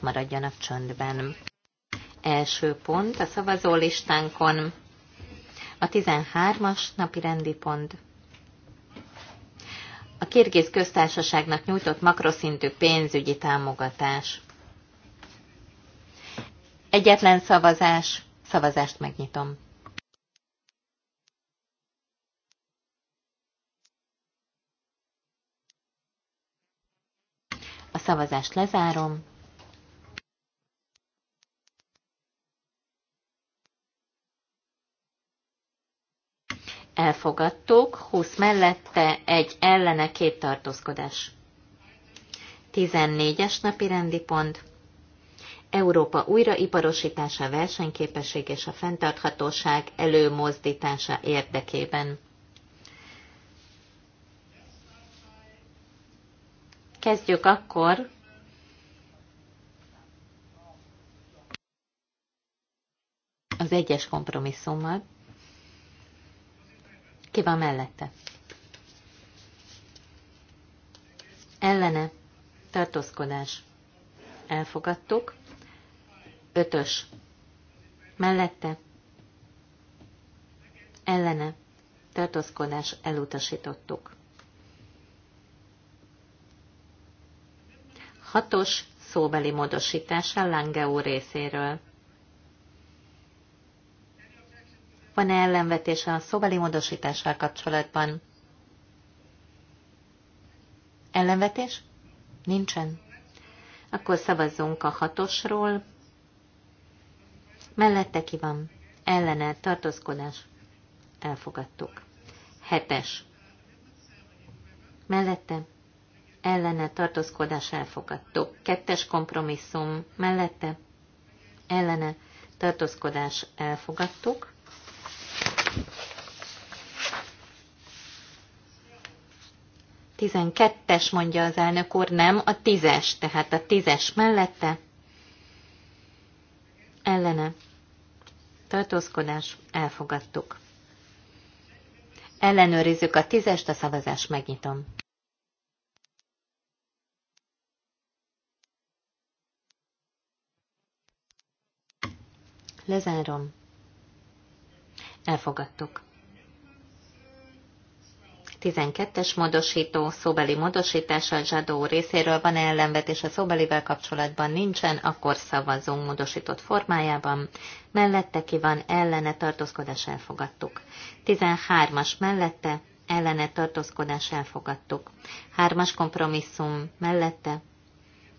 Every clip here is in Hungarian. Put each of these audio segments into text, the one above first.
maradjanak csöndben. Első pont a szavazólistánkon a 13-as napi rendi pont. A Kirgiz köztársaságnak nyújtott makroszintű pénzügyi támogatás. Egyetlen szavazás. Szavazást megnyitom. A szavazást lezárom. elfogadtuk, 20 mellette, egy ellene, két tartózkodás. 14-es napi rendi pont. Európa újraiparosítása, versenyképesség és a fenntarthatóság előmozdítása érdekében. Kezdjük akkor az egyes kompromisszummal. Ki van mellette? Ellene. Tartózkodás. Elfogadtuk. Ötös. Mellette. Ellene. Tartózkodás. Elutasítottuk. Hatos szóbeli módosítása a úr részéről. Van-e ellenvetése a szóbeli módosítással kapcsolatban? Ellenvetés? Nincsen. Akkor szavazzunk a hatosról. Mellette ki van? Ellene tartózkodás. Elfogadtuk. Hetes. Mellette ellene tartózkodás elfogadtuk. Kettes kompromisszum mellette ellene tartózkodás elfogadtuk. Tizenkettes, mondja az elnök úr, nem, a tízes, tehát a tízes mellette. Ellene. Tartózkodás, elfogadtuk. Ellenőrizzük a tízest, a szavazás megnyitom. Lezárom. Elfogadtuk. 12-es módosító, szóbeli módosítása Zsadó részéről van -e ellenvetés a szóbelivel kapcsolatban nincsen, akkor szavazzunk módosított formájában. Mellette ki van ellene tartózkodás elfogadtuk. 13-as mellette ellene tartózkodás elfogadtuk. 3-as kompromisszum mellette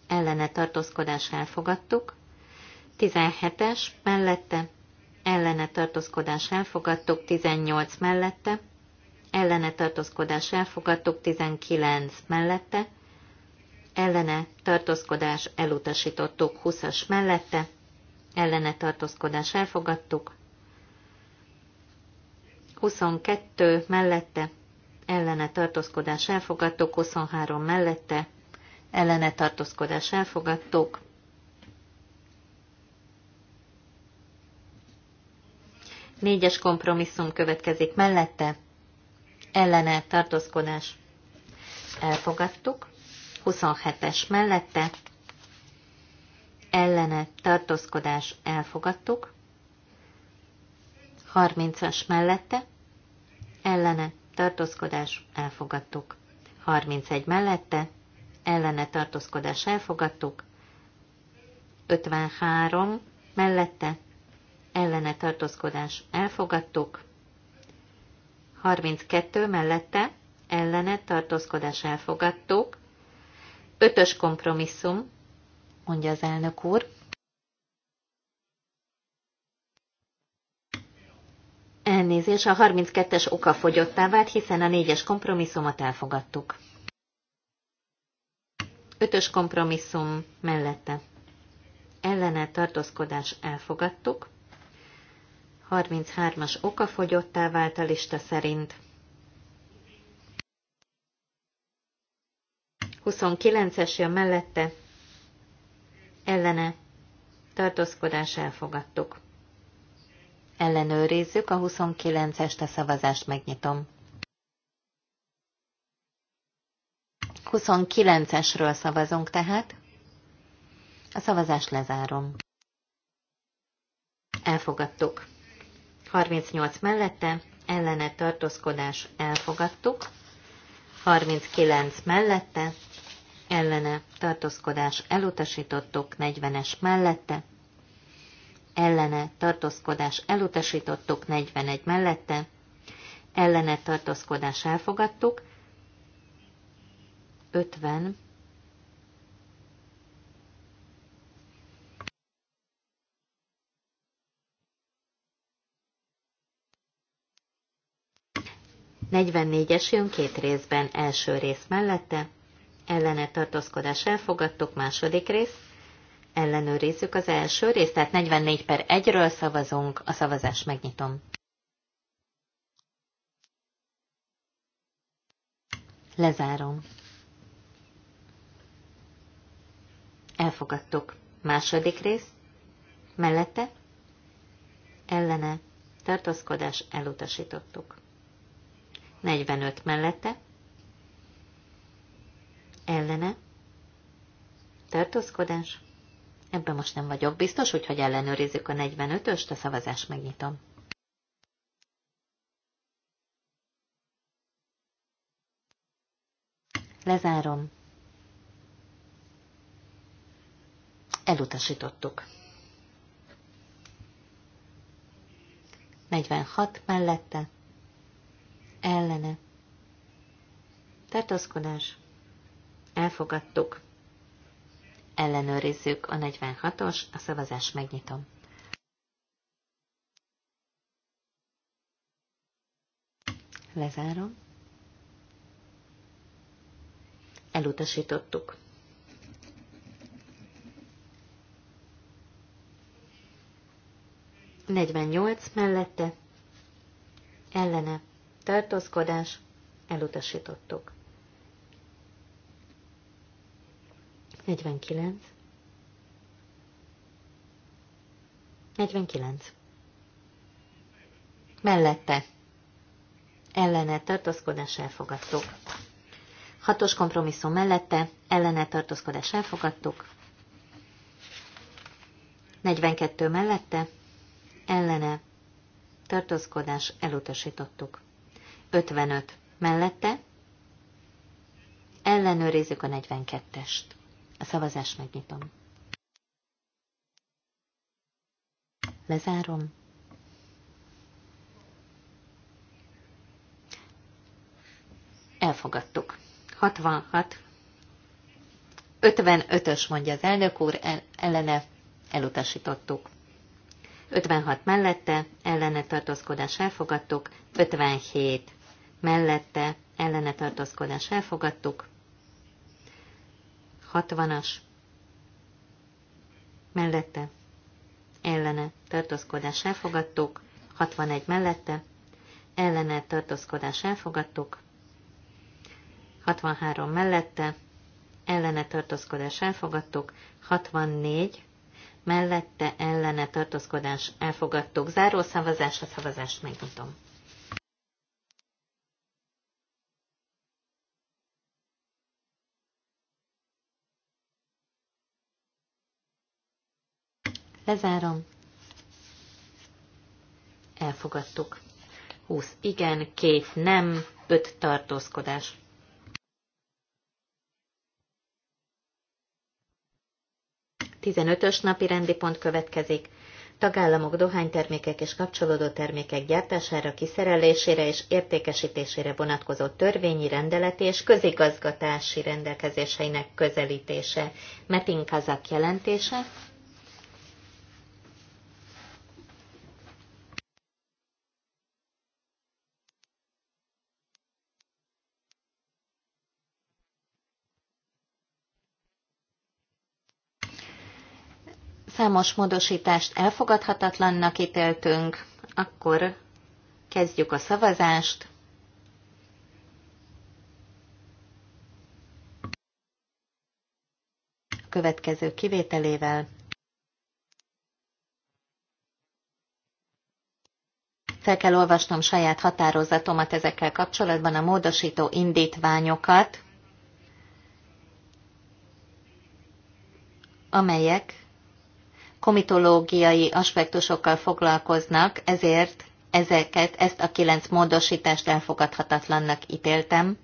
ellene tartózkodás elfogadtuk. 17-es mellette ellene tartózkodás elfogadtuk 18 mellette, ellene tartózkodás elfogadtuk 19 mellette, ellene tartózkodás elutasítottuk 20-as mellette, ellene tartózkodás elfogadtuk 22 mellette, ellene tartózkodás elfogadtuk 23 mellette, ellene tartózkodás elfogadtuk Négyes kompromisszum következik mellette, ellene tartózkodás. Elfogadtuk. 27-es mellette, ellene tartózkodás. Elfogadtuk. 30-as mellette, ellene tartózkodás. Elfogadtuk. 31 mellette, ellene tartózkodás. Elfogadtuk. 53 mellette, ellene tartózkodás elfogadtuk, 32 mellette ellene tartózkodás elfogadtuk, ötös kompromisszum, mondja az elnök úr, Elnézés, a 32-es oka fogyottá vált, hiszen a 4-es kompromisszumot elfogadtuk. Ötös kompromisszum mellette. Ellene tartózkodás elfogadtuk. 33-as fogyottá vált a lista szerint. 29-es jön mellette, ellene, tartózkodás elfogadtuk. Ellenőrizzük a 29-est, a szavazást megnyitom. 29-esről szavazunk tehát. A szavazást lezárom. Elfogadtuk. 38 mellette, ellene tartózkodás elfogadtuk, 39 mellette, ellene tartózkodás elutasítottuk, 40-es mellette, ellene tartózkodás elutasítottuk, 41 mellette, ellene tartózkodás elfogadtuk, 50 44-es jön két részben, első rész mellette, ellene tartózkodás elfogadtuk, második rész, ellenőrizzük az első részt, tehát 44 per 1-ről szavazunk, a szavazást megnyitom. Lezárom. Elfogadtuk. Második rész. Mellette. Ellene. Tartózkodás elutasítottuk. 45 mellette, ellene, tartózkodás, ebben most nem vagyok biztos, úgyhogy ellenőrizzük a 45-öst, a szavazást megnyitom. Lezárom. Elutasítottuk. 46 mellette, ellene. Tartózkodás. Elfogadtuk. Ellenőrizzük a 46-os, a szavazás megnyitom. Lezárom. Elutasítottuk. Negyvennyolc mellette, ellene tartózkodás, elutasítottuk. 49. 49. Mellette. Ellene tartózkodás elfogadtuk. Hatos kompromisszum mellette. Ellene tartózkodás elfogadtuk. 42 mellette. Ellene tartózkodás elutasítottuk. 55. Mellette ellenőrizzük a 42-est. A szavazást megnyitom. Lezárom. Elfogadtuk. 66. 55-ös mondja az elnök úr, ellene elutasítottuk. 56 mellette, ellene tartózkodás elfogadtuk, 57 mellette ellene tartózkodás elfogadtuk. 60-as mellette ellene tartózkodás elfogadtuk. 61 mellette ellene tartózkodás elfogadtuk. 63 mellette ellene tartózkodás elfogadtuk. 64 mellette ellene tartózkodás elfogadtuk. Záró szavazás, a szavazást megnyitom. Lezárom. Elfogadtuk. 20 igen, 2 nem, 5 tartózkodás. Tizenötös napi rendi pont következik. Tagállamok dohánytermékek és kapcsolódó termékek gyártására, kiszerelésére és értékesítésére vonatkozó törvényi rendeleti és közigazgatási rendelkezéseinek közelítése. Metin Kazak jelentése. Számos módosítást elfogadhatatlannak ítéltünk, akkor kezdjük a szavazást. A következő kivételével fel kell olvasnom saját határozatomat ezekkel kapcsolatban, a módosító indítványokat, amelyek komitológiai aspektusokkal foglalkoznak, ezért ezeket, ezt a kilenc módosítást elfogadhatatlannak ítéltem.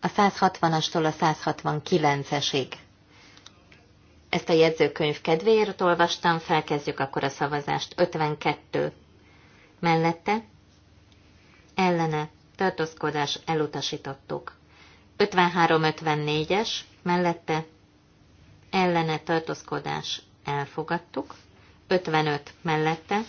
A 160-astól a 169-esig. Ezt a jegyzőkönyv kedvéért olvastam, felkezdjük akkor a szavazást. 52. Mellette? Ellene. Tartózkodás elutasítottuk. 53-54-es mellette ellene tartózkodás elfogadtuk, 55 mellette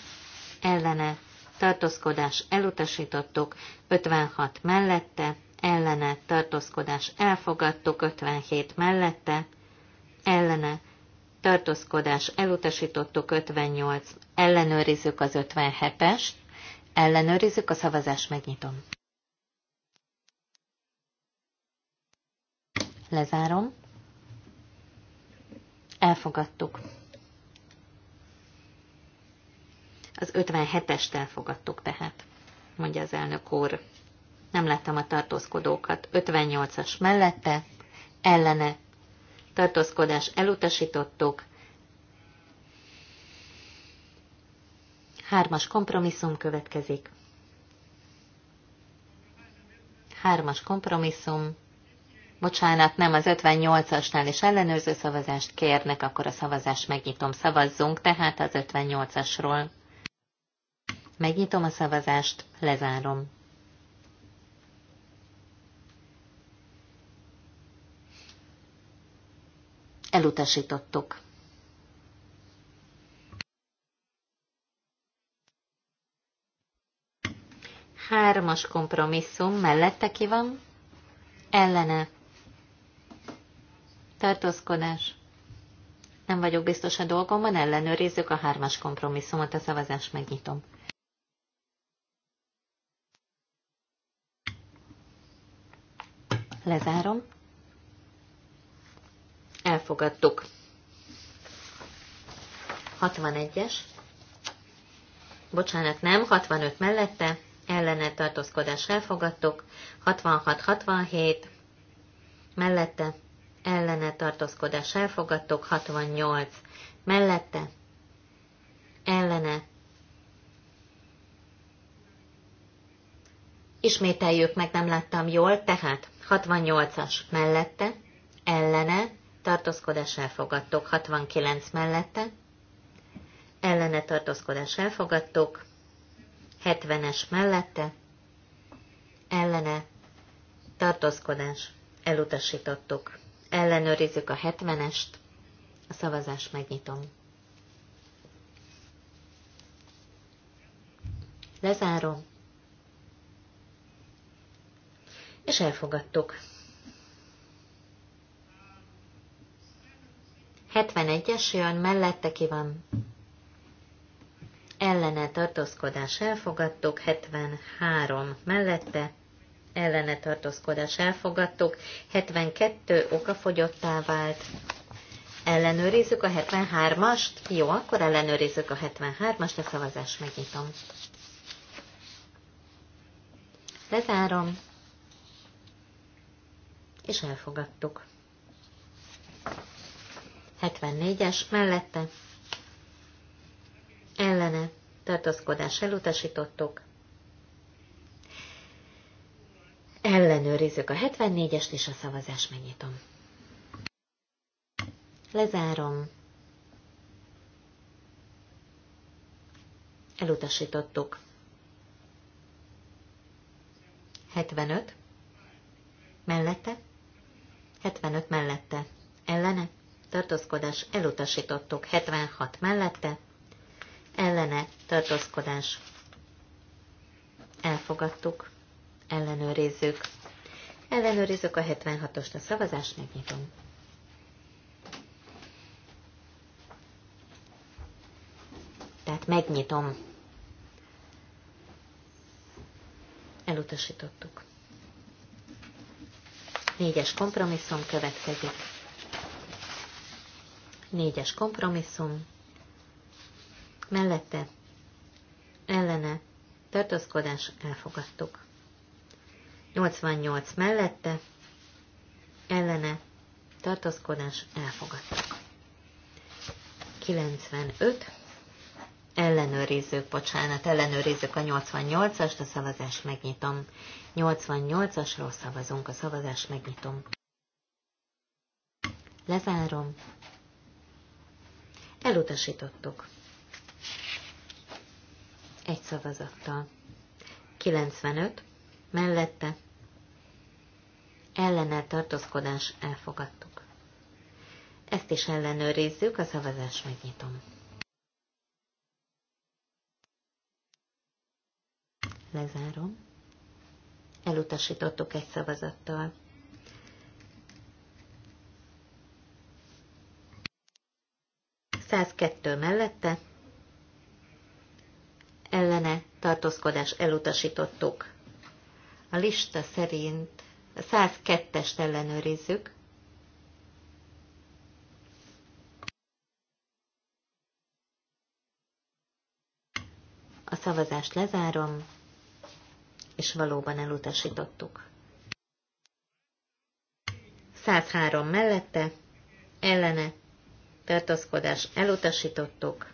ellene tartózkodás elutasítottuk, 56 mellette ellene tartózkodás elfogadtuk, 57 mellette ellene tartózkodás elutasítottuk, 58 ellenőrizzük az 57-est, ellenőrizzük a szavazás megnyitom. Lezárom. Elfogadtuk. Az 57-est elfogadtuk tehát, mondja az elnök úr. Nem láttam a tartózkodókat. 58-as mellette, ellene. Tartózkodás elutasítottuk. Hármas kompromisszum következik. Hármas kompromisszum bocsánat, nem, az 58-asnál is ellenőrző szavazást kérnek, akkor a szavazást megnyitom, szavazzunk, tehát az 58-asról. Megnyitom a szavazást, lezárom. Elutasítottuk. Hármas kompromisszum mellette ki van? Ellene tartózkodás. Nem vagyok biztos a dolgomban, ellenőrizzük a hármas kompromisszumot, a szavazást megnyitom. Lezárom. Elfogadtuk. 61-es. Bocsánat, nem, 65 mellette. Ellene tartózkodás elfogadtuk. 66-67 mellette ellene tartózkodás elfogadtok, 68 mellette, ellene. Ismételjük meg, nem láttam jól, tehát 68-as mellette, ellene, tartózkodás elfogadtok, 69 mellette, ellene tartózkodás elfogadtok, 70-es mellette, ellene tartózkodás elutasítottuk. Ellenőrizzük a 70-est. A szavazást megnyitom. Lezárom. És elfogadtuk. 71-es jön, mellette ki van. Ellene tartózkodás elfogadtuk, 73 mellette, ellene tartózkodás elfogadtuk, 72 okafogyottá vált, ellenőrizzük a 73-ast, jó, akkor ellenőrizzük a 73-ast, a szavazást megnyitom. Lezárom, és elfogadtuk. 74-es mellette ellene tartózkodás elutasítottuk, Ellenőrizzük a 74-est, és a szavazás megnyitom. Lezárom. Elutasítottuk. 75. Mellette? 75 mellette. Ellene? Tartózkodás elutasítottuk. 76 mellette? Ellene? Tartózkodás. Elfogadtuk. Ellenőrizzük. Ellenőrizzük a 76-ost, a szavazást megnyitom. Tehát megnyitom. Elutasítottuk. Négyes kompromisszum következik. Négyes kompromisszum. Mellette, ellene, tartózkodás elfogadtuk. 88 mellette, ellene, tartózkodás, elfogadtak. 95, ellenőrizők, bocsánat, ellenőrizzük a 88-ast, a szavazást megnyitom. 88-asról szavazunk, a szavazást megnyitom. Lezárom. Elutasítottuk. Egy szavazattal. 95. Mellette ellene tartózkodás elfogadtuk. Ezt is ellenőrizzük, a szavazás megnyitom. Lezárom. Elutasítottuk egy szavazattal. Százkettő mellette ellene tartózkodás elutasítottuk. A lista szerint a 102-est ellenőrizzük. A szavazást lezárom, és valóban elutasítottuk. 103 mellette, ellene, tartózkodás elutasítottuk.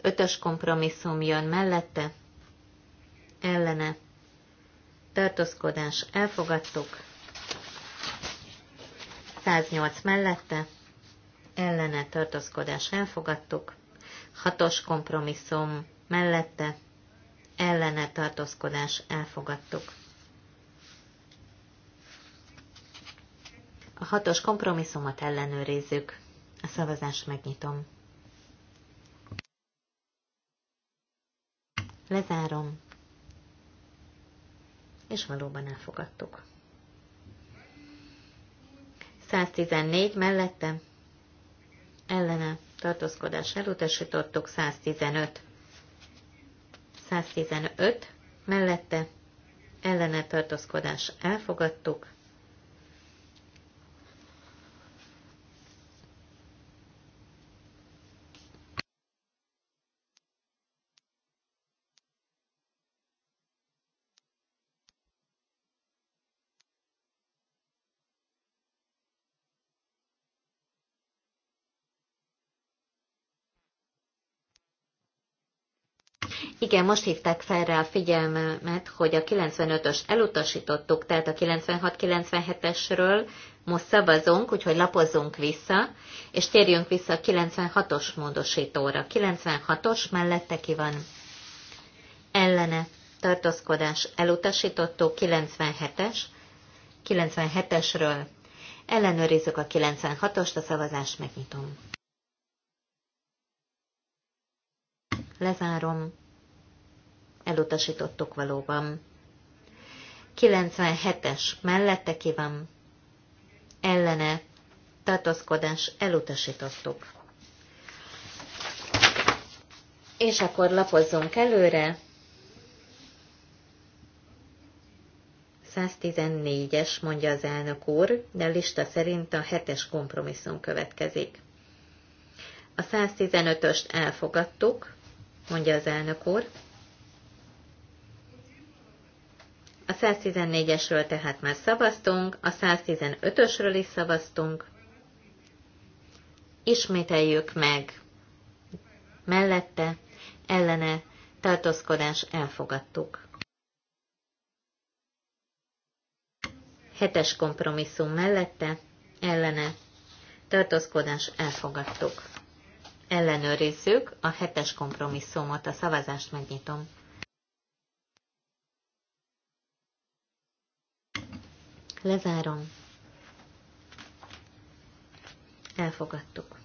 Ötös kompromisszum jön mellette, ellene, tartózkodás elfogadtuk, 108 mellette, ellene tartózkodás elfogadtuk, 6-os kompromisszum mellette, ellene tartózkodás elfogadtuk. A hatos kompromisszumot ellenőrizzük. A szavazást megnyitom. Lezárom és valóban elfogadtuk. 114 mellette ellene tartózkodás elutasítottuk, 115. 115 mellette ellene tartózkodás elfogadtuk, Igen, most hívták fel rá a figyelmemet, hogy a 95-ös elutasítottuk, tehát a 96-97-esről most szavazunk, úgyhogy lapozzunk vissza, és térjünk vissza a 96-os módosítóra. 96-os mellette ki van ellene tartózkodás elutasítottó 97-es, 97-esről ellenőrizzük a 96-ost, a szavazást megnyitom. Lezárom elutasítottuk valóban. 97-es mellette ki van, ellene tartózkodás elutasítottuk. És akkor lapozzunk előre. 114-es, mondja az elnök úr, de a lista szerint a 7-es kompromisszum következik. A 115-öst elfogadtuk, mondja az elnök úr. 114-esről tehát már szavaztunk, a 115-ösről is szavaztunk. Ismételjük meg. Mellette, ellene, tartózkodás elfogadtuk. Hetes kompromisszum mellette, ellene, tartózkodás elfogadtuk. Ellenőrizzük a hetes kompromisszumot, a szavazást megnyitom. Lezárom. Elfogadtuk.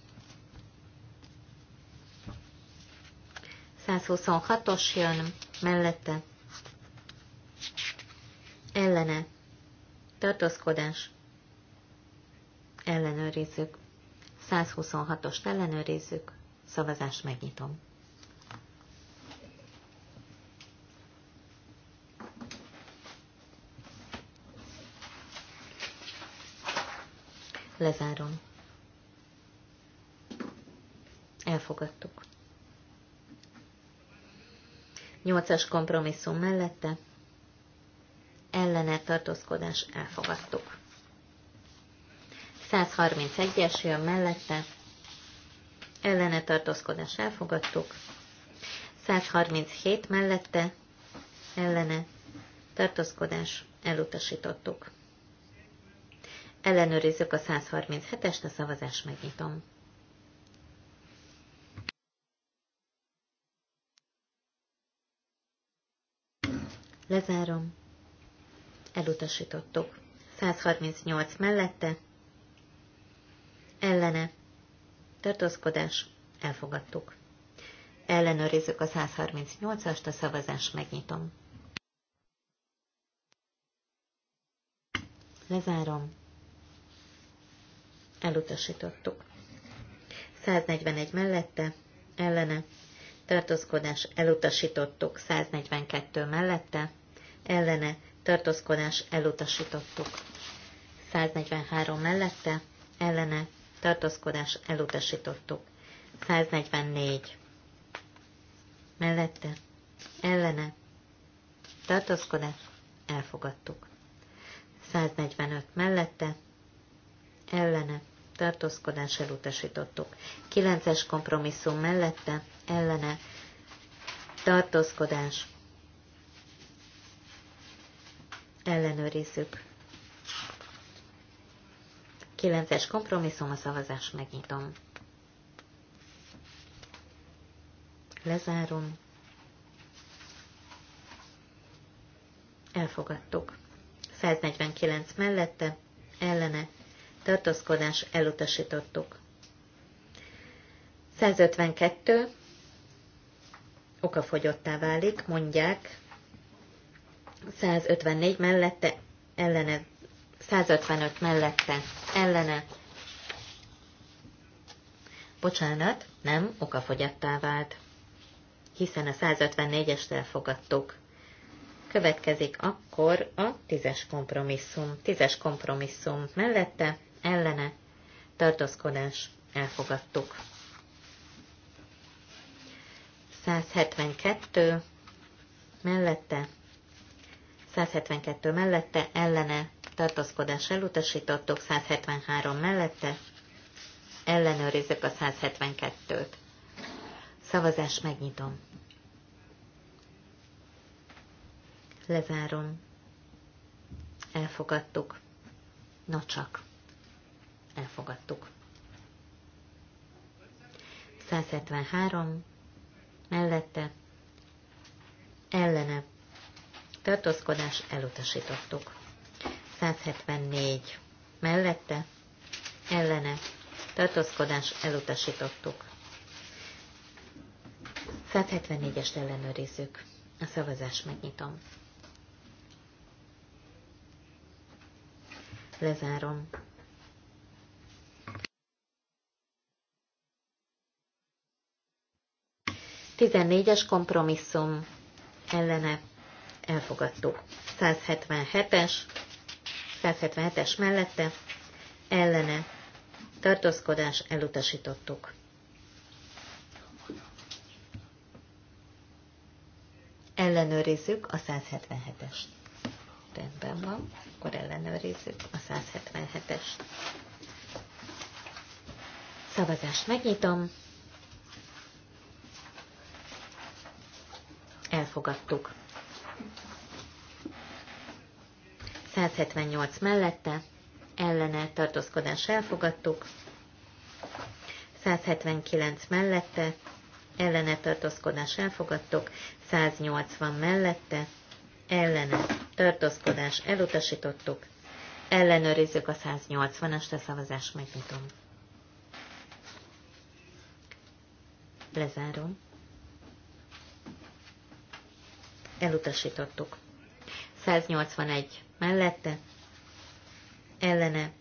126-os jön mellette. Ellene. Tartózkodás. Ellenőrizzük. 126-ost ellenőrizzük. Szavazást megnyitom. Lezárom. Elfogadtuk. Nyolcas kompromisszum mellette ellene tartózkodás elfogadtuk. 131-es jön mellette, ellene tartózkodás elfogadtuk. 137 mellette, ellene tartózkodás elutasítottuk. Ellenőrizzük a 137-est, a szavazás megnyitom. Lezárom. Elutasítottuk. 138 mellette. Ellene. Tartózkodás. Elfogadtuk. Ellenőrizzük a 138-ast, a szavazás megnyitom. Lezárom elutasítottuk. 141 mellette, ellene, tartózkodás elutasítottuk 142 mellette, ellene, tartózkodás elutasítottuk 143 mellette, ellene, tartózkodás elutasítottuk 144 mellette, ellene, tartózkodás elfogadtuk 145 mellette, ellene, tartózkodás elutasítottuk. 9-es kompromisszum mellette, ellene, tartózkodás, ellenőrizzük. 9-es kompromisszum, a szavazást megnyitom. Lezárom. Elfogadtuk. 149 mellette, ellene tartózkodás elutasítottuk. 152 okafogyottá válik, mondják, 154 mellette ellene, 155 mellette ellene, bocsánat, nem okafogyattá vált, hiszen a 154-est elfogadtuk. Következik akkor a tízes kompromisszum. Tízes kompromisszum mellette ellene, tartózkodás, elfogadtuk. 172 mellette, 172 mellette, ellene, tartózkodás elutasítottuk, 173 mellette, ellenőrizzük a 172-t. Szavazás megnyitom. Lezárom. Elfogadtuk. Na csak elfogadtuk. 173 mellette ellene tartózkodás elutasítottuk. 174 mellette ellene tartózkodás elutasítottuk. 174-est ellenőrizzük. A szavazást megnyitom. Lezárom. 14-es kompromisszum ellene elfogadtuk. 177-es, 177-es mellette ellene tartózkodás elutasítottuk. Ellenőrizzük a 177-est. Rendben van, akkor ellenőrizzük a 177-est. Szavazást megnyitom. elfogadtuk. 178 mellette, ellene tartózkodás elfogadtuk. 179 mellette, ellene tartózkodás elfogadtuk. 180 mellette, ellene tartózkodás elutasítottuk. Ellenőrizzük a 180-ast, a szavazást megnyitom. Lezárom. elutasítottuk. 181 mellette, ellene,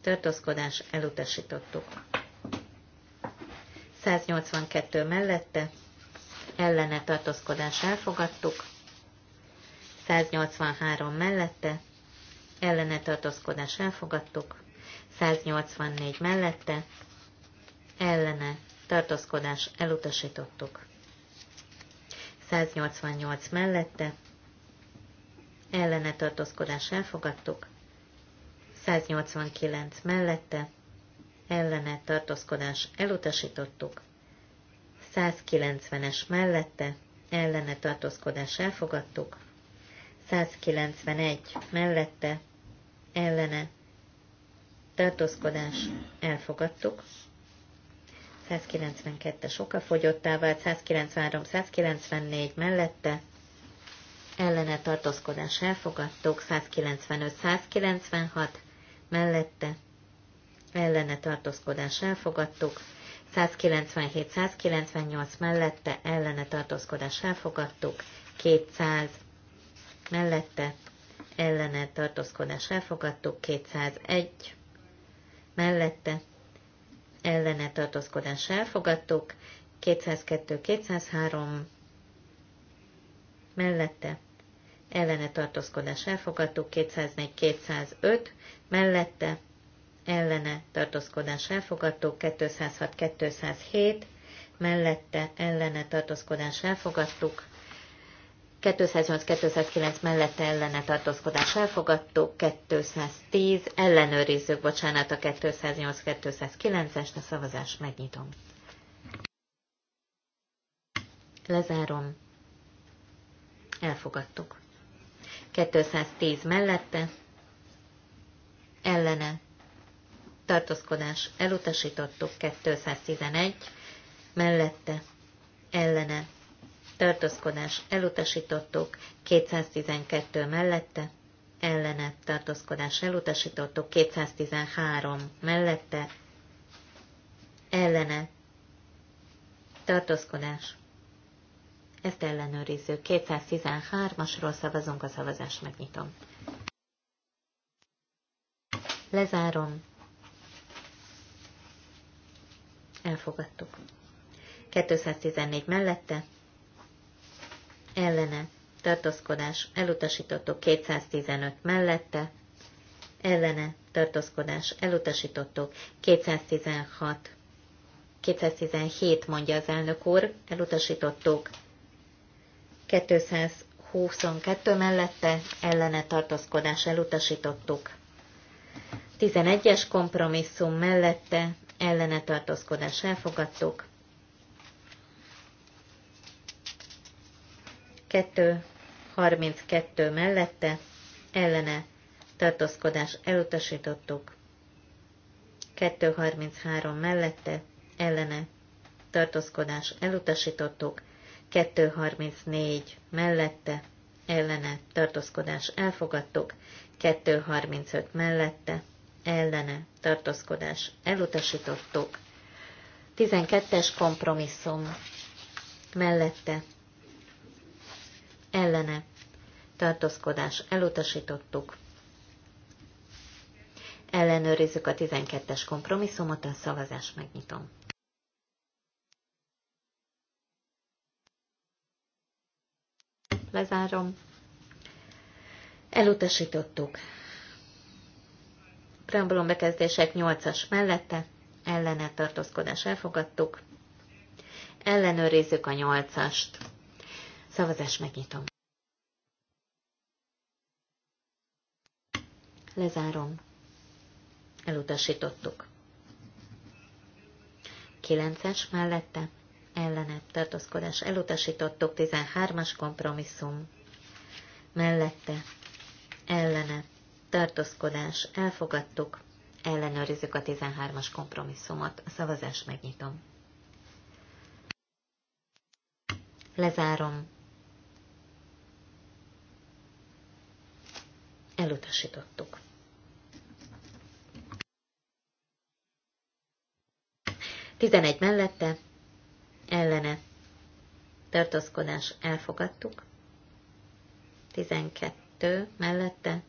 tartózkodás, elutasítottuk. 182 mellette, ellene tartózkodás elfogadtuk, 183 mellette, ellene tartózkodás elfogadtuk, 184 mellette, ellene tartózkodás elutasítottuk. 188 mellette, ellene tartózkodás elfogadtuk, 189 mellette, ellene tartózkodás elutasítottuk, 190-es mellette, ellene tartózkodás elfogadtuk, 191 mellette, ellene tartózkodás elfogadtuk, 192-es fogyottá vált, 193-194 mellette ellene tartózkodás elfogadtok, 195-196 mellette ellene tartózkodás elfogadtuk, 197-198 mellette ellene tartózkodás elfogadtuk, 200 mellette ellene tartózkodás elfogadtuk, 201 mellette ellene tartózkodás elfogadtuk, 202-203 mellette ellene tartózkodás elfogadtuk, 204-205 mellette ellene tartózkodás elfogadtuk, 206-207 mellette ellene tartózkodás elfogadtuk, 208-209 mellette ellene tartózkodás elfogadtuk, 210 ellenőrizzük, bocsánat, a 208-209-est, a szavazás megnyitom. Lezárom. Elfogadtuk. 210 mellette ellene tartózkodás elutasítottuk, 211 mellette ellene tartózkodás elutasítottuk, 212 mellette, ellene tartózkodás elutasítottuk, 213 mellette, ellene tartózkodás. Ezt ellenőrizzük. 213-asról szavazunk, a szavazást megnyitom. Lezárom. Elfogadtuk. 214 mellette, ellene, tartózkodás elutasítottuk 215 mellette, ellene, tartózkodás elutasítottuk 216, 217 mondja az elnök úr, elutasítottuk 222 mellette, ellene tartózkodás elutasítottuk 11-es kompromisszum mellette, ellene tartózkodás elfogadtuk 232 32 mellette, ellene, tartózkodás elutasítottuk. 233 mellette, ellene, tartózkodás elutasítottuk. 234 mellette, ellene, tartózkodás elfogadtuk. 235 mellette, ellene, tartózkodás elutasítottuk. 12-es kompromisszum mellette, ellene tartózkodás elutasítottuk. Ellenőrizzük a 12-es kompromisszumot, a szavazás megnyitom. Lezárom. Elutasítottuk. Preambulum bekezdések 8-as mellette, ellene tartózkodás elfogadtuk. Ellenőrizzük a 8-ast. Szavazás megnyitom. Lezárom. Elutasítottuk. Kilences mellette ellene tartózkodás elutasítottuk, 13-as kompromisszum mellette ellene tartózkodás elfogadtuk, ellenőrizzük a 13-as kompromisszumot, a szavazást megnyitom. Lezárom. Elutasítottuk. Tizenegy mellette, ellene, tartózkodás elfogadtuk. Tizenkettő mellette,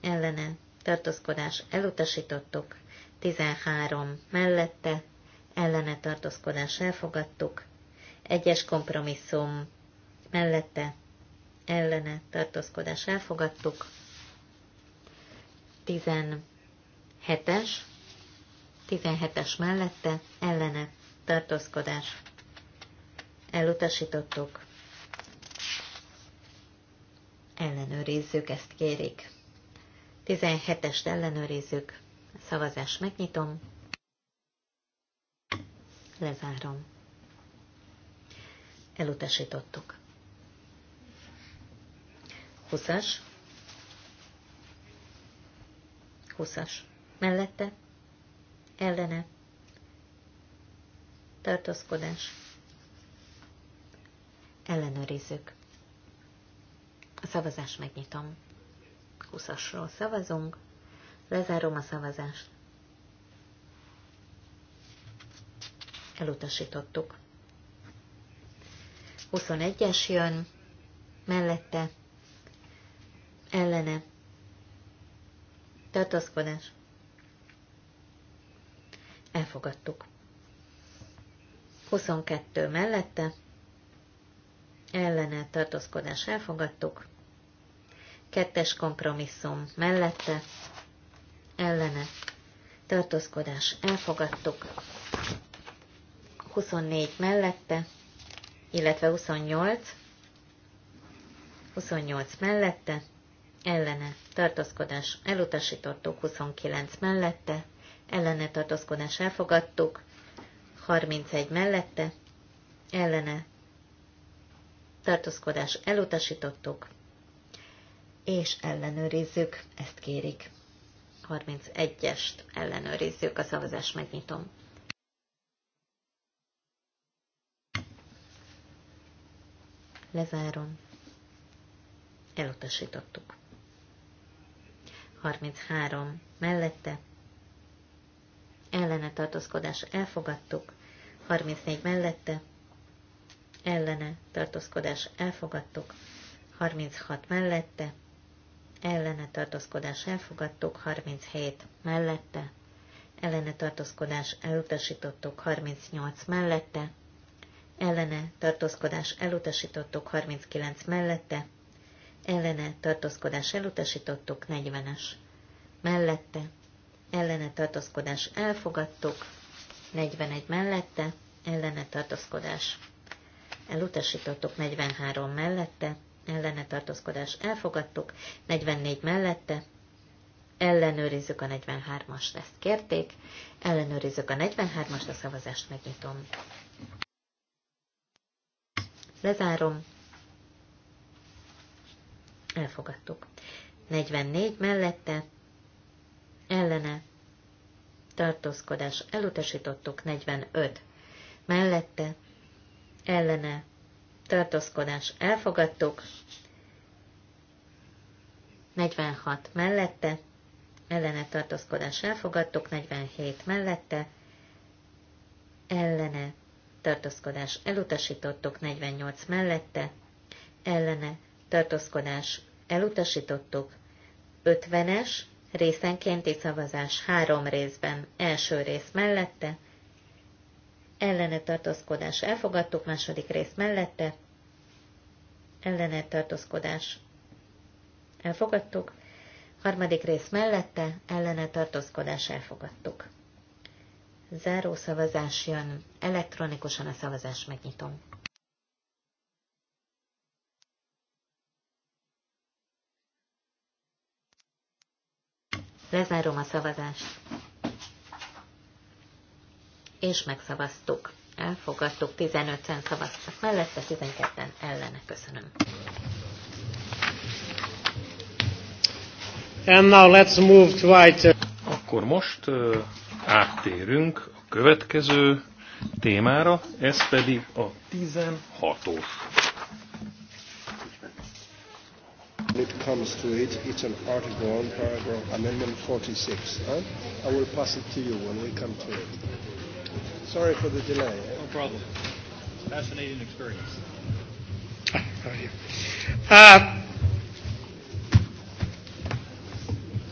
ellene, tartózkodás elutasítottuk. Tizenhárom mellette, ellene tartózkodás elfogadtuk, egyes kompromisszum mellette, ellene tartózkodás elfogadtuk, 17-es, 17-es mellette ellene tartózkodás. Elutasítottuk. Ellenőrizzük, ezt kérik. 17-est ellenőrizzük. Szavazást megnyitom. Lezárom. Elutasítottuk. 20-as 20 mellette, ellene, tartózkodás, ellenőrizzük. A szavazást megnyitom. 20-asról szavazunk, lezárom a szavazást. Elutasítottuk. 21-es jön, mellette, ellene, Tartaszkodás. Elfogadtuk. 22 mellette. Ellene tartózkodás elfogadtuk. Kettes kompromisszum mellette. Ellene tartózkodás elfogadtuk. 24 mellette, illetve 28, 28 mellette, ellene tartózkodás elutasítottuk 29 mellette, ellene tartózkodás elfogadtuk 31 mellette, ellene tartózkodás elutasítottuk, és ellenőrizzük, ezt kérik. 31-est ellenőrizzük, a szavazás megnyitom. Lezárom. Elutasítottuk. 33 mellette, ellene tartózkodás elfogadtuk, 34 mellette, ellene tartózkodás elfogadtuk, 36 mellette, ellene tartózkodás elfogadtuk, 37 mellette, ellene tartózkodás elutasítottuk, 38 mellette, ellene tartózkodás elutasítottuk, 39 mellette, ellene tartózkodás elutasítottuk, 40-es mellette, ellene tartózkodás elfogadtuk, 41 mellette, ellene tartózkodás elutasítottuk, 43 mellette, ellene tartózkodás elfogadtuk, 44 mellette, ellenőrizzük a 43-as, ezt kérték, ellenőrizzük a 43-ast, a szavazást megnyitom. Lezárom. Elfogadtuk. 44 mellette, ellene, tartózkodás, elutasítottuk. 45 mellette, ellene, tartózkodás, elfogadtuk. 46 mellette, ellene tartózkodás elfogadtuk, 47 mellette, ellene tartózkodás elutasítottuk, 48 mellette, ellene tartózkodás elutasítottuk. 50-es részenkénti szavazás három részben, első rész mellette, ellene tartózkodás elfogadtuk, második rész mellette, ellene tartózkodás elfogadtuk, harmadik rész mellette, ellene tartózkodás elfogadtuk. Záró szavazás jön, elektronikusan a szavazás megnyitom. Lezárom a szavazást. És megszavaztuk. Elfogadtuk, 15-en szavaztak mellette, 12-en ellene. Köszönöm. And now let's move to item. Akkor most uh, áttérünk a következő témára, ez pedig a 16-os When it comes to it, it's an article on paragraph amendment 46. Huh? I will pass it to you when we come to it. Sorry for the delay. Eh? No problem. Fascinating experience. Uh,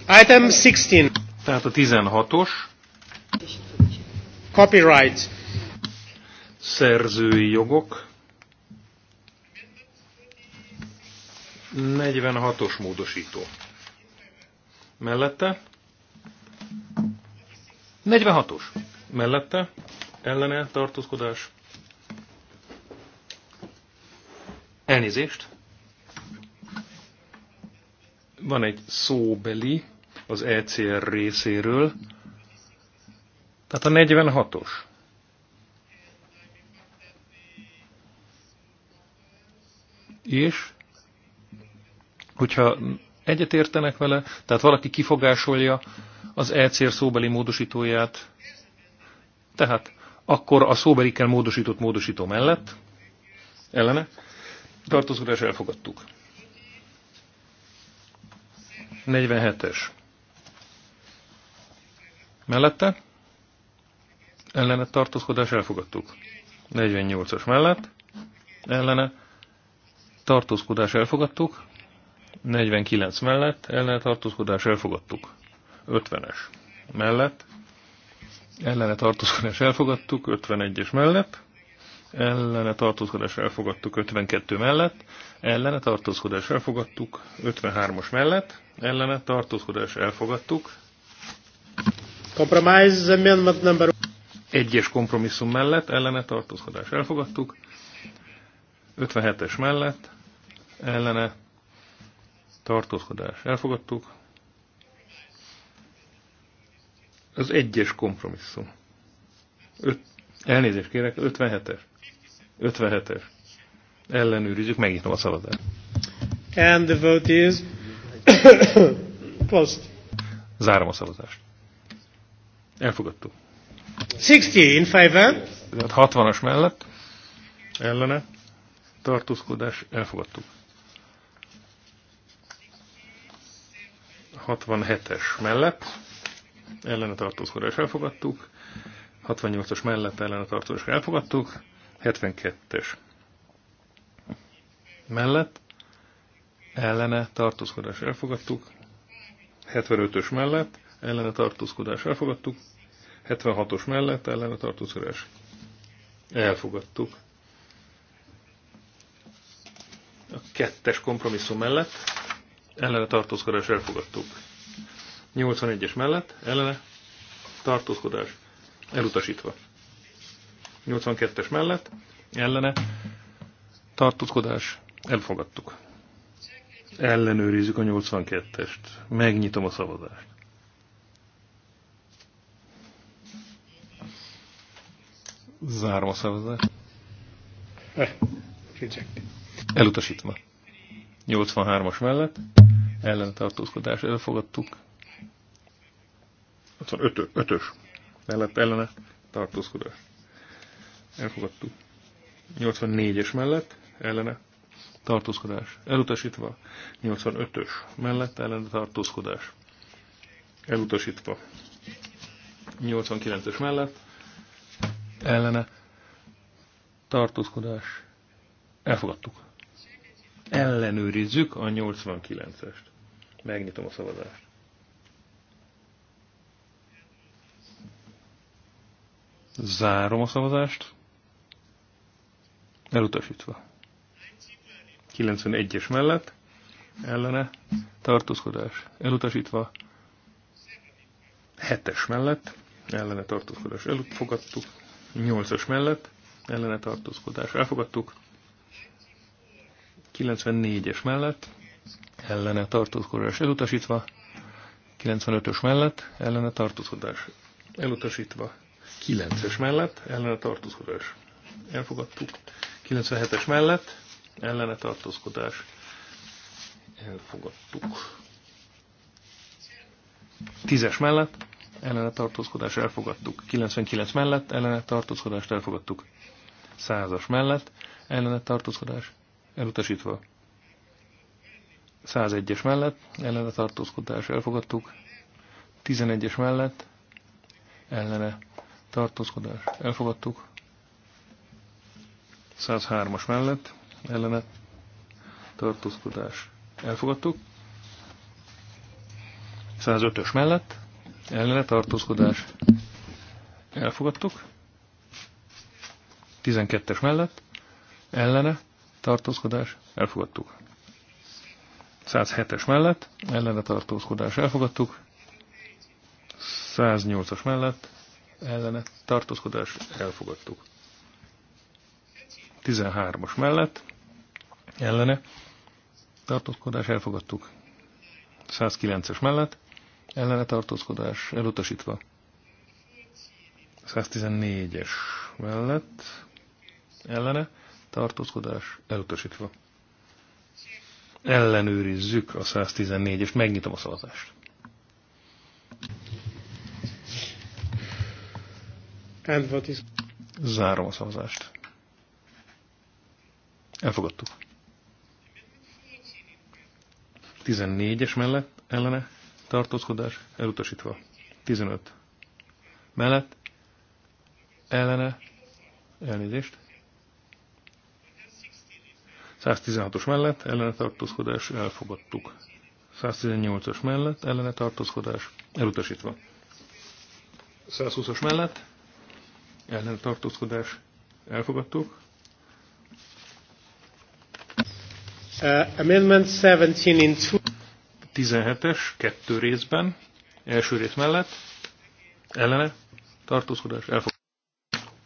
item 16. Tehát a 16-os. Copyright. Szerzői jogok. 46-os módosító. Mellette. 46-os. Mellette. Ellene tartózkodás. Elnézést. Van egy szóbeli az ECR részéről. Tehát a 46-os. És Hogyha egyetértenek vele, tehát valaki kifogásolja az elcér szóbeli módosítóját, tehát akkor a szóbelikkel módosított módosító mellett, ellene, tartózkodás elfogadtuk. 47-es. Mellette? Ellene tartózkodás elfogadtuk. 48-as mellett? Ellene tartózkodás elfogadtuk. 49 mellett, ellene tartózkodás elfogadtuk. 50-es mellett, ellene tartózkodás elfogadtuk, 51-es mellett, ellene tartózkodás elfogadtuk 52 mellett, ellene tartózkodás elfogadtuk 53-as mellett, ellene tartózkodás elfogadtuk. Compromise amendment number egyes kompromisszum mellett, ellene tartózkodás elfogadtuk, 57-es mellett, ellene tartózkodás elfogadtuk. Az egyes kompromisszum. Öt, elnézést kérek, 57-es. 57-es. Ellenőrizzük, megnyitom a szavazást. And the vote is closed. Zárom a szavazást. Elfogadtuk. 60 in favor. 60-as mellett ellene tartózkodás elfogadtuk. 67-es mellett ellene tartózkodás elfogadtuk, 68-as mellett ellene tartózkodás elfogadtuk, 72-es mellett ellene tartózkodás elfogadtuk, 75-ös mellett ellene tartózkodás elfogadtuk, 76-os mellett ellene tartózkodás elfogadtuk. A kettes kompromisszum mellett ellene tartózkodás elfogadtuk. 81-es mellett ellene tartózkodás elutasítva. 82-es mellett ellene tartózkodás elfogadtuk. Ellenőrizzük a 82-est. Megnyitom a szavazást. Zárom a szavazást. Eh, elutasítva. 83-as mellett ellentartózkodás elfogadtuk. 55-ös Ötö, mellett ellene tartózkodás elfogadtuk. 84-es mellett ellene tartózkodás elutasítva. 85-ös mellett ellene tartózkodás elutasítva. 89 es mellett ellene tartózkodás elfogadtuk ellenőrizzük a 89-est. Megnyitom a szavazást. Zárom a szavazást. Elutasítva. 91-es mellett ellene tartózkodás. Elutasítva. 7-es mellett ellene tartózkodás. Elfogadtuk. 8-as mellett ellene tartózkodás. Elfogadtuk. 94-es mellett ellene tartózkodás elutasítva, 95-ös mellett ellene tartózkodás elutasítva, 9-es mellett ellene tartózkodás elfogadtuk, 97-es mellett ellene tartózkodás elfogadtuk. 10-es mellett ellene tartózkodás elfogadtuk, 99 mellett ellene tartózkodást elfogadtuk, 100-as mellett ellene tartózkodás elutasítva, 101-es mellett ellene tartózkodás elfogadtuk, 11-es mellett ellene tartózkodás elfogadtuk, 103-as mellett ellene tartózkodás elfogadtuk, 105-ös mellett ellene tartózkodás elfogadtuk, 12-es mellett ellene tartózkodás elfogadtuk. 107-es mellett, ellene tartózkodás elfogadtuk, 108-as mellett, ellene tartózkodás elfogadtuk. 13-as mellett, ellene tartózkodás elfogadtuk. 109-es mellett, ellene tartózkodás elutasítva. 114-es mellett, ellene tartózkodás elutasítva ellenőrizzük a 114 és megnyitom a szavazást. And what is... Zárom a szavazást. Elfogadtuk. 14-es mellett ellene tartózkodás elutasítva. 15. Mellett ellene elnézést 116-os mellett ellenetartózkodás elfogadtuk. 118-as mellett ellenetartózkodás elutasítva. 120-as mellett ellenetartózkodás elfogadtuk. Uh, amendment 17 in 17-es, kettő részben, első rész mellett, ellene, tartózkodás, elfogadás.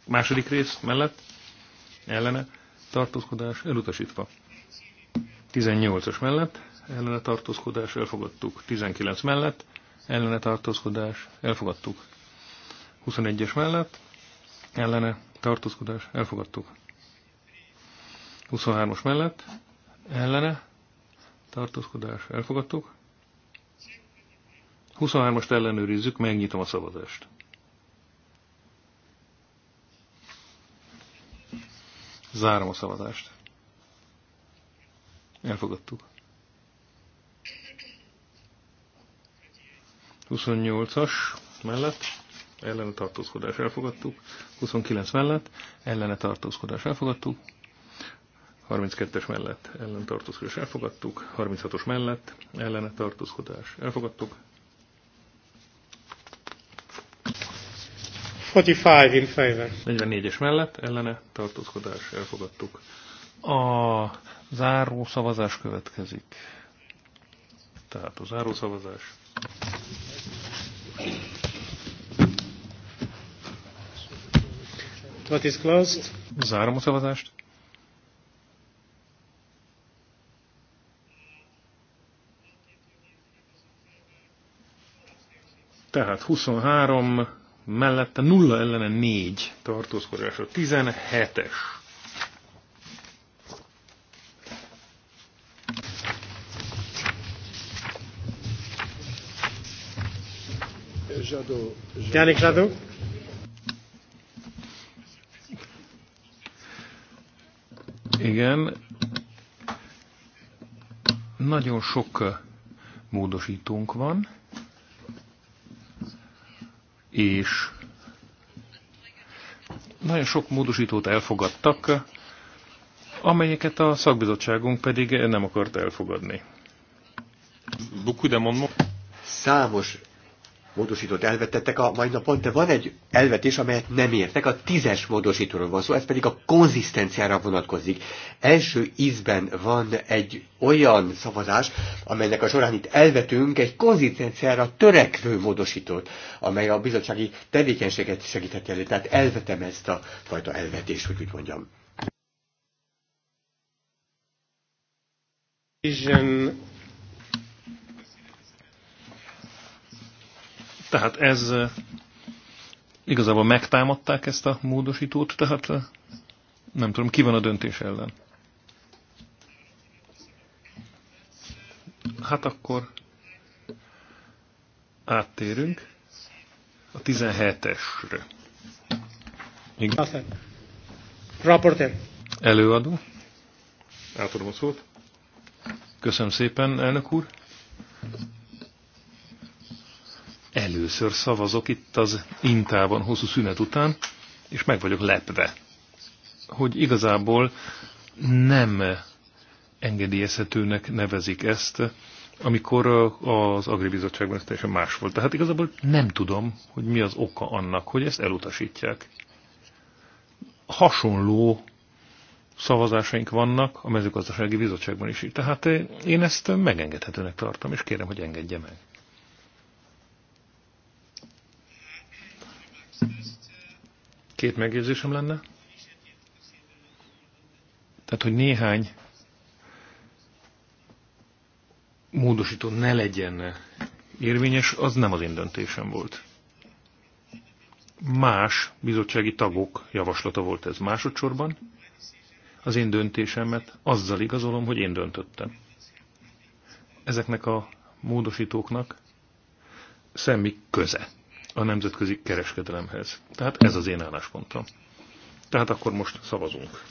Második rész mellett, ellene, tartózkodás elutasítva. 18-as mellett ellene tartózkodás elfogadtuk. 19 mellett ellene tartózkodás elfogadtuk. 21-es mellett ellene tartózkodás elfogadtuk. 23-as mellett ellene tartózkodás elfogadtuk. 23-ast ellenőrizzük, megnyitom a szavazást. Zárom a szavazást. Elfogadtuk. 28-as mellett ellene tartózkodás elfogadtuk, 29 mellett ellene tartózkodás elfogadtuk, 32-es mellett ellen tartózkodás elfogadtuk, 36-os mellett ellene tartózkodás elfogadtuk, 45 in favor. 44-es mellett ellene tartózkodás elfogadtuk. A záró szavazás következik. Tehát a záró szavazás. What is closed? Zárom a szavazást. Tehát 23 mellette, nulla ellene négy tartózkodásra, 17-es. Janik Zsadó. Igen. Nagyon sok módosítónk van és nagyon sok módosítót elfogadtak, amelyeket a szakbizottságunk pedig nem akart elfogadni. Számos módosítót elvetettek a mai napon, de van egy elvetés, amelyet nem értek, a tízes módosítóról van szó, ez pedig a konzisztenciára vonatkozik. Első ízben van egy olyan szavazás, amelynek a során itt elvetünk egy konzisztenciára törekvő módosítót, amely a bizottsági tevékenységet segítheti elő. Tehát elvetem ezt a fajta elvetést, hogy úgy mondjam. Vision Tehát ez igazából megtámadták ezt a módosítót, tehát nem tudom, ki van a döntés ellen. Hát akkor áttérünk a 17-esre. Igen. Raporter. Előadó. Átadom a szót. Köszönöm szépen, elnök úr először szavazok itt az intában hosszú szünet után, és meg vagyok lepve, hogy igazából nem engedélyezhetőnek nevezik ezt, amikor az Agribizottságban ez teljesen más volt. Tehát igazából nem tudom, hogy mi az oka annak, hogy ezt elutasítják. Hasonló szavazásaink vannak a mezőgazdasági bizottságban is. Tehát én ezt megengedhetőnek tartom, és kérem, hogy engedje meg. Két megjegyzésem lenne. Tehát, hogy néhány módosító ne legyen érvényes, az nem az én döntésem volt. Más bizottsági tagok javaslata volt ez másodszorban. Az én döntésemet azzal igazolom, hogy én döntöttem. Ezeknek a módosítóknak semmi köze a nemzetközi kereskedelemhez. Tehát ez az én álláspontom. Tehát akkor most szavazunk.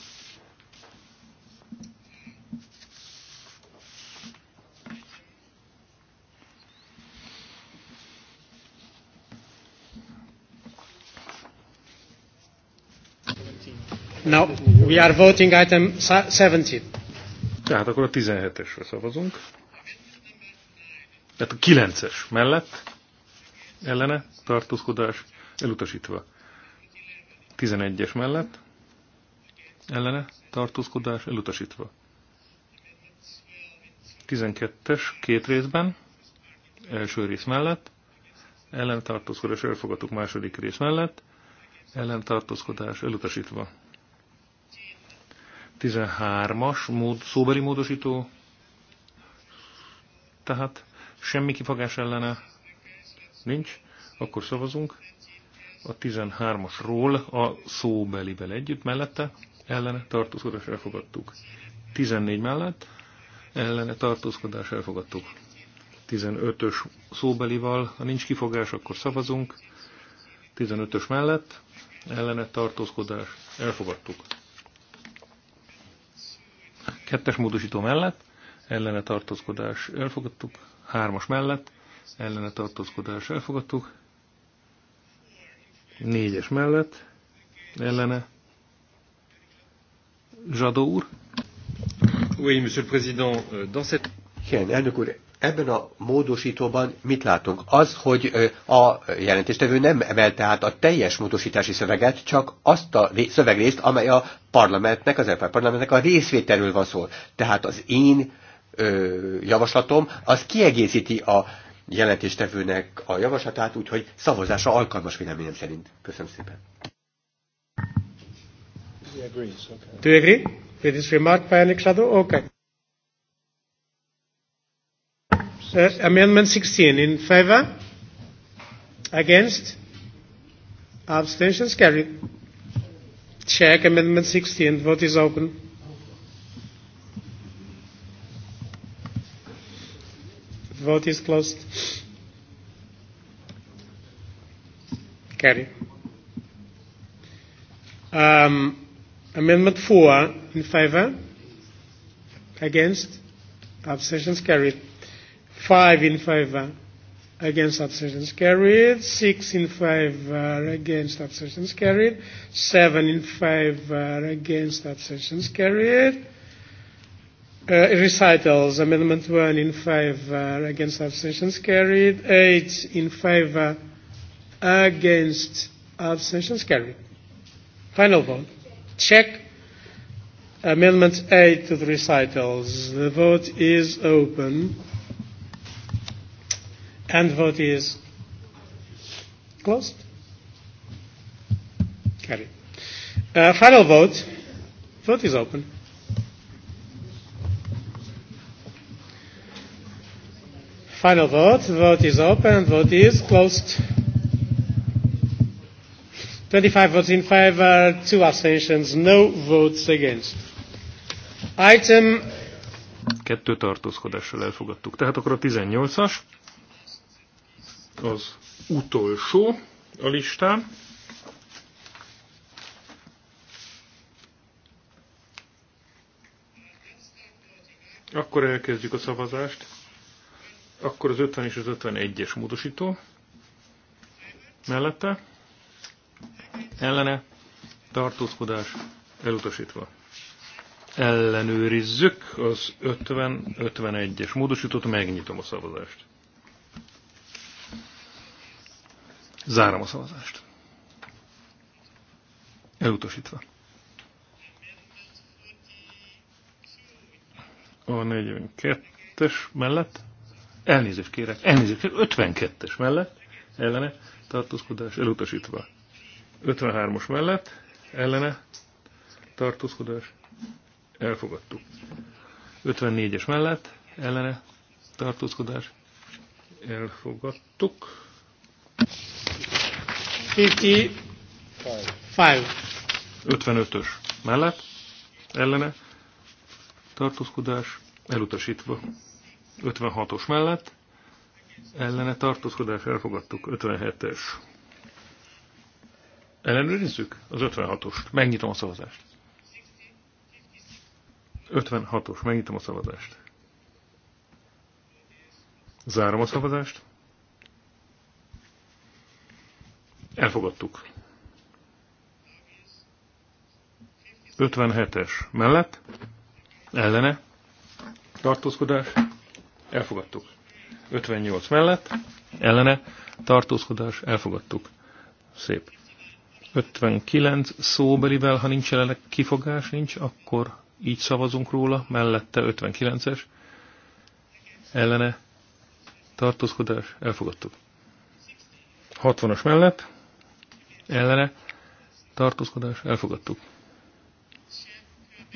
No, we are voting item 17. Tehát akkor a 17-esre szavazunk. Tehát a 9-es mellett ellene tartózkodás elutasítva. 11-es mellett ellene tartózkodás elutasítva. 12-es két részben első rész mellett ellen tartózkodás elfogadtuk második rész mellett ellen tartózkodás elutasítva. 13-as mód, szóbeli módosító, tehát semmi kifogás ellene Nincs? Akkor szavazunk a 13-asról a szóbelivel együtt mellette, ellene tartózkodás elfogadtuk. 14 mellett ellene tartózkodás elfogadtuk. 15-ös szóbelival, ha nincs kifogás, akkor szavazunk. 15-ös mellett ellene tartózkodás elfogadtuk. Kettes módosító mellett ellene tartózkodás elfogadtuk. Hármas mellett ellene tartózkodás elfogadtuk. Négyes mellett ellene. Zsadó úr. Oui, monsieur le président, euh, dans cette... Igen, elnök úr, ebben a módosítóban mit látunk? Az, hogy a jelentéstevő nem emelte át a teljes módosítási szöveget, csak azt a szövegrészt, amely a parlamentnek, az Európai Parlamentnek a részvételről van szó. Tehát az én ö, javaslatom, az kiegészíti a jelentéstevőnek a javaslatát, úgyhogy szavazásra alkalmas véleményem szerint. Köszönöm szépen. Do you agree with this remark by Shadow? Okay. Uh, amendment 16 in favor? Against? Abstentions carried. Check amendment 16. Vote is open. Vote is closed. Carry. Um, amendment 4 in favor? Against. Abstentions carried. 5 in favor? Against abstentions carried. 6 in favor? Against abstentions carried. 7 in favor? Against abstentions carried. Uh, recitals, Amendment 1 in favor, against abstentions carried. 8 in favor, against abstentions carried. Final vote. Check. Amendment 8 to the recitals. The vote is open. And vote is closed. Carried. Uh, final vote. Vote is open. Final vote. Vote is open. Vote is closed. 25 votes in favor, two abstentions, no votes against. Item... Kettő tartózkodással elfogadtuk. Tehát akkor a 18-as az utolsó a listán. Akkor elkezdjük a szavazást. Akkor az 50 és az 51-es módosító mellette ellene tartózkodás elutasítva. Ellenőrizzük az 50-51-es módosítót, megnyitom a szavazást. Zárom a szavazást. Elutasítva. A 42-es mellett elnézést kérek, elnézést kérek, 52-es mellett, ellene, tartózkodás elutasítva. 53-os mellett, ellene, tartózkodás, elfogadtuk. 54-es mellett, ellene, tartózkodás, elfogadtuk. 55-ös mellett, ellene, tartózkodás, elutasítva. 56-os mellett ellene tartózkodás elfogadtuk. 57-es. Ellenőrizzük az 56-ost. Megnyitom a szavazást. 56-os. Megnyitom a szavazást. Zárom a szavazást. Elfogadtuk. 57-es mellett, ellene, tartózkodás, Elfogadtuk. 58 mellett, ellene, tartózkodás, elfogadtuk. Szép. 59 szóbelivel, ha nincs ellenek kifogás, nincs, akkor így szavazunk róla, mellette 59-es, ellene, tartózkodás, elfogadtuk. 60-as mellett, ellene, tartózkodás, elfogadtuk.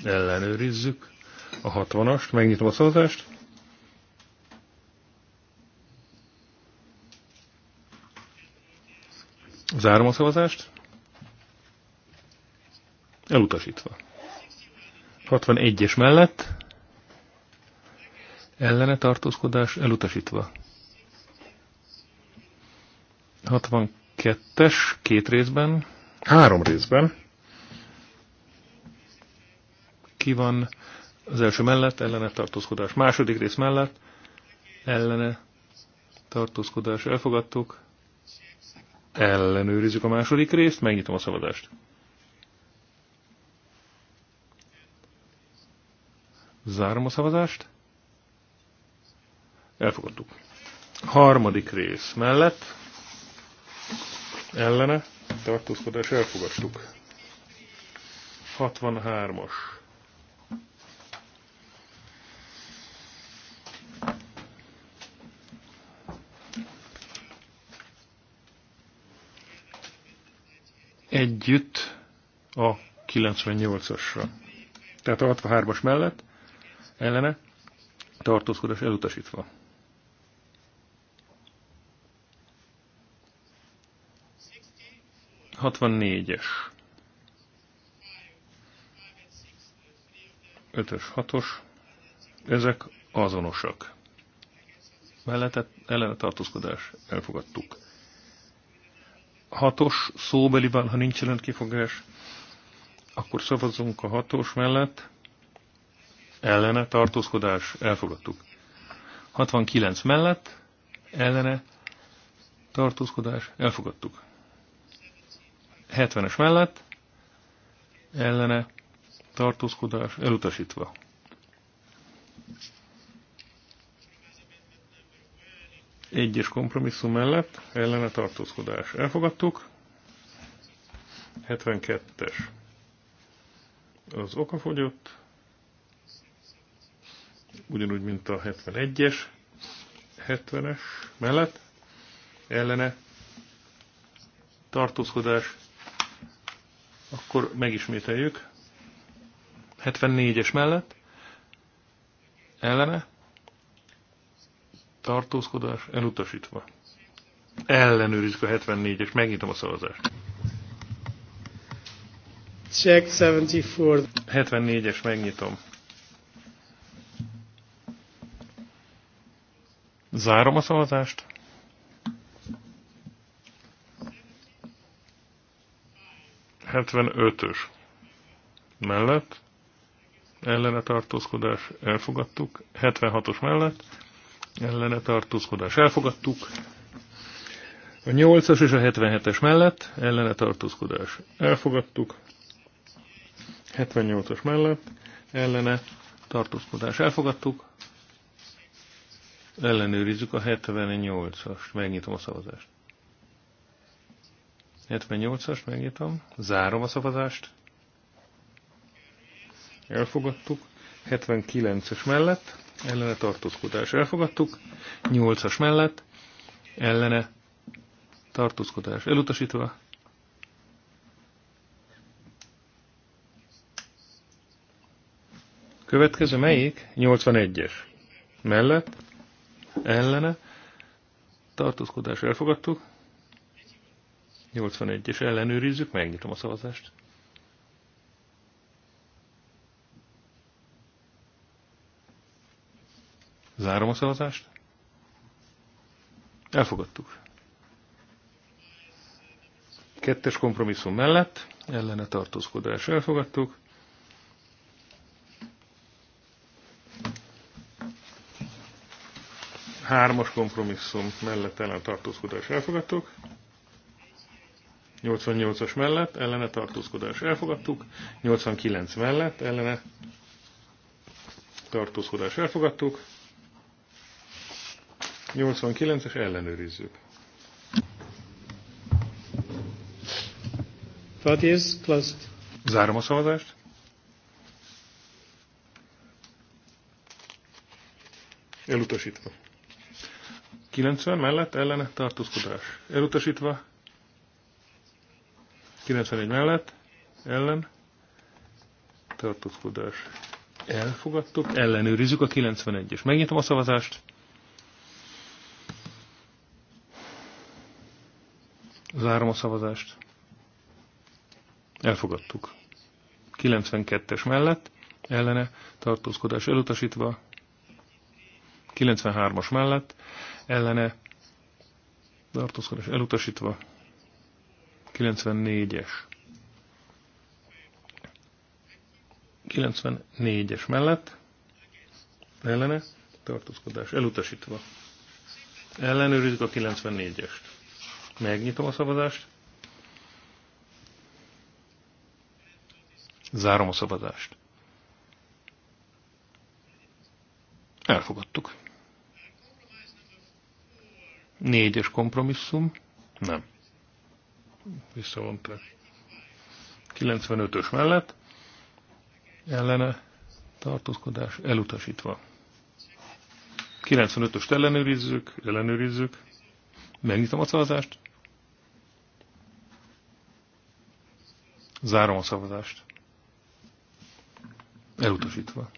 Ellenőrizzük a 60-ast, megnyitom a szavazást. Zárom a szavazást. Elutasítva. 61-es mellett ellene tartózkodás elutasítva. 62-es két részben, három részben. Ki van az első mellett, ellene tartózkodás. Második rész mellett, ellene tartózkodás. Elfogadtuk. Ellenőrizzük a második részt, megnyitom a szavazást. Zárom a szavazást. Elfogadtuk. Harmadik rész mellett ellene tartózkodás elfogadtuk. 63-as együtt a 98-asra. Tehát a 63-as mellett ellene tartózkodás elutasítva. Hatvannégyes. Ötös, hatos. Ezek azonosak. Mellette ellene tartózkodás elfogadtuk hatos szóbeliben ha nincs jelent kifogás, akkor szavazzunk a hatos mellett. Ellene tartózkodás, elfogadtuk. 69 mellett, ellene tartózkodás, elfogadtuk. 70-es mellett, ellene tartózkodás, elutasítva. Egyes kompromisszum mellett ellene tartózkodás. Elfogadtuk. 72-es. Az okafogyott. Ugyanúgy, mint a 71-es. 70-es mellett ellene tartózkodás. Akkor megismételjük. 74-es mellett ellene tartózkodás elutasítva. Ellenőrizzük a 74-es, megnyitom a szavazást. Check 74. 74-es, megnyitom. Zárom a szavazást. Hetvenötös. Mellett. Ellene tartózkodás elfogadtuk. 76-os mellett ellene tartózkodás elfogadtuk. A 8-as és a 77-es mellett ellene tartózkodás elfogadtuk. 78-as mellett ellene tartózkodás elfogadtuk. Ellenőrizzük a 78-as. Megnyitom a szavazást. 78-as, megnyitom. Zárom a szavazást. Elfogadtuk. 79-es mellett ellene tartózkodás elfogadtuk, 8-as mellett ellene tartózkodás elutasítva, Következő melyik? 81-es. Mellett, ellene, tartózkodás elfogadtuk. 81-es ellenőrizzük, megnyitom a szavazást. Zárom a szavazást. Elfogadtuk. Kettes kompromisszum mellett ellene tartózkodás elfogadtuk. Hármas kompromisszum mellett ellene tartózkodás elfogadtuk. 88-as mellett ellene tartózkodás elfogadtuk, 89 mellett ellene tartózkodás elfogadtuk, 89-es ellenőrizzük. Zárom a szavazást. Elutasítva. 90 mellett ellene tartózkodás. Elutasítva. 91 mellett ellen tartózkodás. Elfogadtuk, ellenőrizzük a 91-es. Megnyitom a szavazást. Zárom a szavazást. Elfogadtuk. 92-es mellett, ellene, tartózkodás elutasítva. 93-as mellett, ellene, tartózkodás elutasítva. 94-es. 94-es mellett, ellene, tartózkodás elutasítva. Ellenőrizzük a 94-est. Megnyitom a szavazást. Zárom a szavazást. Elfogadtuk. Négyes kompromisszum? Nem. Visszavonták. 95-ös mellett ellene tartózkodás elutasítva. 95-öst ellenőrizzük, ellenőrizzük. Megnyitom a szavazást. Zárom a szavazást. Elutasítva.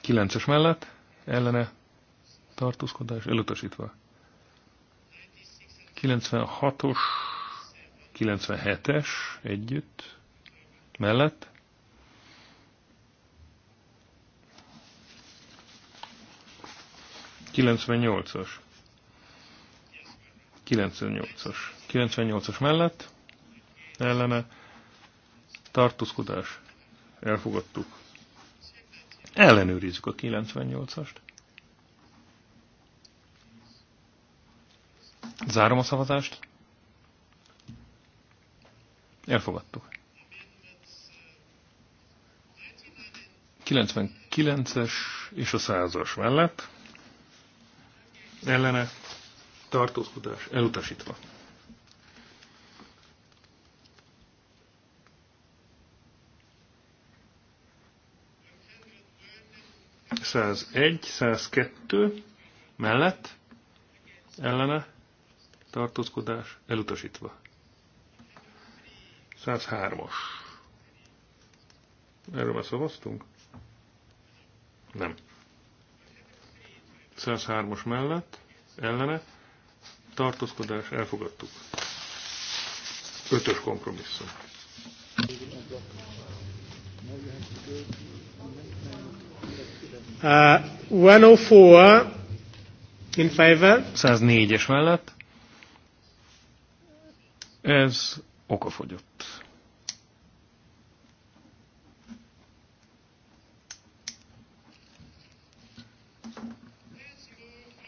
Kilences mellett ellene tartózkodás elutasítva. 96-os, 97-es együtt mellett Kilencvennyolcas. Kilencvennyolcas. 98-as mellett, ellene, tartózkodás, elfogadtuk. Ellenőrizzük a 98-ast. Zárom a szavazást. Elfogadtuk. 99-es és a 100-as mellett ellene tartózkodás elutasítva. 101, 102 mellett ellene tartózkodás elutasítva. 103-as. Erről már szavaztunk? Nem. 103-as mellett ellene tartózkodás elfogadtuk. 5-ös kompromisszum. Thank you. 104 uh, in favor. 104-es mellett. Ez okafogyott.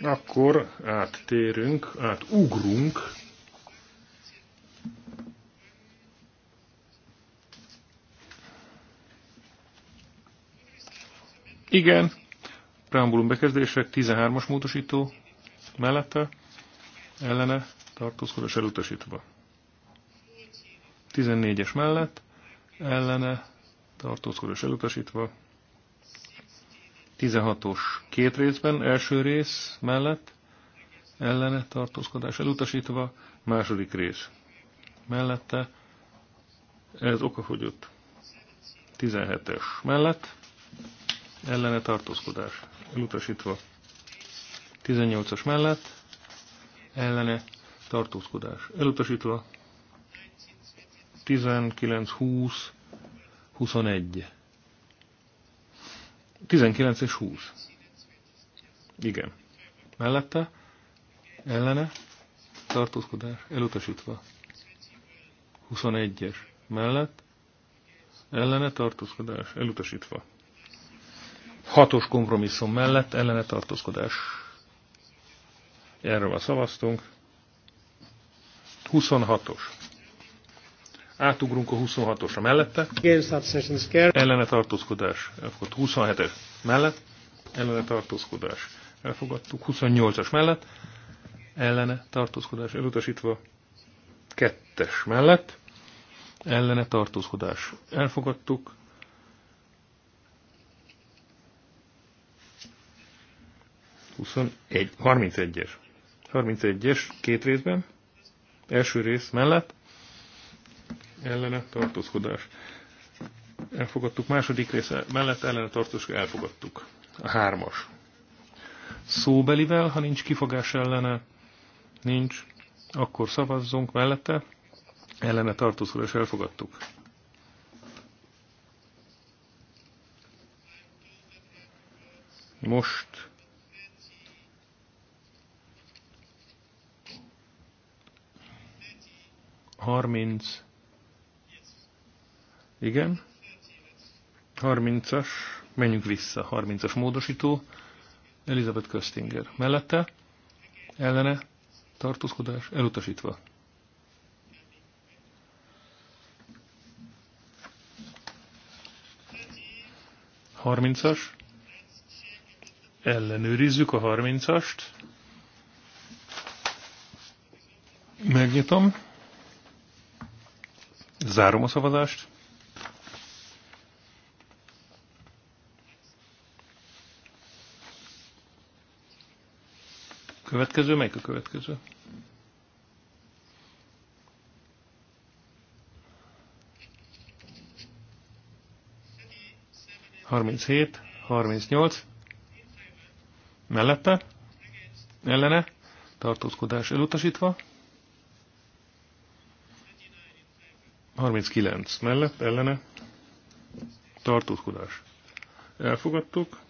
Akkor áttérünk, átugrunk Igen. Preambulum bekezdések, 13-as módosító mellette, ellene, tartózkodás elutasítva. 14-es mellett, ellene, tartózkodás elutasítva. 16-os két részben, első rész mellett, ellene, tartózkodás elutasítva, második rész mellette, ez okafogyott. 17-es mellett, ellene tartózkodás elutasítva. 18-as mellett ellene tartózkodás elutasítva. 19, 20, 21. 19 és 20. Igen. Mellette ellene tartózkodás elutasítva. 21-es mellett ellene tartózkodás elutasítva hatos kompromisszum mellett ellene tartózkodás. Erről a szavaztunk. 26-os. Átugrunk a 26-osra mellette. Ellene tartózkodás. 27-es mellett. Ellene tartózkodás. Elfogadtuk. 28-as mellett. Ellene tartózkodás. Elutasítva. 2-es mellett. Ellene tartózkodás. Elfogadtuk. 21, 31-es. 31-es két részben. Első rész mellett ellene tartózkodás. Elfogadtuk. Második rész mellett ellene tartózkodás. Elfogadtuk. A hármas. Szóbelivel, ha nincs kifogás ellene, nincs, akkor szavazzunk mellette. Ellene tartózkodás. Elfogadtuk. Most 30, igen, 30-as, menjünk vissza, 30-as módosító, Elizabeth Köstinger. Mellette, ellene, tartózkodás, elutasítva. Harmincas. Ellenőrizzük a harmincast. Megnyitom. Zárom a szavazást. Következő, melyik a következő? harminc nyolc. Mellette? Ellene? Tartózkodás elutasítva. 39 mellett, ellene, tartózkodás. Elfogadtuk.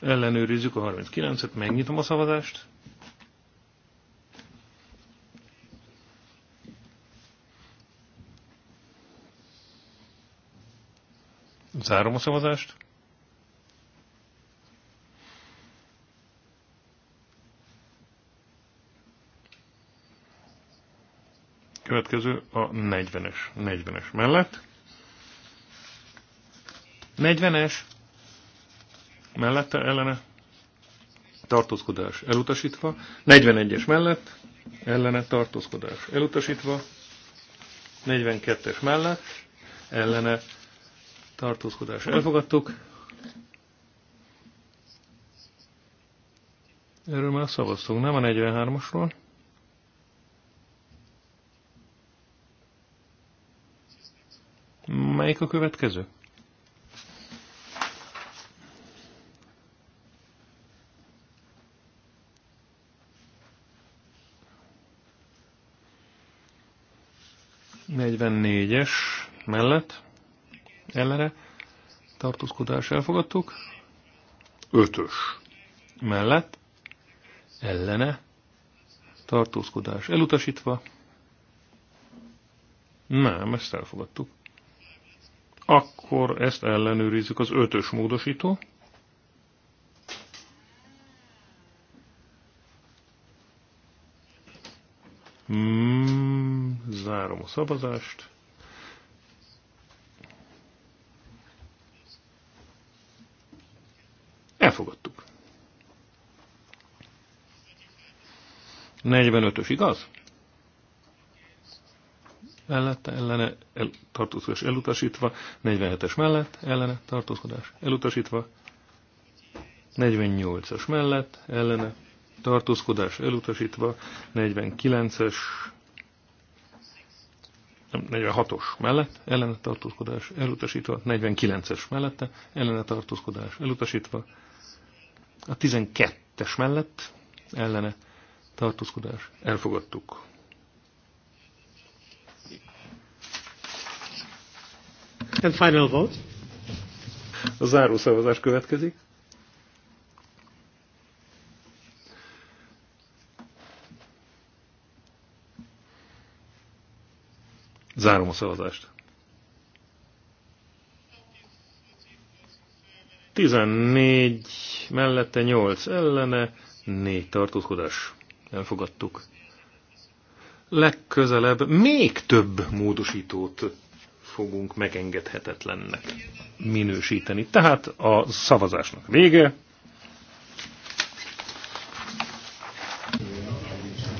Ellenőrizzük a 39-et, megnyitom a szavazást. Zárom a szavazást. következő a 40-es. 40-es mellett. 40-es mellette ellene tartózkodás elutasítva, 41-es mellett ellene tartózkodás elutasítva, 42-es mellett ellene tartózkodás elfogadtuk. Erről már szavaztunk, nem a 43-asról. Melyik a következő? Negyvennégyes mellett ellene tartózkodás elfogadtuk. Ötös mellett ellene tartózkodás elutasítva. Nem, ezt elfogadtuk. Akkor ezt ellenőrizzük az ötös módosító. Mm, zárom a szavazást. Elfogadtuk. 45-ös, igaz? mellette ellene el, tartózkodás elutasítva, 47-es mellett ellene tartózkodás elutasítva, 48-as mellett ellene tartózkodás elutasítva, 49-es, 46-os mellett ellene tartózkodás elutasítva, 49-es mellette ellene tartózkodás elutasítva, a 12-es mellett ellene tartózkodás elfogadtuk. And final vote. A záró szavazás következik. Zárom a szavazást. 14 mellette 8 ellene, 4 tartózkodás. Elfogadtuk. Legközelebb még több módosítót fogunk megengedhetetlennek minősíteni. Tehát a szavazásnak vége.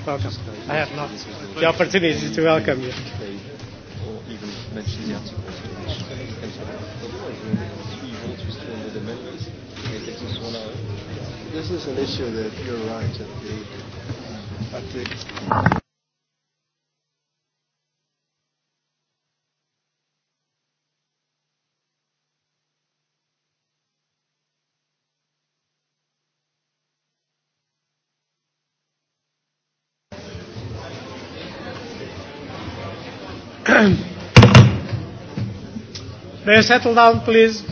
I have not the opportunity to welcome you. This is an issue that you're right at the, at the May settle down, please?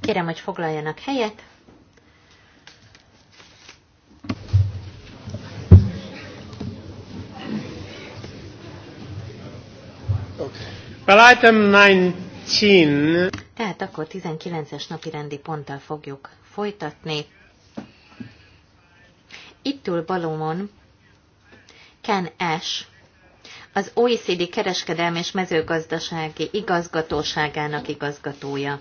Kérem, hogy foglaljanak helyet. Okay. Well, item 19. Tehát akkor 19-es napi rendi ponttal fogjuk folytatni. Itt ül Balomon Ken Ash, az OECD kereskedelmi és mezőgazdasági igazgatóságának igazgatója.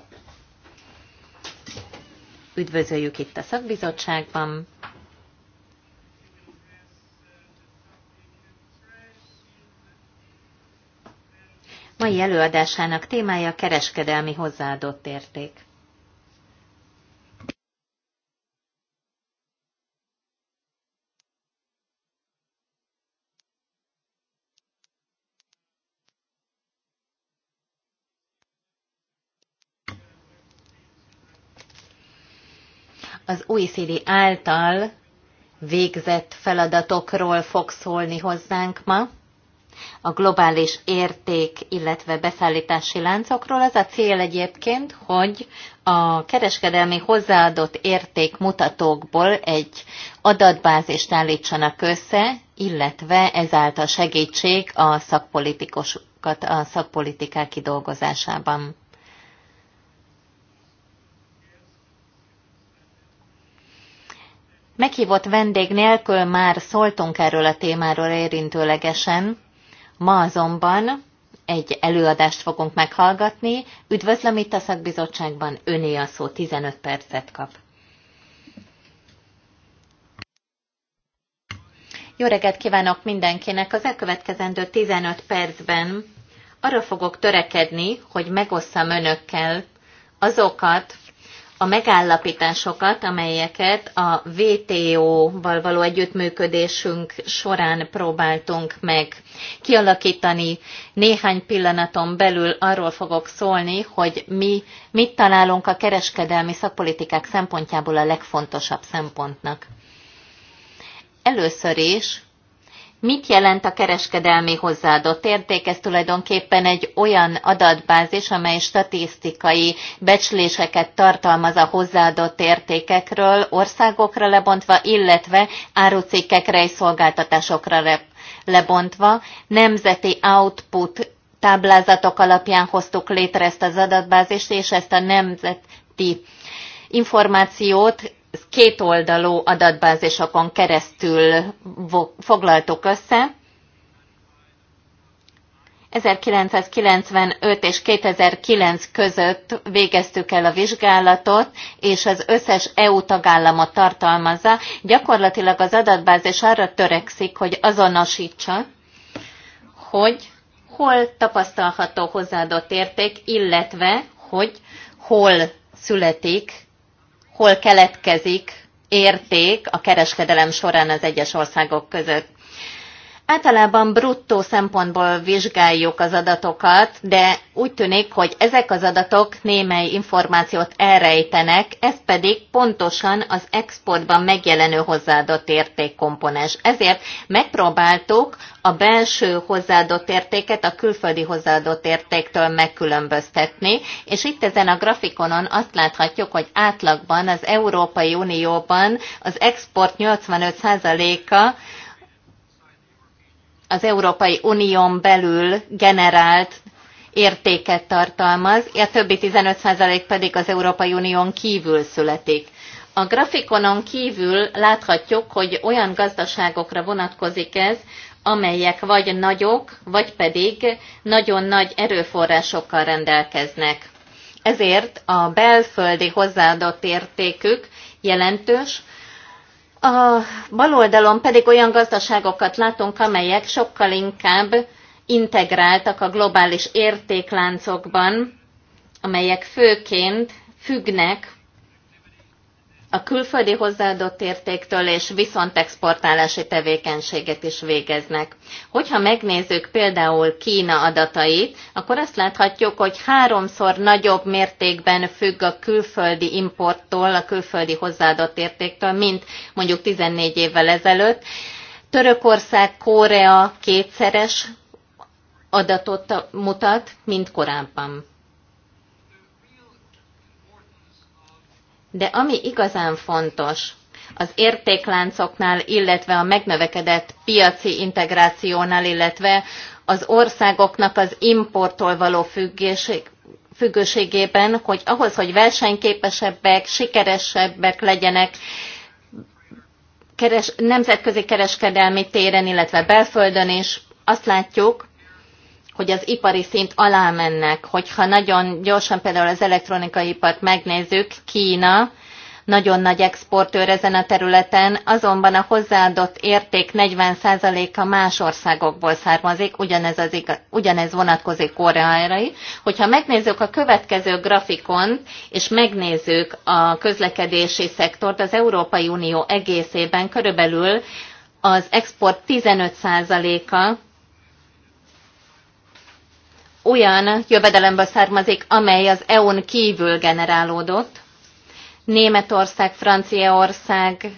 Üdvözöljük itt a szakbizottságban. Mai előadásának témája kereskedelmi hozzáadott érték. az OECD által végzett feladatokról fog szólni hozzánk ma, a globális érték, illetve beszállítási láncokról. Az a cél egyébként, hogy a kereskedelmi hozzáadott érték mutatókból egy adatbázist állítsanak össze, illetve ezáltal segítség a szakpolitikusokat a szakpolitikák kidolgozásában. Meghívott vendég nélkül már szóltunk erről a témáról érintőlegesen, ma azonban egy előadást fogunk meghallgatni. Üdvözlöm itt a szakbizottságban, öné a szó 15 percet kap. Jó reggelt kívánok mindenkinek! Az elkövetkezendő 15 percben arra fogok törekedni, hogy megosszam önökkel azokat a megállapításokat, amelyeket a VTO-val való együttműködésünk során próbáltunk meg kialakítani. Néhány pillanaton belül arról fogok szólni, hogy mi mit találunk a kereskedelmi szakpolitikák szempontjából a legfontosabb szempontnak. Először is Mit jelent a kereskedelmi hozzáadott érték? Ez tulajdonképpen egy olyan adatbázis, amely statisztikai becsléseket tartalmaz a hozzáadott értékekről, országokra lebontva, illetve árucikkekre és szolgáltatásokra lebontva. Nemzeti output táblázatok alapján hoztuk létre ezt az adatbázist, és ezt a nemzeti információt kétoldalú adatbázisokon keresztül foglaltuk össze. 1995 és 2009 között végeztük el a vizsgálatot, és az összes EU tagállamot tartalmazza. Gyakorlatilag az adatbázis arra törekszik, hogy azonosítsa, hogy hol tapasztalható hozzáadott érték, illetve hogy hol születik hol keletkezik érték a kereskedelem során az egyes országok között. Általában bruttó szempontból vizsgáljuk az adatokat, de úgy tűnik, hogy ezek az adatok némely információt elrejtenek, ez pedig pontosan az exportban megjelenő hozzáadott érték komponens. Ezért megpróbáltuk a belső hozzáadott értéket a külföldi hozzáadott értéktől megkülönböztetni, és itt ezen a grafikonon azt láthatjuk, hogy átlagban az Európai Unióban az export 85%-a az Európai Unión belül generált értéket tartalmaz, a többi 15% pedig az Európai Unión kívül születik. A grafikonon kívül láthatjuk, hogy olyan gazdaságokra vonatkozik ez, amelyek vagy nagyok, vagy pedig nagyon nagy erőforrásokkal rendelkeznek. Ezért a belföldi hozzáadott értékük jelentős, a baloldalon pedig olyan gazdaságokat látunk, amelyek sokkal inkább integráltak a globális értékláncokban, amelyek főként függnek a külföldi hozzáadott értéktől és viszontexportálási tevékenységet is végeznek. Hogyha megnézzük például Kína adatait, akkor azt láthatjuk, hogy háromszor nagyobb mértékben függ a külföldi importtól, a külföldi hozzáadott értéktől, mint mondjuk 14 évvel ezelőtt. Törökország, Korea kétszeres adatot mutat, mint korábban. De ami igazán fontos, az értékláncoknál, illetve a megnövekedett piaci integrációnál, illetve az országoknak az importtól való függőségében, hogy ahhoz, hogy versenyképesebbek, sikeresebbek legyenek, keres, nemzetközi kereskedelmi téren, illetve belföldön is, azt látjuk, hogy az ipari szint alá mennek. Hogyha nagyon gyorsan például az elektronikai ipart megnézzük, Kína nagyon nagy exportőr ezen a területen, azonban a hozzáadott érték 40%-a más országokból származik, ugyanez, az igaz, ugyanez vonatkozik Koreára is. Hogyha megnézzük a következő grafikon és megnézzük a közlekedési szektort, az Európai Unió egészében körülbelül az export 15%-a olyan jövedelemből származik, amely az EU-n kívül generálódott. Németország, Franciaország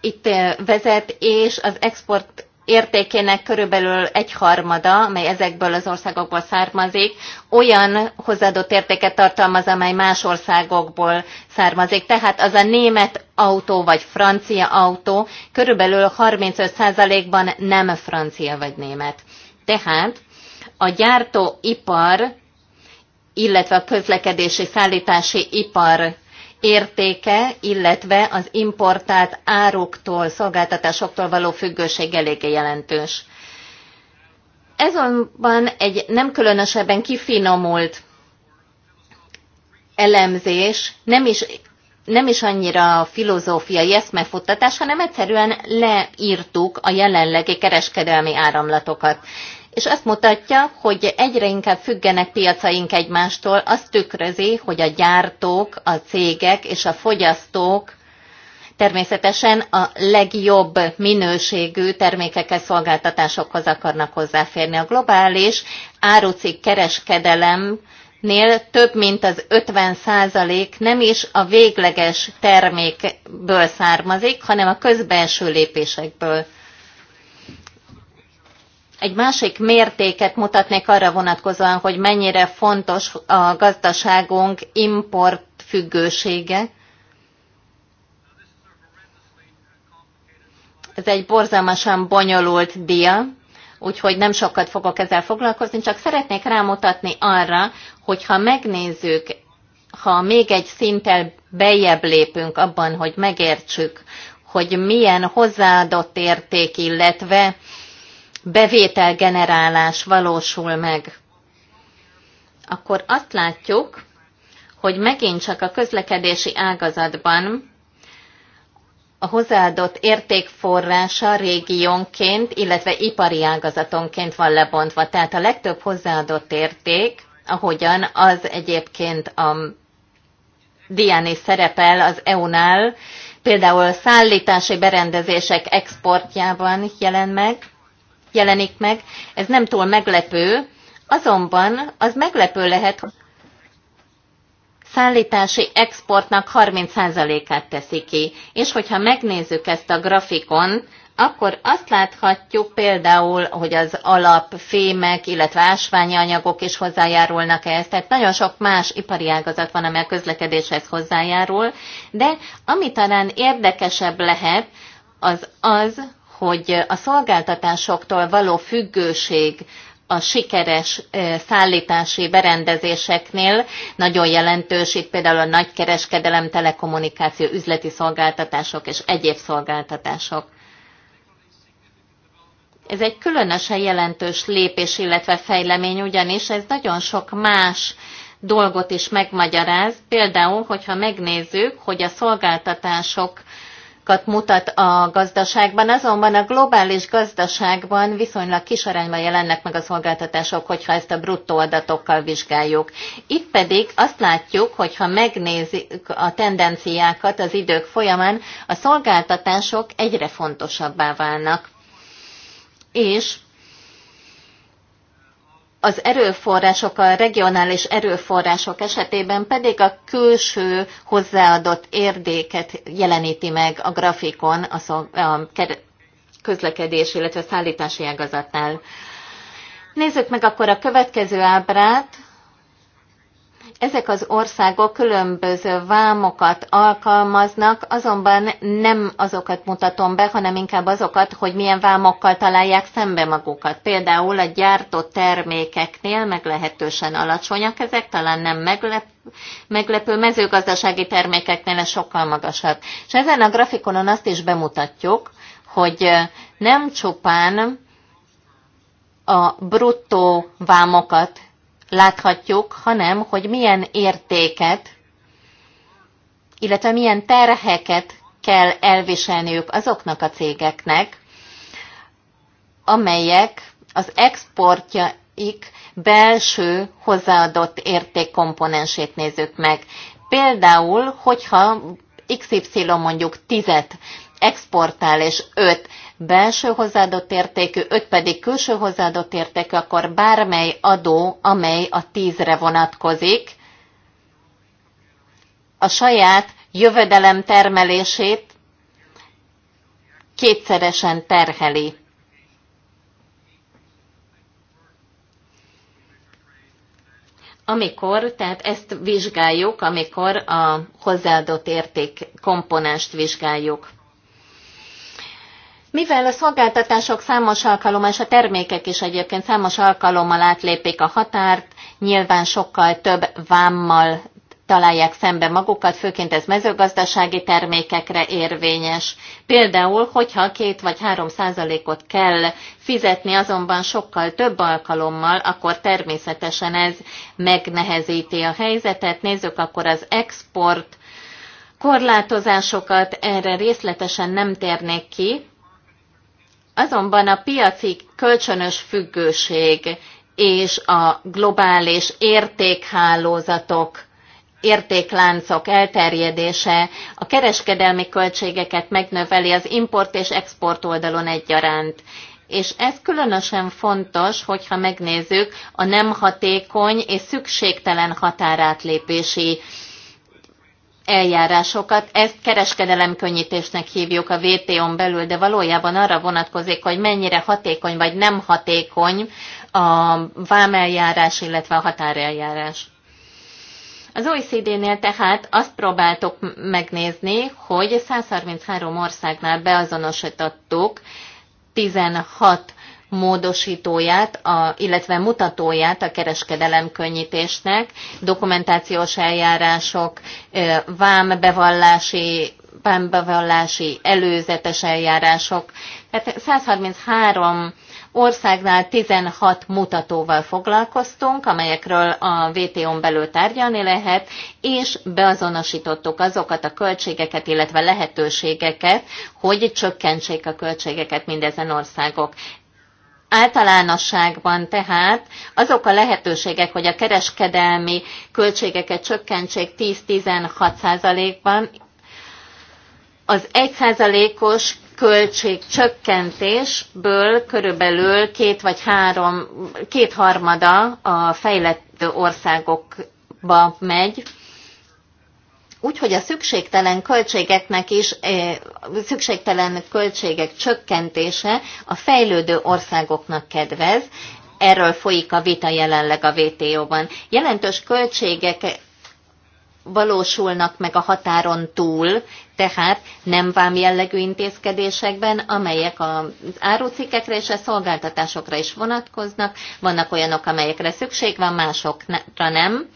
itt eh, vezet, és az export értékének körülbelül egy harmada, amely ezekből az országokból származik, olyan hozzáadott értéket tartalmaz, amely más országokból származik. Tehát az a német autó vagy francia autó körülbelül 35%-ban nem francia vagy német. Tehát a gyártóipar, illetve a közlekedési szállítási ipar értéke, illetve az importált áruktól, szolgáltatásoktól való függőség eléggé jelentős. Ez egy nem különösebben kifinomult elemzés, nem is, nem is annyira filozófiai eszmefuttatás, hanem egyszerűen leírtuk a jelenlegi kereskedelmi áramlatokat és azt mutatja, hogy egyre inkább függenek piacaink egymástól, azt tükrözi, hogy a gyártók, a cégek és a fogyasztók természetesen a legjobb minőségű termékekhez, szolgáltatásokhoz akarnak hozzáférni. A globális árucik kereskedelem nél több mint az 50 százalék nem is a végleges termékből származik, hanem a közbenső lépésekből. Egy másik mértéket mutatnék arra vonatkozóan, hogy mennyire fontos a gazdaságunk import függősége. Ez egy borzalmasan bonyolult dia, úgyhogy nem sokat fogok ezzel foglalkozni, csak szeretnék rámutatni arra, hogy ha megnézzük, ha még egy szinttel bejebb lépünk abban, hogy megértsük, hogy milyen hozzáadott érték, illetve bevételgenerálás valósul meg, akkor azt látjuk, hogy megint csak a közlekedési ágazatban a hozzáadott értékforrása régiónként, illetve ipari ágazatonként van lebontva. Tehát a legtöbb hozzáadott érték, ahogyan az egyébként a dián is szerepel az EU-nál, például szállítási berendezések exportjában jelen meg, jelenik meg. Ez nem túl meglepő, azonban az meglepő lehet, hogy szállítási exportnak 30%-át teszi ki. És hogyha megnézzük ezt a grafikon, akkor azt láthatjuk például, hogy az alapfémek, illetve ásványi anyagok is hozzájárulnak ehhez. Tehát nagyon sok más ipari ágazat van, amely a közlekedéshez hozzájárul, de ami talán érdekesebb lehet, az az, hogy a szolgáltatásoktól való függőség a sikeres szállítási berendezéseknél nagyon jelentős, itt például a nagykereskedelem, telekommunikáció, üzleti szolgáltatások és egyéb szolgáltatások. Ez egy különösen jelentős lépés, illetve fejlemény, ugyanis ez nagyon sok más dolgot is megmagyaráz. Például, hogyha megnézzük, hogy a szolgáltatások mutat a gazdaságban, azonban a globális gazdaságban viszonylag kis arányban jelennek meg a szolgáltatások, hogyha ezt a bruttó adatokkal vizsgáljuk. Itt pedig azt látjuk, hogyha megnézzük a tendenciákat az idők folyamán, a szolgáltatások egyre fontosabbá válnak. És az erőforrások, a regionális erőforrások esetében pedig a külső hozzáadott érdéket jeleníti meg a grafikon a, a közlekedés, illetve a szállítási ágazatnál. Nézzük meg akkor a következő ábrát, ezek az országok különböző vámokat alkalmaznak, azonban nem azokat mutatom be, hanem inkább azokat, hogy milyen vámokkal találják szembe magukat. Például a gyártott termékeknél meglehetősen alacsonyak ezek, talán nem meglep, meglepő mezőgazdasági termékeknél ez sokkal magasabb. És ezen a grafikonon azt is bemutatjuk, hogy nem csupán a bruttó vámokat láthatjuk, hanem hogy milyen értéket, illetve milyen terheket kell elviselniük azoknak a cégeknek, amelyek az exportjaik belső hozzáadott értékkomponensét nézzük meg. Például, hogyha XY mondjuk tizet exportál, és 5 belső hozzáadott értékű, 5 pedig külső hozzáadott értékű, akkor bármely adó, amely a 10-re vonatkozik, a saját jövedelem termelését kétszeresen terheli. Amikor, tehát ezt vizsgáljuk, amikor a hozzáadott érték komponást vizsgáljuk. Mivel a szolgáltatások számos alkalommal, és a termékek is egyébként számos alkalommal átlépik a határt, nyilván sokkal több vámmal találják szembe magukat, főként ez mezőgazdasági termékekre érvényes. Például, hogyha két vagy három százalékot kell fizetni, azonban sokkal több alkalommal, akkor természetesen ez megnehezíti a helyzetet. Nézzük akkor az export korlátozásokat, erre részletesen nem térnék ki, Azonban a piaci kölcsönös függőség és a globális értékhálózatok, értékláncok elterjedése a kereskedelmi költségeket megnöveli az import és export oldalon egyaránt. És ez különösen fontos, hogyha megnézzük a nem hatékony és szükségtelen határátlépési eljárásokat. Ezt kereskedelemkönnyítésnek hívjuk a WTO-n belül, de valójában arra vonatkozik, hogy mennyire hatékony vagy nem hatékony a vámeljárás, illetve a határeljárás. Az OECD-nél tehát azt próbáltuk megnézni, hogy 133 országnál beazonosítottuk 16 módosítóját, a, illetve mutatóját a kereskedelem könnyítésnek, dokumentációs eljárások, vámbevallási, vámbevallási előzetes eljárások. Tehát 133 országnál 16 mutatóval foglalkoztunk, amelyekről a vto n belül tárgyalni lehet, és beazonosítottuk azokat a költségeket, illetve lehetőségeket, hogy csökkentsék a költségeket mindezen országok. Általánosságban tehát azok a lehetőségek, hogy a kereskedelmi költségeket csökkentsék 10-16%-ban, az 1%-os költségcsökkentésből körülbelül két vagy három, kétharmada a fejlett országokba megy, Úgyhogy a szükségtelen költségeknek is, eh, szükségtelen költségek csökkentése a fejlődő országoknak kedvez, erről folyik a vita jelenleg a WTO-ban. Jelentős költségek valósulnak meg a határon túl, tehát nem vám jellegű intézkedésekben, amelyek az árucikkekre és a szolgáltatásokra is vonatkoznak, vannak olyanok, amelyekre szükség van, másokra nem.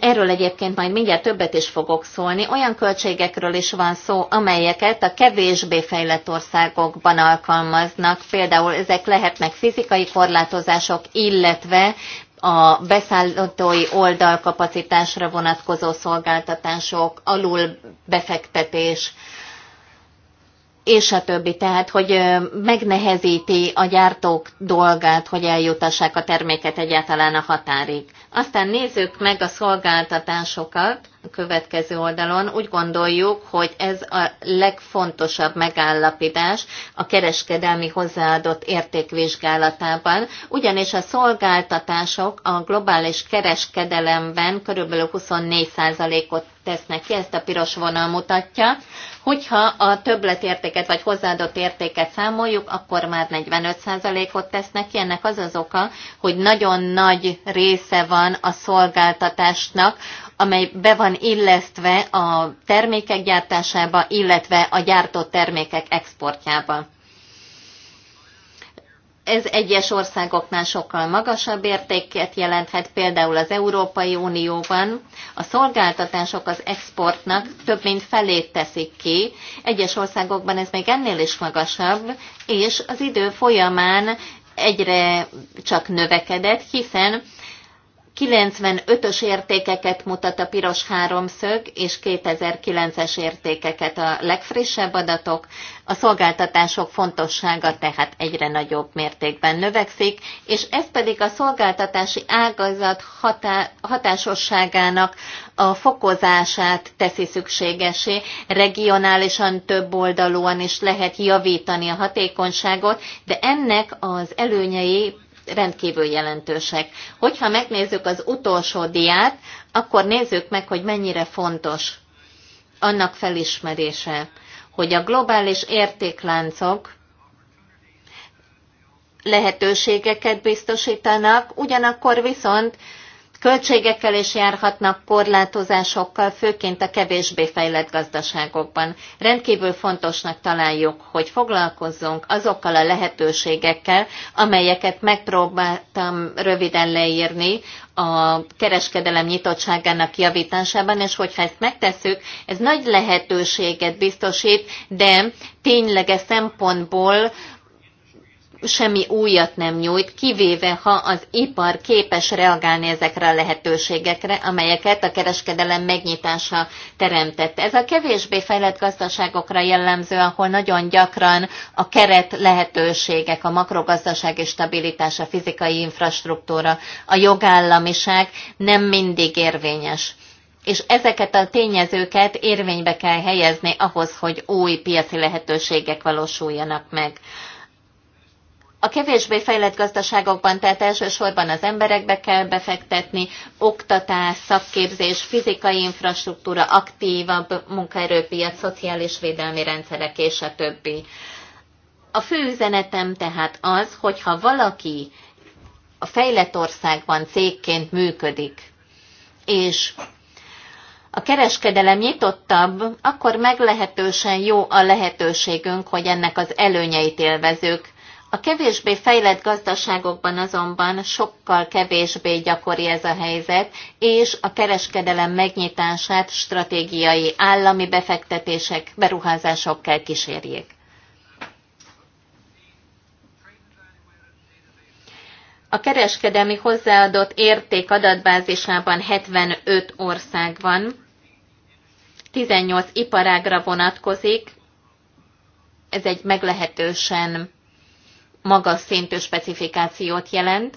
Erről egyébként majd mindjárt többet is fogok szólni. Olyan költségekről is van szó, amelyeket a kevésbé fejlett országokban alkalmaznak. Például ezek lehetnek fizikai korlátozások, illetve a beszállítói oldalkapacitásra vonatkozó szolgáltatások, alul befektetés, és a többi. Tehát, hogy megnehezíti a gyártók dolgát, hogy eljutassák a terméket egyáltalán a határig. Aztán nézzük meg a szolgáltatásokat következő oldalon. Úgy gondoljuk, hogy ez a legfontosabb megállapítás a kereskedelmi hozzáadott értékvizsgálatában, ugyanis a szolgáltatások a globális kereskedelemben körülbelül 24%-ot tesznek ki, ezt a piros vonal mutatja. Hogyha a többletértéket vagy hozzáadott értéket számoljuk, akkor már 45%-ot tesznek ki. Ennek az az oka, hogy nagyon nagy része van a szolgáltatásnak amely be van illesztve a termékek gyártásába, illetve a gyártott termékek exportjába. Ez egyes országoknál sokkal magasabb értéket jelenthet, például az Európai Unióban a szolgáltatások az exportnak több mint felét teszik ki, egyes országokban ez még ennél is magasabb, és az idő folyamán egyre csak növekedett, hiszen 95-ös értékeket mutat a piros háromszög, és 2009-es értékeket a legfrissebb adatok. A szolgáltatások fontossága tehát egyre nagyobb mértékben növekszik, és ez pedig a szolgáltatási ágazat hatá hatásosságának a fokozását teszi szükségesé, regionálisan több oldalúan is lehet javítani a hatékonyságot, de ennek az előnyei rendkívül jelentősek. Hogyha megnézzük az utolsó diát, akkor nézzük meg, hogy mennyire fontos annak felismerése, hogy a globális értékláncok lehetőségeket biztosítanak, ugyanakkor viszont költségekkel is járhatnak, korlátozásokkal, főként a kevésbé fejlett gazdaságokban. Rendkívül fontosnak találjuk, hogy foglalkozzunk azokkal a lehetőségekkel, amelyeket megpróbáltam röviden leírni a kereskedelem nyitottságának javításában, és hogyha ezt megtesszük, ez nagy lehetőséget biztosít, de tényleges szempontból semmi újat nem nyújt, kivéve ha az ipar képes reagálni ezekre a lehetőségekre, amelyeket a kereskedelem megnyitása teremtett. Ez a kevésbé fejlett gazdaságokra jellemző, ahol nagyon gyakran a keret lehetőségek, a makrogazdasági stabilitás, a fizikai infrastruktúra, a jogállamiság nem mindig érvényes és ezeket a tényezőket érvénybe kell helyezni ahhoz, hogy új piaci lehetőségek valósuljanak meg. A kevésbé fejlett gazdaságokban, tehát elsősorban az emberekbe kell befektetni, oktatás, szakképzés, fizikai infrastruktúra, aktívabb munkaerőpiac, szociális védelmi rendszerek és a többi. A fő üzenetem tehát az, hogyha valaki a fejlett országban cégként működik, és a kereskedelem nyitottabb, akkor meglehetősen jó a lehetőségünk, hogy ennek az előnyeit élvezők a kevésbé fejlett gazdaságokban azonban sokkal kevésbé gyakori ez a helyzet, és a kereskedelem megnyitását stratégiai állami befektetések, beruházások kell kísérjék. A kereskedelmi hozzáadott érték adatbázisában 75 ország van, 18 iparágra vonatkozik, ez egy meglehetősen magas szintű specifikációt jelent.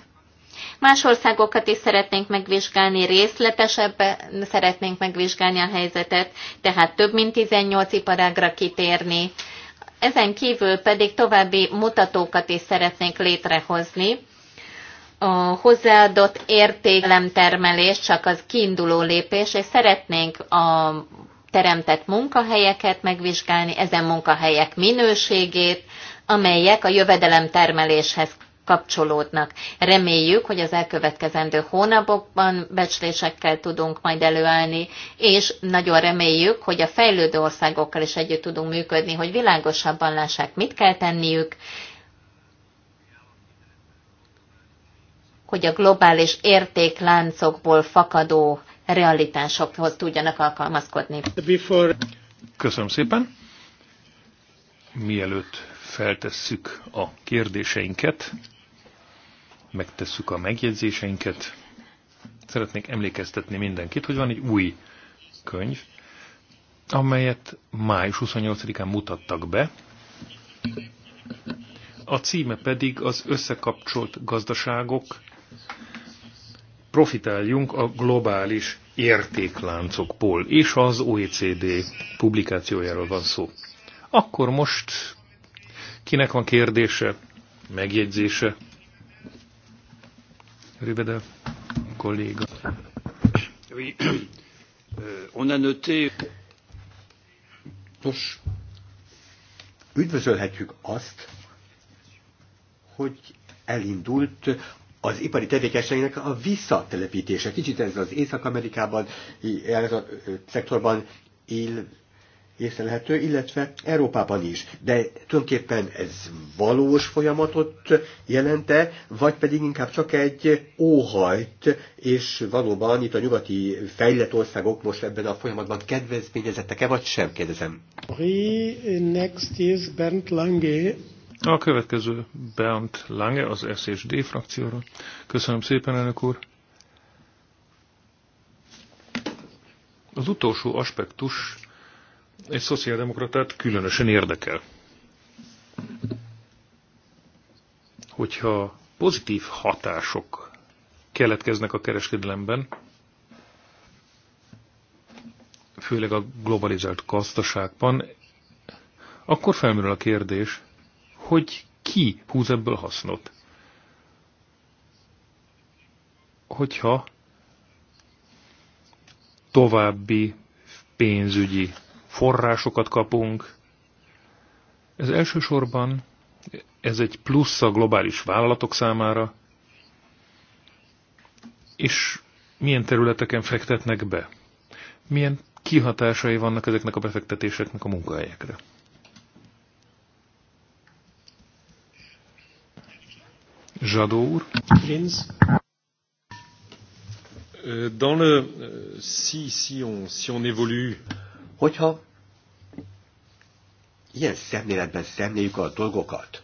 Más országokat is szeretnénk megvizsgálni, részletesebben szeretnénk megvizsgálni a helyzetet, tehát több mint 18 iparágra kitérni. Ezen kívül pedig további mutatókat is szeretnénk létrehozni. A hozzáadott értékelemtermelés csak az kiinduló lépés, és szeretnénk a teremtett munkahelyeket megvizsgálni, ezen munkahelyek minőségét, amelyek a jövedelemtermeléshez kapcsolódnak. Reméljük, hogy az elkövetkezendő hónapokban becslésekkel tudunk majd előállni, és nagyon reméljük, hogy a fejlődő országokkal is együtt tudunk működni, hogy világosabban lássák, mit kell tenniük, hogy a globális értékláncokból fakadó realitásokhoz tudjanak alkalmazkodni. Köszönöm szépen! Mielőtt feltesszük a kérdéseinket, megtesszük a megjegyzéseinket. Szeretnék emlékeztetni mindenkit, hogy van egy új könyv, amelyet május 28-án mutattak be. A címe pedig az összekapcsolt gazdaságok, profitáljunk a globális értékláncokból, és az OECD publikációjáról van szó. Akkor most Kinek van kérdése, megjegyzése? Rübede kolléga. Oui. Euh, on a noté... Nos, üdvözölhetjük azt, hogy elindult az ipari tevékenységnek a visszatelepítése. Kicsit ez az Észak-Amerikában, ez a szektorban él, észlelhető, illetve Európában is. De tulajdonképpen ez valós folyamatot jelente, vagy pedig inkább csak egy óhajt, és valóban itt a nyugati fejlett országok most ebben a folyamatban kedvezményezettek-e, vagy sem, kérdezem. Next is Bernd Lange. A következő Bernd Lange az SSD frakcióra. Köszönöm szépen, elnök úr. Az utolsó aspektus egy szociáldemokratát különösen érdekel. Hogyha pozitív hatások keletkeznek a kereskedelemben, főleg a globalizált gazdaságban, akkor felmerül a kérdés, hogy ki húz ebből hasznot? Hogyha további pénzügyi forrásokat kapunk. Ez elsősorban ez egy plusz a globális vállalatok számára, és milyen területeken fektetnek be? Milyen kihatásai vannak ezeknek a befektetéseknek a munkahelyekre? Zsadó úr. Euh, dans le, euh, si, si, on, si on évolue Hogyha ilyen szemléletben szemléljük a dolgokat,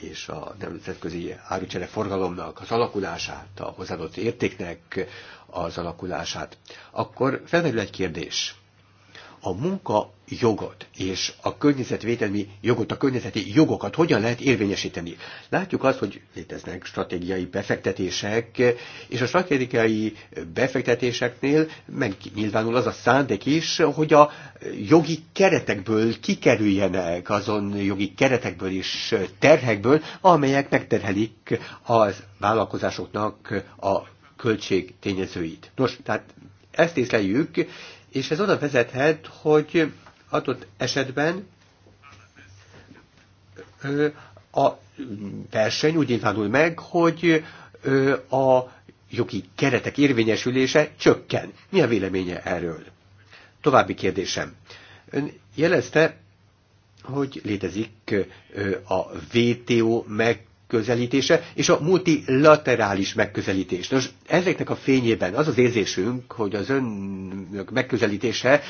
és a nemzetközi árucsere forgalomnak az alakulását, a hozzáadott értéknek az alakulását, akkor felmerül egy kérdés a munka jogot és a környezetvédelmi jogot, a környezeti jogokat hogyan lehet érvényesíteni. Látjuk azt, hogy léteznek stratégiai befektetések, és a stratégiai befektetéseknél megnyilvánul az a szándék is, hogy a jogi keretekből kikerüljenek azon jogi keretekből és terhekből, amelyek megterhelik az vállalkozásoknak a költség tényezőit. Nos, tehát ezt észleljük, és ez oda vezethet, hogy adott esetben a verseny úgy nyilvánul meg, hogy a jogi keretek érvényesülése csökken. Mi a véleménye erről? További kérdésem. Ön jelezte, hogy létezik a VTO meg megközelítése és a multilaterális megközelítés. Nos, ezeknek a fényében az az érzésünk, hogy az önök megközelítése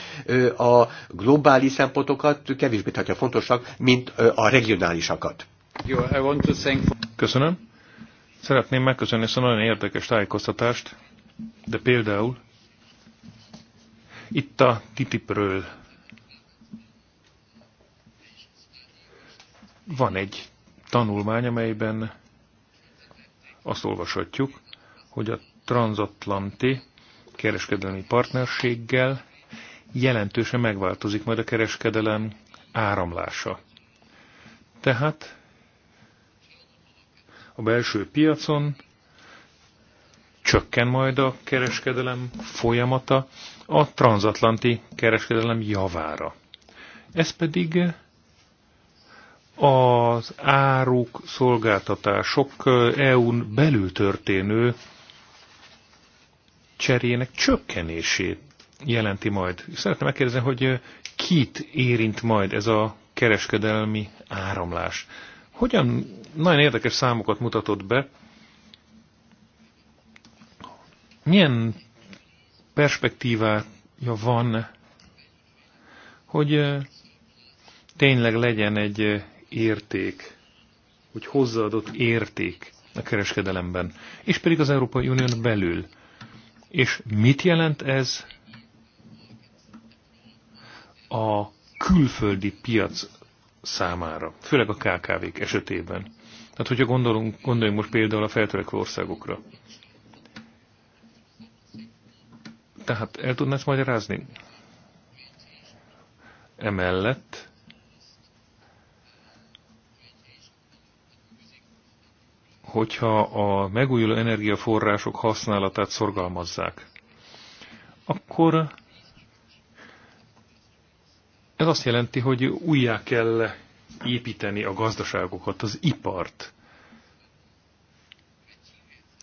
a globális szempontokat kevésbé tartja fontosak, mint a regionálisakat. Köszönöm. Szeretném megköszönni ezt a nagyon érdekes tájékoztatást, de például itt a TTIP-ről van egy tanulmány, amelyben azt olvashatjuk, hogy a transatlanti kereskedelmi partnerséggel jelentősen megváltozik majd a kereskedelem áramlása. Tehát a belső piacon csökken majd a kereskedelem folyamata a transatlanti kereskedelem javára. Ez pedig az áruk, szolgáltatások EU-n belül történő cserének csökkenését jelenti majd. Szeretném megkérdezni, hogy kit érint majd ez a kereskedelmi áramlás. Hogyan nagyon érdekes számokat mutatott be, milyen perspektívája van, hogy tényleg legyen egy érték, hogy hozzáadott érték a kereskedelemben, és pedig az Európai Unión belül. És mit jelent ez a külföldi piac számára, főleg a KKV-k esetében? Tehát, hogyha gondolunk, gondoljunk most például a feltörekvő országokra. Tehát el tudnád magyarázni? Emellett hogyha a megújuló energiaforrások használatát szorgalmazzák, akkor ez azt jelenti, hogy újjá kell építeni a gazdaságokat, az ipart.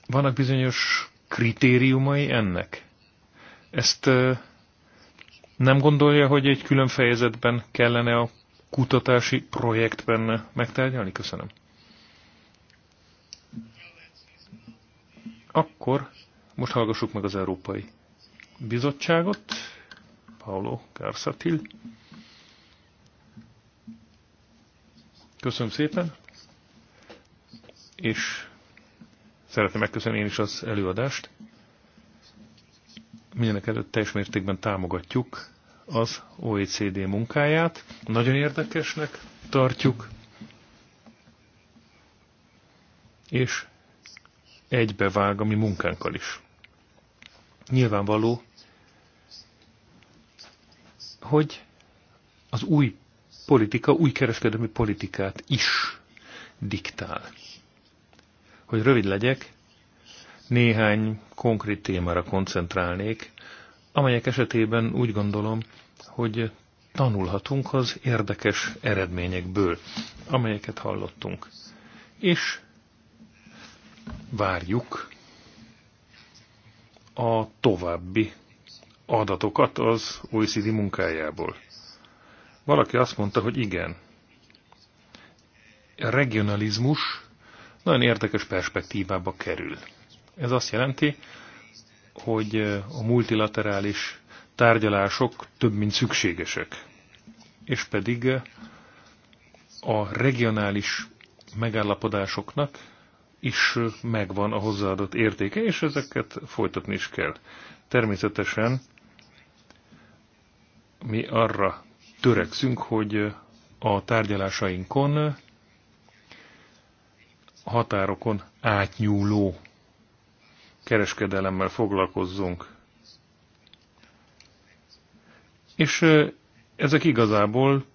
Vannak bizonyos kritériumai ennek? Ezt nem gondolja, hogy egy külön fejezetben kellene a kutatási projektben megtárgyalni? Köszönöm. Akkor most hallgassuk meg az Európai Bizottságot, Paolo Garzatil. Köszönöm szépen, és szeretném megköszönni én is az előadást. Mindenek előtt teljes mértékben támogatjuk az OECD munkáját. Nagyon érdekesnek tartjuk, és egybevág a mi munkánkkal is. Nyilvánvaló, hogy az új politika új kereskedelmi politikát is diktál. Hogy rövid legyek, néhány konkrét témára koncentrálnék, amelyek esetében úgy gondolom, hogy tanulhatunk az érdekes eredményekből, amelyeket hallottunk. És várjuk a további adatokat az OECD munkájából. Valaki azt mondta, hogy igen, a regionalizmus nagyon érdekes perspektívába kerül. Ez azt jelenti, hogy a multilaterális tárgyalások több, mint szükségesek. És pedig a regionális megállapodásoknak is megvan a hozzáadott értéke, és ezeket folytatni is kell. Természetesen mi arra törekszünk, hogy a tárgyalásainkon határokon átnyúló kereskedelemmel foglalkozzunk. És ezek igazából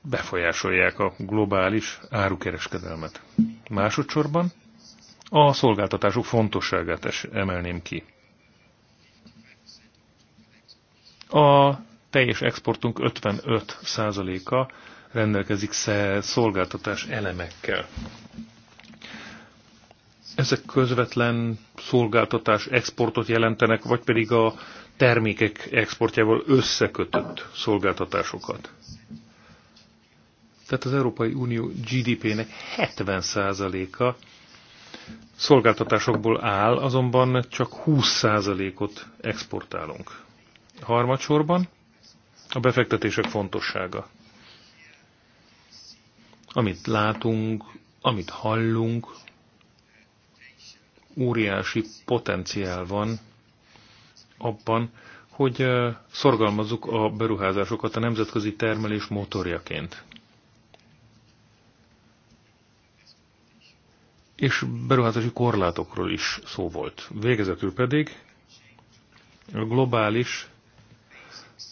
befolyásolják a globális árukereskedelmet. Másodszorban a szolgáltatások fontosságát emelném ki. A teljes exportunk 55%-a rendelkezik szolgáltatás elemekkel. Ezek közvetlen szolgáltatás exportot jelentenek, vagy pedig a termékek exportjával összekötött szolgáltatásokat. Tehát az Európai Unió GDP-nek 70%-a szolgáltatásokból áll, azonban csak 20%-ot exportálunk. Harmadsorban a befektetések fontossága. Amit látunk, amit hallunk, óriási potenciál van abban, hogy szorgalmazzuk a beruházásokat a nemzetközi termelés motorjaként. és beruházási korlátokról is szó volt. Végezetül pedig a globális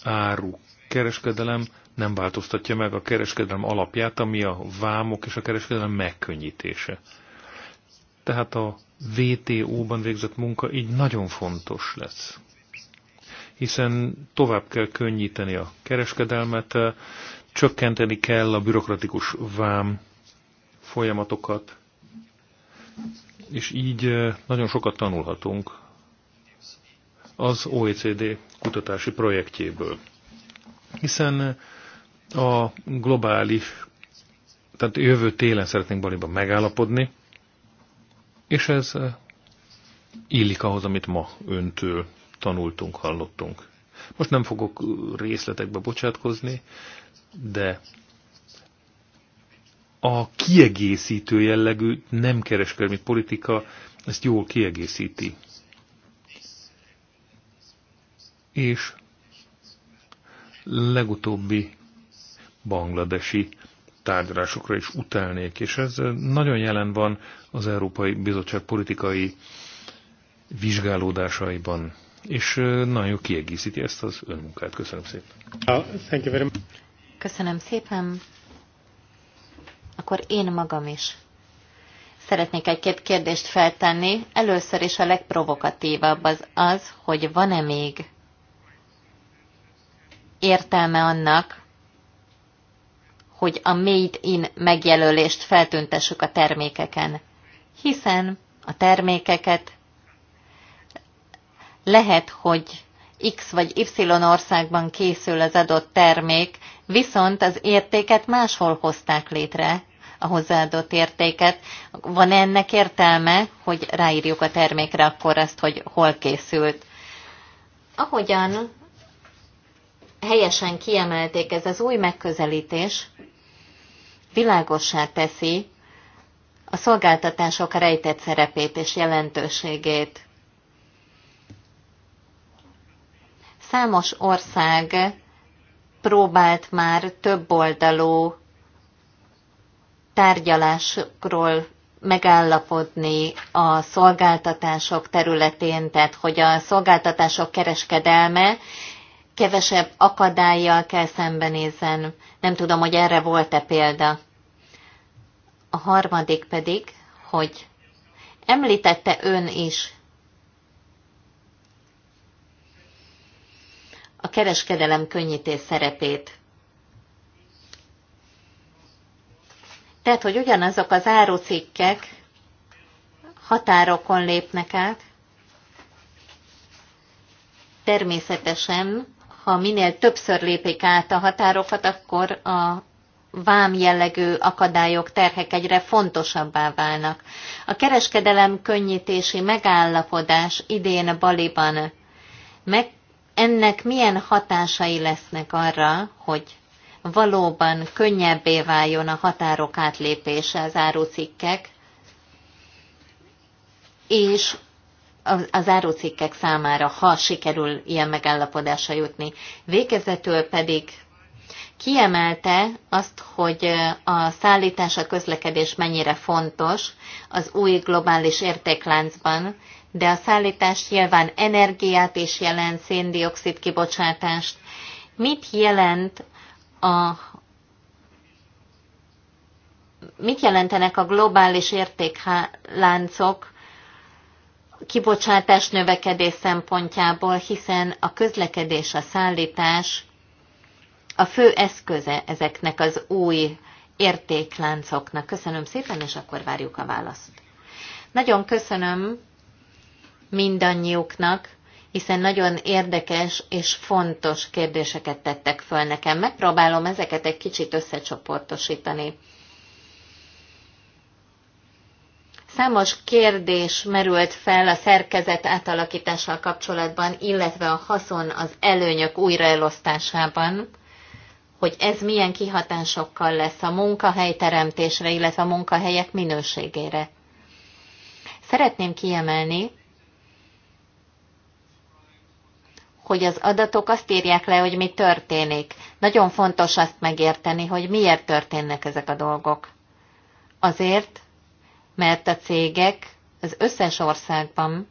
áru kereskedelem nem változtatja meg a kereskedelem alapját, ami a vámok és a kereskedelem megkönnyítése. Tehát a VTO-ban végzett munka így nagyon fontos lesz. Hiszen tovább kell könnyíteni a kereskedelmet, csökkenteni kell a bürokratikus vám folyamatokat, és így eh, nagyon sokat tanulhatunk az OECD kutatási projektjéből. Hiszen eh, a globális, tehát jövő télen szeretnénk Baliban megállapodni, és ez eh, illik ahhoz, amit ma öntől tanultunk, hallottunk. Most nem fogok részletekbe bocsátkozni, de a kiegészítő jellegű nem kereskedelmi politika ezt jól kiegészíti. És legutóbbi bangladesi tárgyalásokra is utalnék, és ez nagyon jelen van az Európai Bizottság politikai vizsgálódásaiban, és nagyon jól kiegészíti ezt az önmunkát. Köszönöm szépen. Uh, Köszönöm szépen akkor én magam is. Szeretnék egy-két kérdést feltenni. Először is a legprovokatívabb az az, hogy van-e még értelme annak, hogy a made in megjelölést feltüntessük a termékeken. Hiszen a termékeket lehet, hogy X vagy Y országban készül az adott termék, viszont az értéket máshol hozták létre, a hozzáadott értéket. Van -e ennek értelme, hogy ráírjuk a termékre akkor azt, hogy hol készült? Ahogyan helyesen kiemelték, ez az új megközelítés világossá teszi a szolgáltatások rejtett szerepét és jelentőségét. Számos ország próbált már több oldalú tárgyalásokról megállapodni a szolgáltatások területén, tehát hogy a szolgáltatások kereskedelme kevesebb akadályjal kell szembenézzen. Nem tudom, hogy erre volt-e példa. A harmadik pedig, hogy említette ön is a kereskedelem könnyítés szerepét. Tehát, hogy ugyanazok az árucikkek határokon lépnek át, természetesen, ha minél többször lépik át a határokat, akkor a vám jellegű akadályok, terhek egyre fontosabbá válnak. A kereskedelem könnyítési megállapodás idén Baliban meg ennek milyen hatásai lesznek arra, hogy valóban könnyebbé váljon a határok átlépése az árucikkek, és az árucikkek számára, ha sikerül ilyen megállapodásra jutni. Végezetül pedig kiemelte azt, hogy a szállítás, a közlekedés mennyire fontos az új globális értékláncban, de a szállítás nyilván energiát is jelent, széndiokszid kibocsátást. Mit jelent a mit jelentenek a globális értékláncok kibocsátás növekedés szempontjából, hiszen a közlekedés, a szállítás a fő eszköze ezeknek az új értékláncoknak. Köszönöm szépen, és akkor várjuk a választ. Nagyon köszönöm mindannyiuknak, hiszen nagyon érdekes és fontos kérdéseket tettek föl nekem. Megpróbálom ezeket egy kicsit összecsoportosítani. Számos kérdés merült fel a szerkezet átalakítással kapcsolatban, illetve a haszon az előnyök újraelosztásában, hogy ez milyen kihatásokkal lesz a teremtésre, illetve a munkahelyek minőségére. Szeretném kiemelni, hogy az adatok azt írják le, hogy mi történik. Nagyon fontos azt megérteni, hogy miért történnek ezek a dolgok. Azért, mert a cégek az összes országban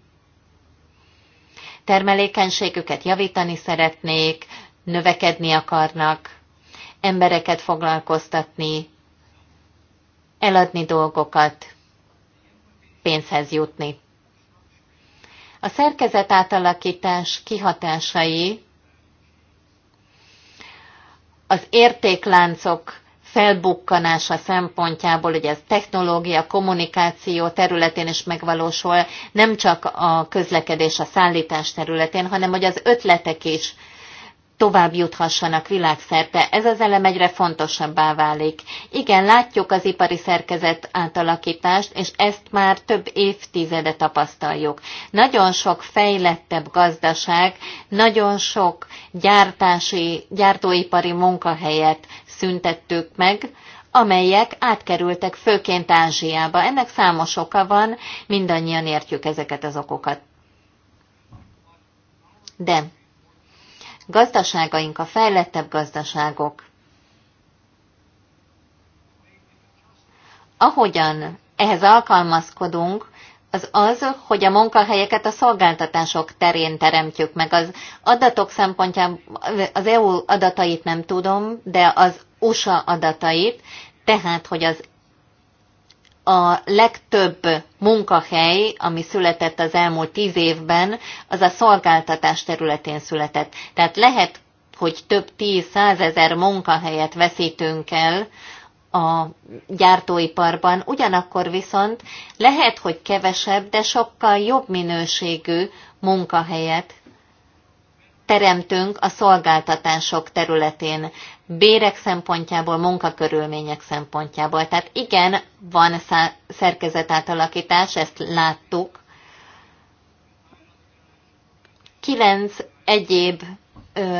termelékenységüket javítani szeretnék, növekedni akarnak, embereket foglalkoztatni, eladni dolgokat, pénzhez jutni. A szerkezet átalakítás kihatásai az értékláncok felbukkanása szempontjából, hogy ez technológia, kommunikáció területén is megvalósul, nem csak a közlekedés, a szállítás területén, hanem hogy az ötletek is tovább juthassanak világszerte. Ez az elem egyre fontosabbá válik. Igen, látjuk az ipari szerkezet átalakítást, és ezt már több évtizede tapasztaljuk. Nagyon sok fejlettebb gazdaság, nagyon sok gyártási, gyártóipari munkahelyet szüntettük meg, amelyek átkerültek főként Ázsiába. Ennek számos oka van, mindannyian értjük ezeket az okokat. De gazdaságaink a fejlettebb gazdaságok. Ahogyan ehhez alkalmazkodunk, az az, hogy a munkahelyeket a szolgáltatások terén teremtjük meg. Az adatok szempontjából az EU adatait nem tudom, de az USA adatait, tehát hogy az a legtöbb munkahely, ami született az elmúlt tíz évben, az a szolgáltatás területén született. Tehát lehet, hogy több tíz, százezer munkahelyet veszítünk el a gyártóiparban, ugyanakkor viszont lehet, hogy kevesebb, de sokkal jobb minőségű munkahelyet teremtünk a szolgáltatások területén, bérek szempontjából, munkakörülmények szempontjából. Tehát igen, van szerkezetátalakítás, ezt láttuk. Kilenc egyéb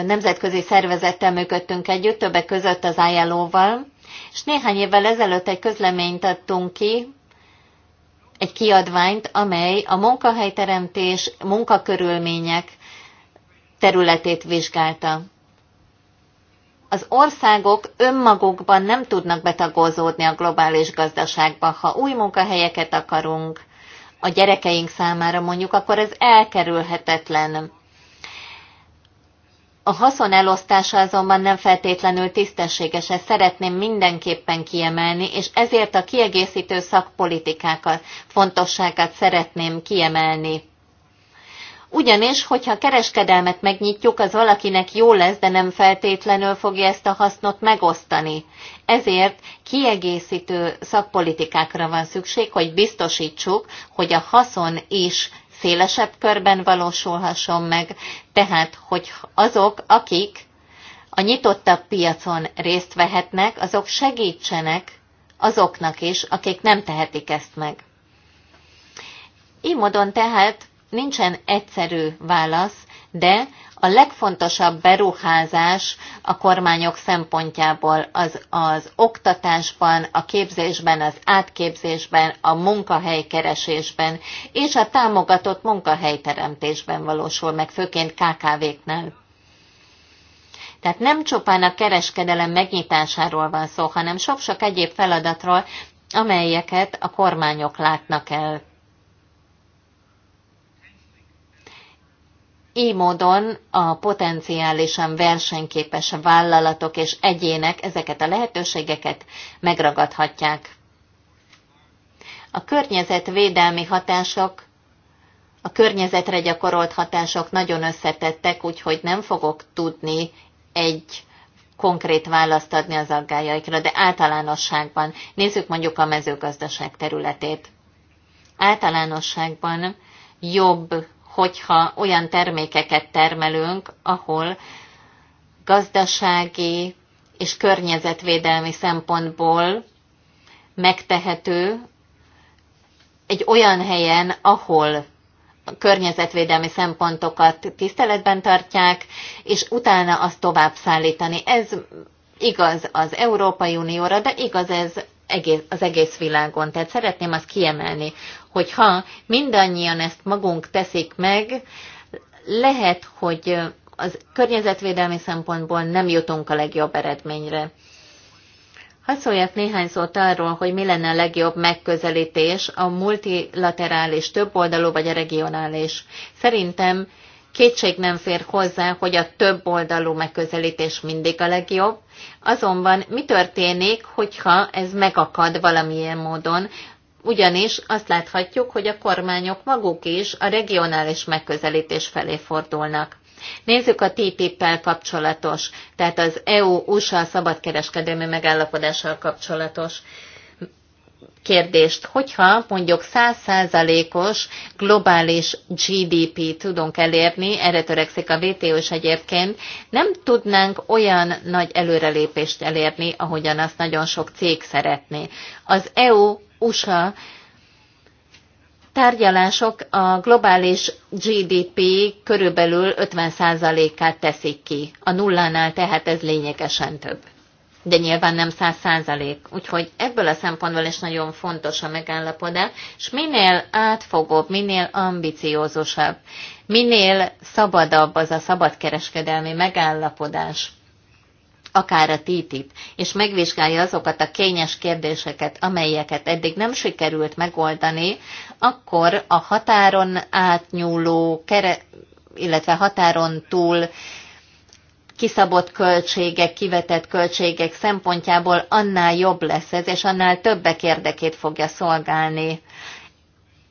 nemzetközi szervezettel működtünk együtt, többek között az ILO-val, és néhány évvel ezelőtt egy közleményt adtunk ki, egy kiadványt, amely a munkahelyteremtés, munkakörülmények területét vizsgálta. Az országok önmagukban nem tudnak betagozódni a globális gazdaságba. Ha új munkahelyeket akarunk a gyerekeink számára mondjuk, akkor ez elkerülhetetlen. A haszon elosztása azonban nem feltétlenül tisztességes, ezt szeretném mindenképpen kiemelni, és ezért a kiegészítő szakpolitikákat, fontosságát szeretném kiemelni. Ugyanis, hogyha kereskedelmet megnyitjuk, az valakinek jó lesz, de nem feltétlenül fogja ezt a hasznot megosztani. Ezért kiegészítő szakpolitikákra van szükség, hogy biztosítsuk, hogy a haszon is szélesebb körben valósulhasson meg, tehát hogy azok, akik a nyitottabb piacon részt vehetnek, azok segítsenek azoknak is, akik nem tehetik ezt meg. Így módon tehát Nincsen egyszerű válasz, de a legfontosabb beruházás a kormányok szempontjából az, az oktatásban, a képzésben, az átképzésben, a munkahelykeresésben és a támogatott munkahelyteremtésben valósul meg, főként KKV-knál. Tehát nem csupán a kereskedelem megnyitásáról van szó, hanem sok-sok egyéb feladatról, amelyeket a kormányok látnak el. Így módon a potenciálisan versenyképes vállalatok és egyének ezeket a lehetőségeket megragadhatják. A környezetvédelmi hatások, a környezetre gyakorolt hatások nagyon összetettek, úgyhogy nem fogok tudni egy konkrét választ adni az aggájaikra, de általánosságban nézzük mondjuk a mezőgazdaság területét. Általánosságban jobb hogyha olyan termékeket termelünk, ahol gazdasági és környezetvédelmi szempontból megtehető egy olyan helyen, ahol a környezetvédelmi szempontokat tiszteletben tartják, és utána azt tovább szállítani. Ez igaz az Európai Unióra, de igaz ez egész, az egész világon. Tehát szeretném azt kiemelni, hogy ha mindannyian ezt magunk teszik meg, lehet, hogy az környezetvédelmi szempontból nem jutunk a legjobb eredményre. Hadd szóljak néhány szót arról, hogy mi lenne a legjobb megközelítés, a multilaterális, többoldalú vagy a regionális. Szerintem Kétség nem fér hozzá, hogy a több oldalú megközelítés mindig a legjobb, azonban mi történik, hogyha ez megakad valamilyen módon, ugyanis azt láthatjuk, hogy a kormányok maguk is a regionális megközelítés felé fordulnak. Nézzük a ttip el kapcsolatos, tehát az EU-USA szabadkereskedelmi megállapodással kapcsolatos kérdést, hogyha mondjuk 100%-os globális GDP tudunk elérni, erre törekszik a WTO is egyébként, nem tudnánk olyan nagy előrelépést elérni, ahogyan azt nagyon sok cég szeretné. Az EU-USA tárgyalások a globális GDP körülbelül 50%-át teszik ki. A nullánál tehát ez lényegesen több de nyilván nem száz százalék. Úgyhogy ebből a szempontból is nagyon fontos a megállapodás, és minél átfogóbb, minél ambiciózusabb, minél szabadabb az a szabadkereskedelmi megállapodás, akár a TTIP, és megvizsgálja azokat a kényes kérdéseket, amelyeket eddig nem sikerült megoldani, akkor a határon átnyúló, kere, illetve határon túl kiszabott költségek, kivetett költségek szempontjából annál jobb lesz ez, és annál többek érdekét fogja szolgálni.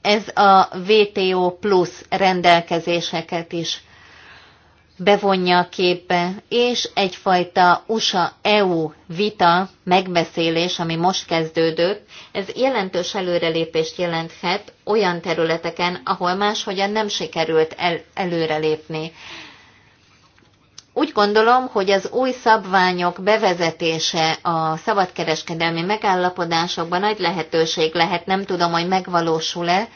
Ez a VTO plusz rendelkezéseket is bevonja a képbe, és egyfajta USA-EU vita, megbeszélés, ami most kezdődött, ez jelentős előrelépést jelenthet olyan területeken, ahol máshogyan nem sikerült el- előrelépni. Úgy gondolom, hogy az új szabványok bevezetése a szabadkereskedelmi megállapodásokban nagy lehetőség lehet, nem tudom, hogy megvalósul-e,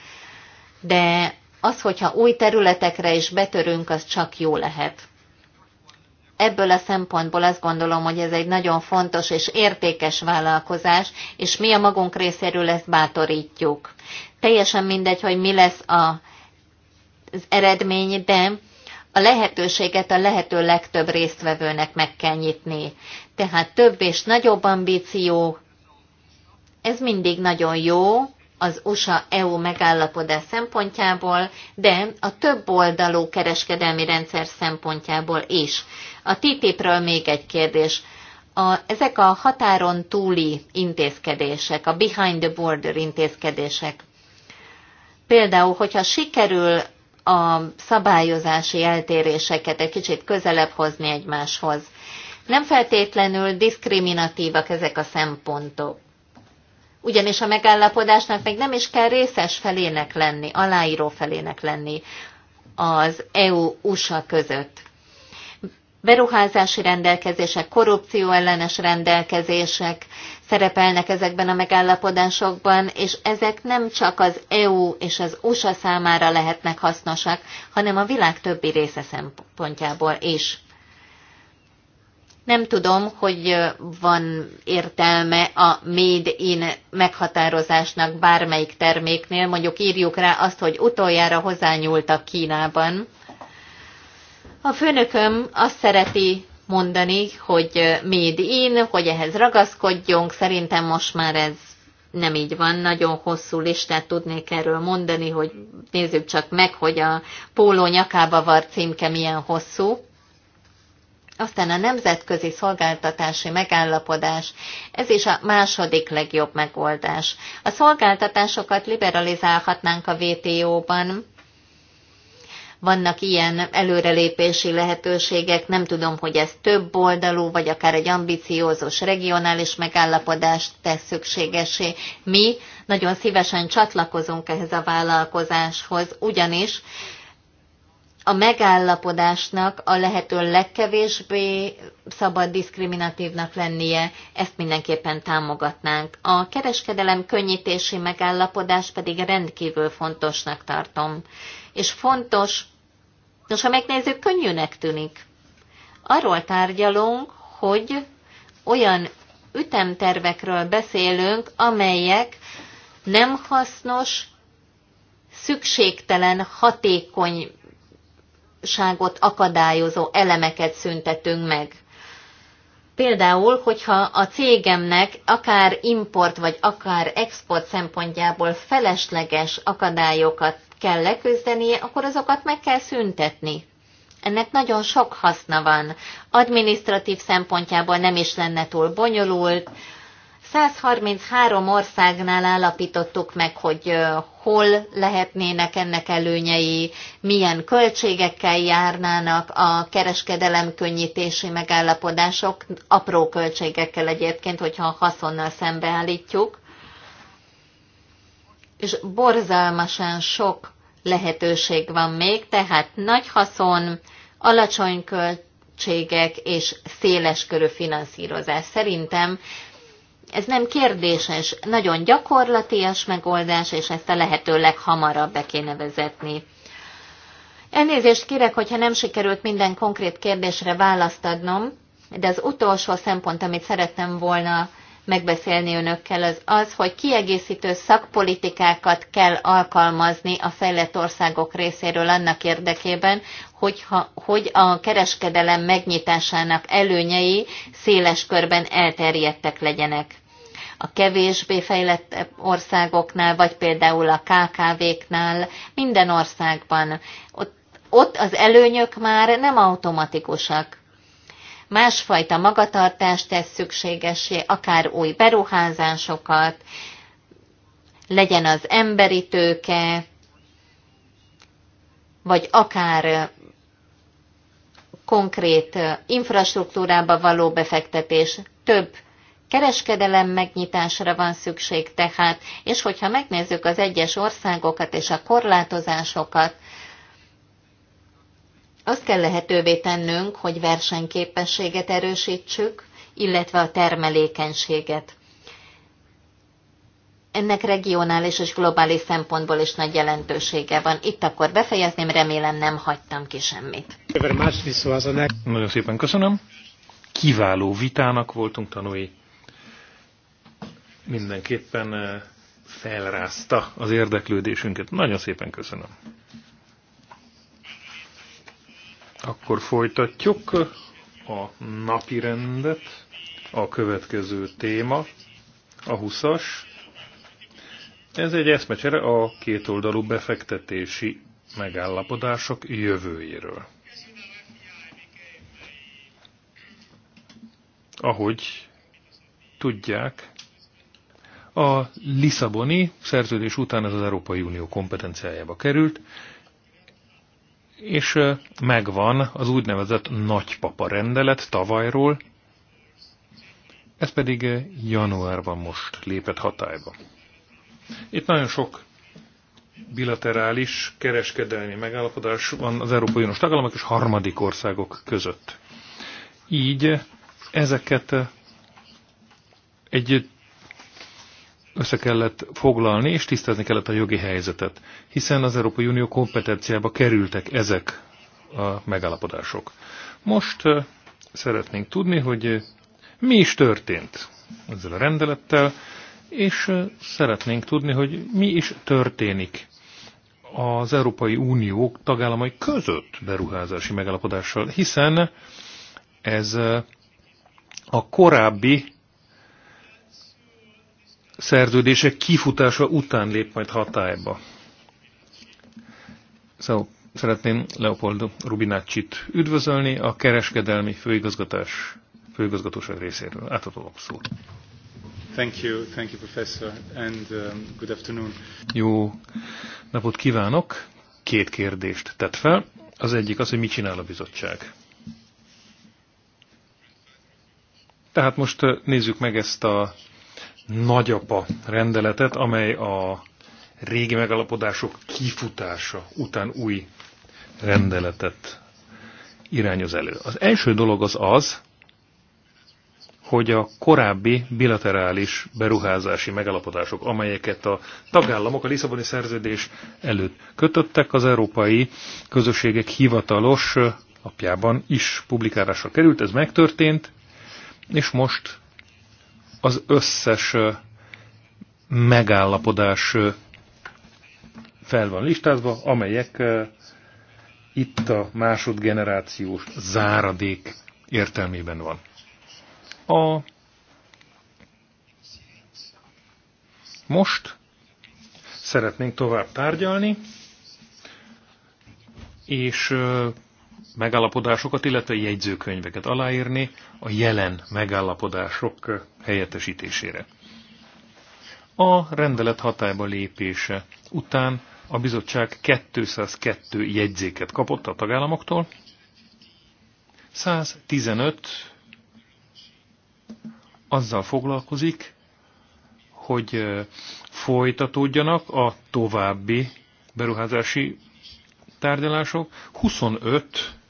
de az, hogyha új területekre is betörünk, az csak jó lehet. Ebből a szempontból azt gondolom, hogy ez egy nagyon fontos és értékes vállalkozás, és mi a magunk részéről ezt bátorítjuk. Teljesen mindegy, hogy mi lesz a, az eredmény, de a lehetőséget a lehető legtöbb résztvevőnek meg kell nyitni. Tehát több és nagyobb ambíció, ez mindig nagyon jó az USA-EU megállapodás szempontjából, de a több oldalú kereskedelmi rendszer szempontjából is. A TTIP-ről még egy kérdés. A, ezek a határon túli intézkedések, a behind the border intézkedések, Például, hogyha sikerül a szabályozási eltéréseket egy kicsit közelebb hozni egymáshoz. Nem feltétlenül diszkriminatívak ezek a szempontok. Ugyanis a megállapodásnak meg nem is kell részes felének lenni, aláíró felének lenni az EU-USA között beruházási rendelkezések, korrupcióellenes ellenes rendelkezések szerepelnek ezekben a megállapodásokban, és ezek nem csak az EU és az USA számára lehetnek hasznosak, hanem a világ többi része szempontjából is. Nem tudom, hogy van értelme a made in meghatározásnak bármelyik terméknél, mondjuk írjuk rá azt, hogy utoljára hozzányúltak Kínában, a főnököm azt szereti mondani, hogy eh, made in, hogy ehhez ragaszkodjunk, szerintem most már ez nem így van, nagyon hosszú listát tudnék erről mondani, hogy nézzük csak meg, hogy a póló nyakába var címke milyen hosszú. Aztán a nemzetközi szolgáltatási megállapodás, ez is a második legjobb megoldás. A szolgáltatásokat liberalizálhatnánk a WTO-ban, vannak ilyen előrelépési lehetőségek, nem tudom, hogy ez több oldalú, vagy akár egy ambiciózus regionális megállapodást tesz szükségesé. Mi nagyon szívesen csatlakozunk ehhez a vállalkozáshoz, ugyanis a megállapodásnak a lehető legkevésbé szabad diszkriminatívnak lennie, ezt mindenképpen támogatnánk. A kereskedelem könnyítési megállapodás pedig rendkívül fontosnak tartom. És fontos Nos, ha megnézzük, könnyűnek tűnik. Arról tárgyalunk, hogy olyan ütemtervekről beszélünk, amelyek nem hasznos, szükségtelen, hatékonyságot akadályozó elemeket szüntetünk meg. Például, hogyha a cégemnek akár import vagy akár export szempontjából felesleges akadályokat kell leküzdenie, akkor azokat meg kell szüntetni. Ennek nagyon sok haszna van. Administratív szempontjából nem is lenne túl bonyolult. 133 országnál állapítottuk meg, hogy hol lehetnének ennek előnyei, milyen költségekkel járnának a kereskedelem könnyítési megállapodások, apró költségekkel egyébként, hogyha haszonnal szembeállítjuk. És borzalmasan sok lehetőség van még, tehát nagy haszon, alacsony költségek és széles körű finanszírozás. Szerintem ez nem kérdéses, nagyon gyakorlatias megoldás, és ezt a lehető leghamarabb be kéne vezetni. Elnézést kérek, hogyha nem sikerült minden konkrét kérdésre választ adnom, de az utolsó szempont, amit szerettem volna megbeszélni önökkel, az az, hogy kiegészítő szakpolitikákat kell alkalmazni a fejlett országok részéről annak érdekében, hogyha, hogy a kereskedelem megnyitásának előnyei széles körben elterjedtek legyenek. A kevésbé fejlett országoknál, vagy például a KKV-knál, minden országban. Ott, ott az előnyök már nem automatikusak másfajta magatartást tesz szükségesé, akár új beruházásokat, legyen az emberi tőke, vagy akár konkrét infrastruktúrába való befektetés, több kereskedelem megnyitásra van szükség tehát, és hogyha megnézzük az egyes országokat és a korlátozásokat, azt kell lehetővé tennünk, hogy versenyképességet erősítsük, illetve a termelékenységet. Ennek regionális és globális szempontból is nagy jelentősége van. Itt akkor befejezném, remélem nem hagytam ki semmit. Nagyon szépen köszönöm. Kiváló vitának voltunk tanúi. Mindenképpen eh, felrázta az érdeklődésünket. Nagyon szépen köszönöm. Akkor folytatjuk a napi rendet. A következő téma, a 20-as. Ez egy eszmecsere a kétoldalú befektetési megállapodások jövőjéről. Ahogy tudják, a Lisszaboni szerződés után ez az Európai Unió kompetenciájába került, és megvan az úgynevezett nagypapa rendelet tavalyról, ez pedig januárban most lépett hatályba. Itt nagyon sok bilaterális kereskedelmi megállapodás van az Európai Uniós tagállamok és harmadik országok között. Így ezeket egy össze kellett foglalni, és tisztázni kellett a jogi helyzetet, hiszen az Európai Unió kompetenciába kerültek ezek a megállapodások. Most szeretnénk tudni, hogy mi is történt ezzel a rendelettel, és szeretnénk tudni, hogy mi is történik az Európai Unió tagállamai között beruházási megállapodással, hiszen ez a korábbi szerződések kifutása után lép majd hatályba. Szóval szeretném Leopoldo Rubinácsit üdvözölni a kereskedelmi főigazgatás főigazgatóság részéről. Átadom a szót. Thank you, thank you, professor, and um, good afternoon. Jó napot kívánok! Két kérdést tett fel. Az egyik az, hogy mit csinál a bizottság. Tehát most uh, nézzük meg ezt a nagyapa rendeletet, amely a régi megalapodások kifutása után új rendeletet irányoz elő. Az első dolog az az, hogy a korábbi bilaterális beruházási megalapodások, amelyeket a tagállamok a Lisszaboni szerződés előtt kötöttek, az európai közösségek hivatalos apjában is publikálásra került, ez megtörtént, és most az összes megállapodás fel van listázva, amelyek itt a másodgenerációs záradék értelmében van. A most szeretnénk tovább tárgyalni, és megállapodásokat, illetve jegyzőkönyveket aláírni a jelen megállapodások helyettesítésére. A rendelet hatályba lépése után a bizottság 202 jegyzéket kapott a tagállamoktól, 115 azzal foglalkozik, hogy folytatódjanak a további beruházási tárgyalások, 25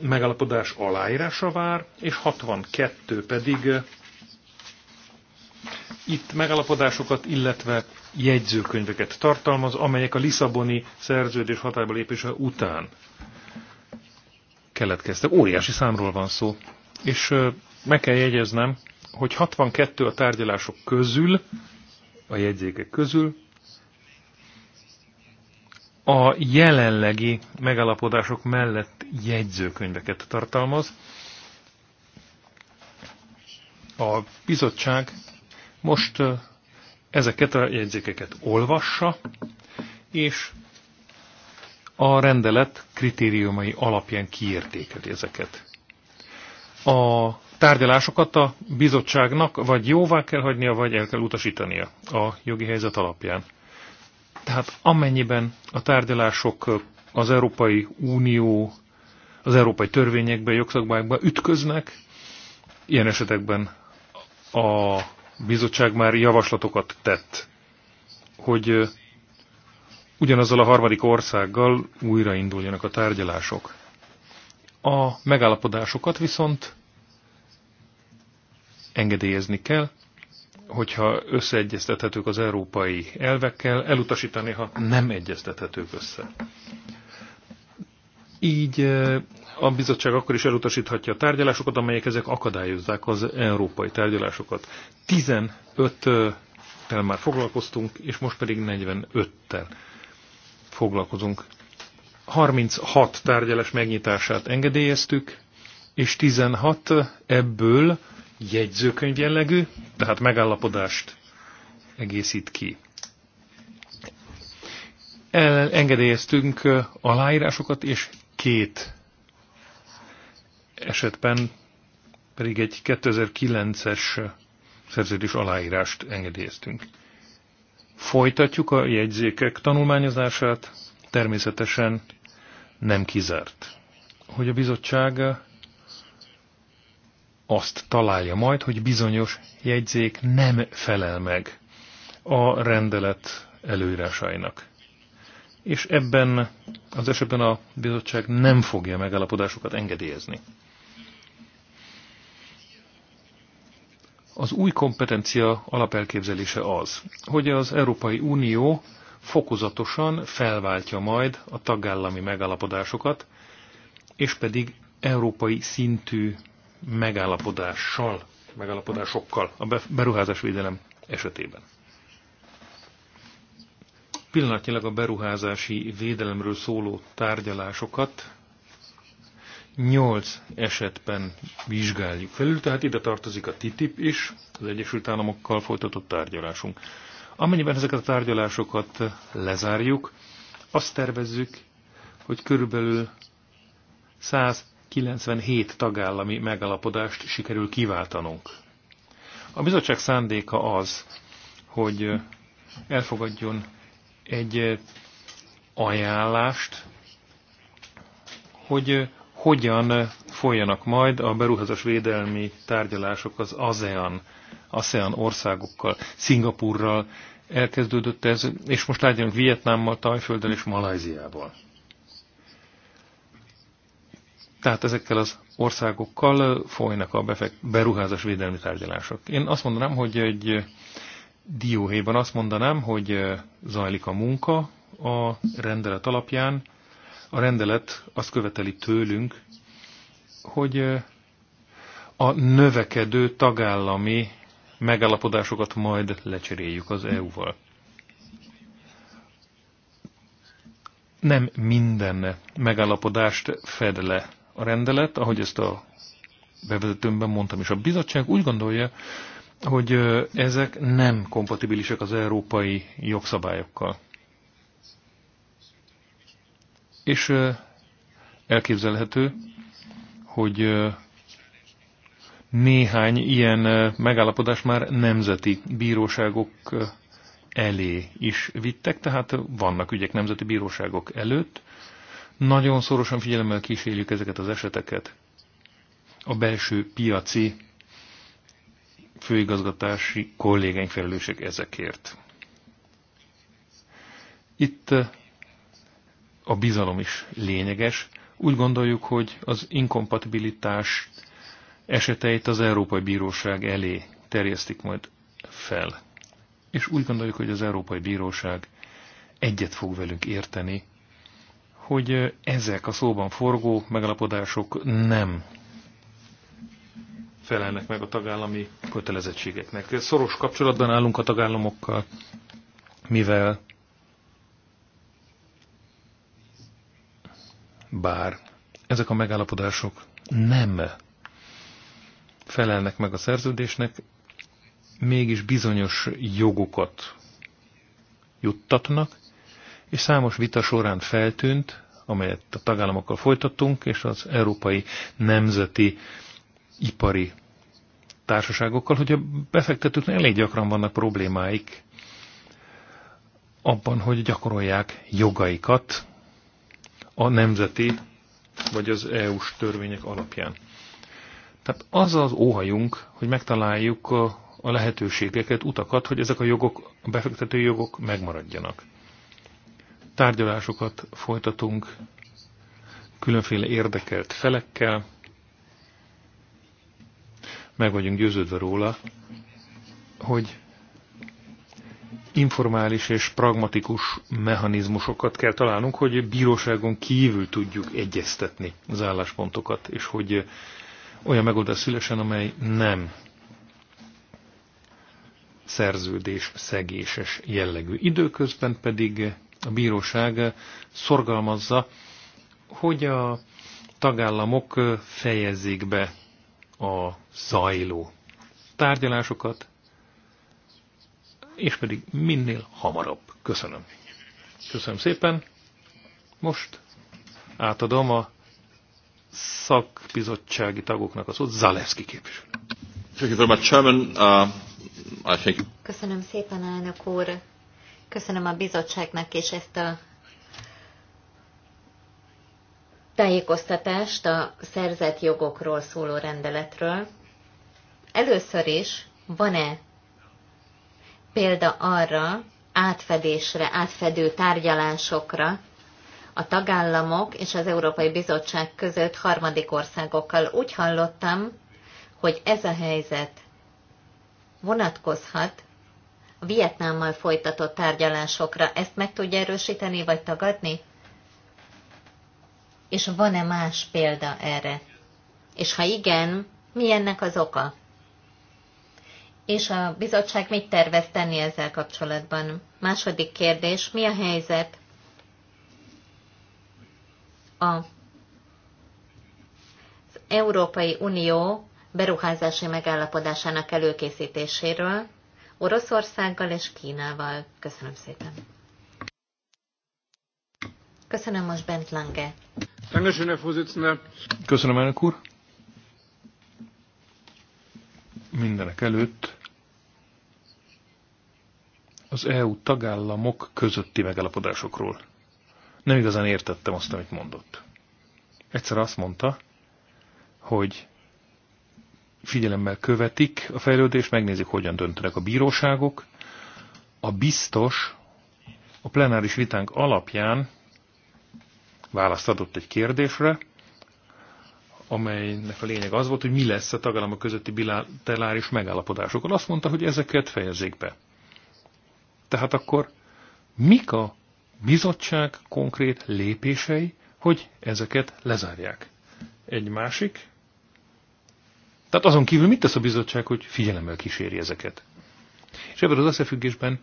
megalapodás aláírása vár, és 62 pedig eh, itt megalapodásokat, illetve jegyzőkönyveket tartalmaz, amelyek a Lisszaboni szerződés hatályba lépése után keletkeztek. Óriási számról van szó. És eh, meg kell jegyeznem, hogy 62 a tárgyalások közül, a jegyzékek közül, a jelenlegi megalapodások mellett jegyzőkönyveket tartalmaz. A bizottság most ezeket a jegyzékeket olvassa, és a rendelet kritériumai alapján kiértékeli ezeket. A tárgyalásokat a bizottságnak vagy jóvá kell hagynia, vagy el kell utasítania a jogi helyzet alapján. Tehát amennyiben a tárgyalások az Európai Unió az európai törvényekbe, jogszabályokba ütköznek. Ilyen esetekben a bizottság már javaslatokat tett, hogy ugyanazzal a harmadik országgal újrainduljanak a tárgyalások. A megállapodásokat viszont engedélyezni kell, hogyha összeegyeztethetők az európai elvekkel, elutasítani, ha nem egyeztethetők össze. Így a bizottság akkor is elutasíthatja a tárgyalásokat, amelyek ezek akadályozzák az európai tárgyalásokat. 15-tel már foglalkoztunk, és most pedig 45-tel foglalkozunk. 36 tárgyalás megnyitását engedélyeztük, és 16 ebből jegyzőkönyv jellegű, tehát megállapodást egészít ki. El engedélyeztünk aláírásokat és két esetben pedig egy 2009-es szerződés aláírást engedélyeztünk. Folytatjuk a jegyzékek tanulmányozását, természetesen nem kizárt, hogy a bizottság azt találja majd, hogy bizonyos jegyzék nem felel meg a rendelet előírásainak és ebben az esetben a bizottság nem fogja megállapodásokat engedélyezni. Az új kompetencia alapelképzelése az, hogy az Európai Unió fokozatosan felváltja majd a tagállami megállapodásokat, és pedig európai szintű megállapodással, megállapodásokkal a beruházásvédelem esetében pillanatnyilag a beruházási védelemről szóló tárgyalásokat nyolc esetben vizsgáljuk felül, tehát ide tartozik a TTIP is, az Egyesült Államokkal folytatott tárgyalásunk. Amennyiben ezeket a tárgyalásokat lezárjuk, azt tervezzük, hogy körülbelül 197 tagállami megállapodást sikerül kiváltanunk. A bizottság szándéka az, hogy elfogadjon egy ajánlást, hogy hogyan folyjanak majd a beruházás védelmi tárgyalások az ASEAN, ASEAN országokkal, Szingapurral elkezdődött ez, és most látjunk Vietnámmal, Tajfölddel és Malajziával. Tehát ezekkel az országokkal folynak a beruházás védelmi tárgyalások. Én azt mondanám, hogy egy dióhéjban azt mondanám, hogy zajlik a munka a rendelet alapján. A rendelet azt követeli tőlünk, hogy a növekedő tagállami megállapodásokat majd lecseréljük az EU-val. Nem minden megállapodást fed le a rendelet, ahogy ezt a bevezetőmben mondtam is. A bizottság úgy gondolja, hogy ezek nem kompatibilisek az európai jogszabályokkal. És elképzelhető, hogy néhány ilyen megállapodás már nemzeti bíróságok elé is vittek, tehát vannak ügyek nemzeti bíróságok előtt. Nagyon szorosan figyelemmel kísérjük ezeket az eseteket. A belső piaci főigazgatási kollégáink felelősek ezekért. Itt eh, a bizalom is lényeges. Úgy gondoljuk, hogy az inkompatibilitás eseteit az Európai Bíróság elé terjesztik majd fel. És úgy gondoljuk, hogy az Európai Bíróság egyet fog velünk érteni, hogy eh, ezek a szóban forgó megalapodások nem felelnek meg a tagállami kötelezettségeknek. Szoros kapcsolatban állunk a tagállamokkal, mivel bár ezek a megállapodások nem felelnek meg a szerződésnek, mégis bizonyos jogokat juttatnak, és számos vita során feltűnt, amelyet a tagállamokkal folytattunk, és az európai nemzeti ipari társaságokkal, hogy a befektetőknek elég gyakran vannak problémáik abban, hogy gyakorolják jogaikat a nemzeti vagy az EU-s törvények alapján. Tehát az az óhajunk, hogy megtaláljuk a, a lehetőségeket, utakat, hogy ezek a jogok, a befektető jogok megmaradjanak. Tárgyalásokat folytatunk különféle érdekelt felekkel, meg vagyunk győződve róla, hogy informális és pragmatikus mechanizmusokat kell találnunk, hogy bíróságon kívül tudjuk egyeztetni az álláspontokat, és hogy olyan megoldás szülesen, amely nem szerződés szegéses jellegű. Időközben pedig a bíróság szorgalmazza, hogy a tagállamok fejezzék be a zajló tárgyalásokat, és pedig minél hamarabb. Köszönöm. Köszönöm szépen. Most átadom a szakbizottsági tagoknak az ott Zalewski képviselő. Uh, Köszönöm szépen, elnök úr. Köszönöm a bizottságnak és ezt a tájékoztatást a szerzett jogokról szóló rendeletről. Először is van-e példa arra, átfedésre, átfedő tárgyalásokra a tagállamok és az Európai Bizottság között harmadik országokkal. Úgy hallottam, hogy ez a helyzet vonatkozhat a Vietnámmal folytatott tárgyalásokra. Ezt meg tudja erősíteni vagy tagadni? És van-e más példa erre? És ha igen, mi ennek az oka? És a bizottság mit tervez tenni ezzel kapcsolatban? Második kérdés, mi a helyzet a az Európai Unió beruházási megállapodásának előkészítéséről Oroszországgal és Kínával. Köszönöm szépen. Köszönöm most Bent Lange. Köszönöm, elnök úr. Mindenek előtt az EU tagállamok közötti megállapodásokról. Nem igazán értettem azt, amit mondott. Egyszer azt mondta, hogy figyelemmel követik a fejlődést, megnézik, hogyan döntenek a bíróságok. A biztos a plenáris vitánk alapján választ adott egy kérdésre, amelynek a lényeg az volt, hogy mi lesz a tagállamok közötti bilaterális megállapodásokon. Azt mondta, hogy ezeket fejezzék be. Tehát akkor mik a bizottság konkrét lépései, hogy ezeket lezárják? Egy másik. Tehát azon kívül mit tesz a bizottság, hogy figyelemmel kíséri ezeket? És ebben az összefüggésben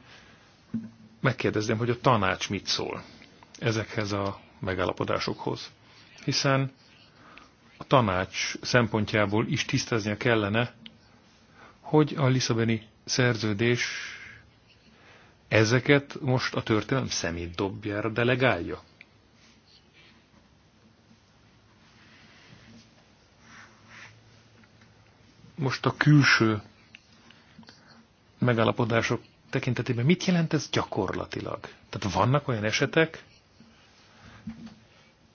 megkérdezném, hogy a tanács mit szól ezekhez a megállapodásokhoz. Hiszen a tanács szempontjából is tisztáznia kellene, hogy a Lisszaboni szerződés ezeket most a történelem szemét dobjára delegálja. Most a külső megállapodások tekintetében mit jelent ez gyakorlatilag? Tehát vannak olyan esetek,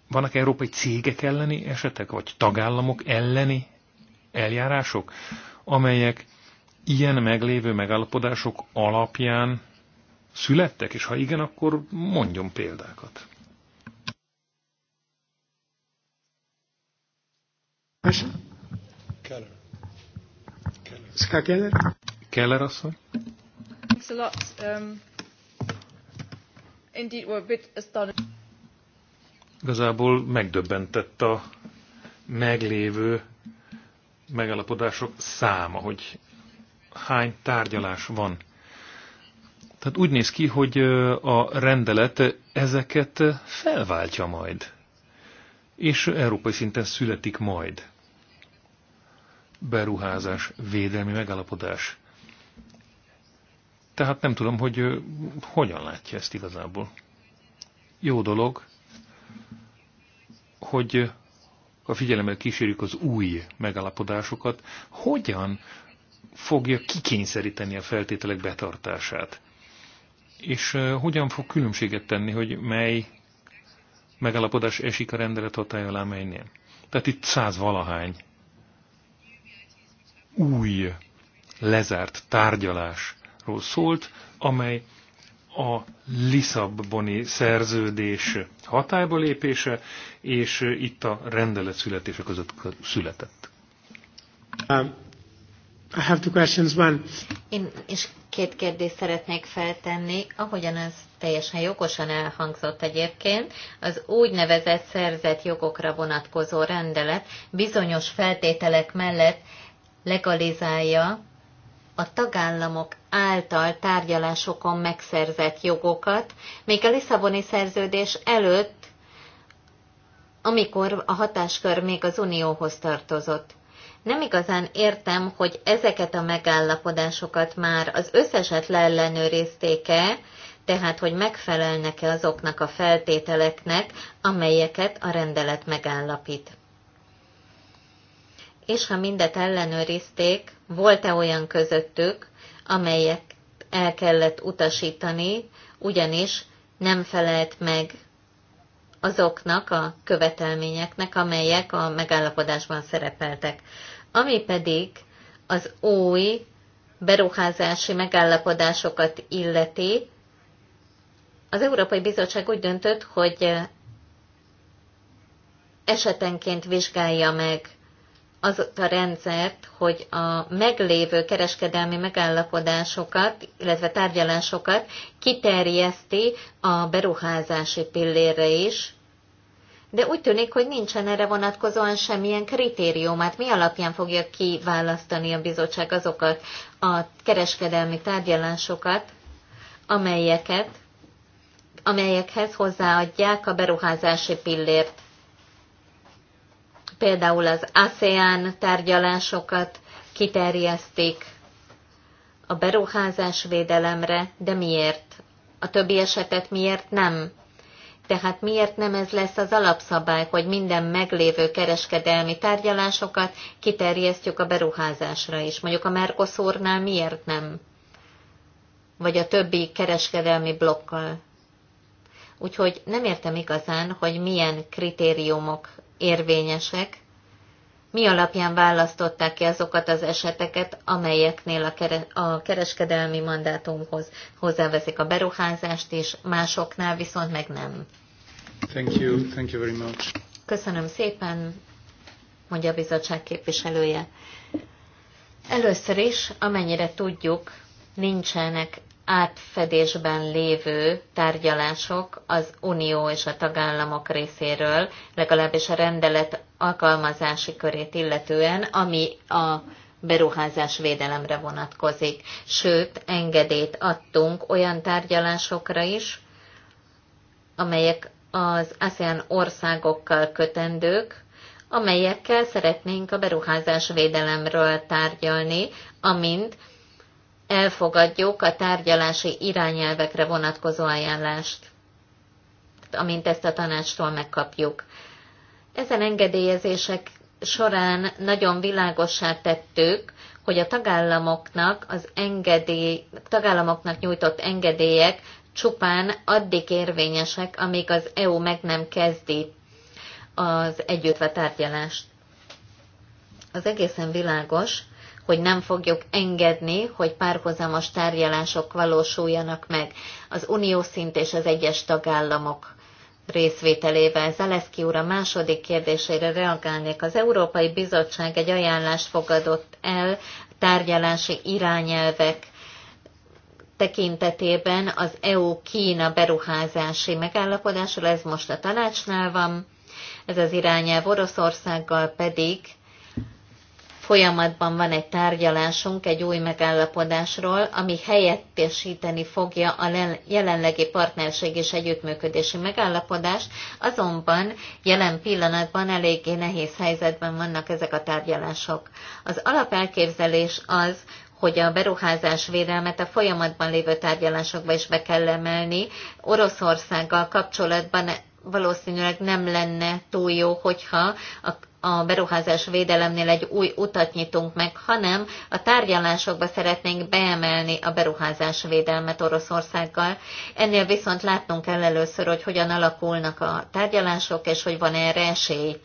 vannak európai cégek elleni esetek, vagy tagállamok elleni eljárások, amelyek ilyen meglévő megállapodások alapján születtek, és ha igen, akkor mondjon példákat. Keller. Keller. Keller. Keller asszony. Thanks a lot. Um, indeed, we're a bit astonished. Igazából megdöbbentett a meglévő megállapodások száma, hogy hány tárgyalás van. Tehát úgy néz ki, hogy a rendelet ezeket felváltja majd, és európai szinten születik majd beruházás, védelmi megállapodás. Tehát nem tudom, hogy hogyan látja ezt igazából. Jó dolog, hogy a figyelemmel kísérjük az új megállapodásokat, hogyan fogja kikényszeríteni a feltételek betartását? És hogyan fog különbséget tenni, hogy mely megállapodás esik a rendelet hatály alá, melynél. Tehát itt száz valahány új lezárt tárgyalásról szólt, amely a Lisszaboni szerződés hatályba lépése, és itt a rendelet születése között született. Um, I have two questions. man. Én is két kérdést szeretnék feltenni, ahogyan ez teljesen jogosan elhangzott egyébként, az úgynevezett szerzett jogokra vonatkozó rendelet bizonyos feltételek mellett legalizálja a tagállamok által tárgyalásokon megszerzett jogokat, még a Lisszaboni szerződés előtt, amikor a hatáskör még az Unióhoz tartozott. Nem igazán értem, hogy ezeket a megállapodásokat már az összeset leellenőrizték-e, tehát hogy megfelelnek-e azoknak a feltételeknek, amelyeket a rendelet megállapít és ha mindet ellenőrizték, volt-e olyan közöttük, amelyek el kellett utasítani, ugyanis nem felelt meg azoknak a követelményeknek, amelyek a megállapodásban szerepeltek. Ami pedig az új beruházási megállapodásokat illeti, az Európai Bizottság úgy döntött, hogy esetenként vizsgálja meg az a rendszert, hogy a meglévő kereskedelmi megállapodásokat, illetve tárgyalásokat kiterjeszti a beruházási pillérre is, de úgy tűnik, hogy nincsen erre vonatkozóan semmilyen kritériumát. Mi alapján fogja kiválasztani a bizottság azokat a kereskedelmi tárgyalásokat, amelyeket, amelyekhez hozzáadják a beruházási pillért? például az ASEAN tárgyalásokat kiterjeszték a beruházás védelemre, de miért? A többi esetet miért nem? Tehát miért nem ez lesz az alapszabály, hogy minden meglévő kereskedelmi tárgyalásokat kiterjesztjük a beruházásra is? Mondjuk a Mercosurnál miért nem? Vagy a többi kereskedelmi blokkal? Úgyhogy nem értem igazán, hogy milyen kritériumok érvényesek, mi alapján választották ki azokat az eseteket, amelyeknél a, kereskedelmi mandátumhoz hozzáveszik a beruházást is, másoknál viszont meg nem. Thank you. Thank you very much. Köszönöm szépen, mondja a bizottság képviselője. Először is, amennyire tudjuk, nincsenek átfedésben lévő tárgyalások az Unió és a tagállamok részéről, legalábbis a rendelet alkalmazási körét illetően, ami a beruházás védelemre vonatkozik. Sőt, engedélyt adtunk olyan tárgyalásokra is, amelyek az ASEAN országokkal kötendők, amelyekkel szeretnénk a beruházás védelemről tárgyalni, amint elfogadjuk a tárgyalási irányelvekre vonatkozó ajánlást, amint ezt a tanácstól megkapjuk. Ezen engedélyezések során nagyon világossá tettük, hogy a tagállamoknak, az engedély, tagállamoknak nyújtott engedélyek csupán addig érvényesek, amíg az EU meg nem kezdi az együttve tárgyalást. Az egészen világos, hogy nem fogjuk engedni, hogy párhuzamos tárgyalások valósuljanak meg az unió szint és az egyes tagállamok részvételével. Zaleszki úr a második kérdésére reagálnék. Az Európai Bizottság egy ajánlást fogadott el tárgyalási irányelvek tekintetében az EU-Kína beruházási megállapodásról, ez most a tanácsnál van, ez az irányelv Oroszországgal pedig folyamatban van egy tárgyalásunk egy új megállapodásról, ami helyettesíteni fogja a jelenlegi partnerség és együttműködési megállapodást, azonban jelen pillanatban eléggé nehéz helyzetben vannak ezek a tárgyalások. Az alapelképzelés az, hogy a beruházás védelmet a folyamatban lévő tárgyalásokba is be kell emelni. Oroszországgal kapcsolatban valószínűleg nem lenne túl jó, hogyha a a beruházás védelemnél egy új utat nyitunk meg, hanem a tárgyalásokba szeretnénk beemelni a beruházás védelmet Oroszországgal. Ennél viszont látnunk kell először, hogy hogyan alakulnak a tárgyalások, és hogy van erre esély.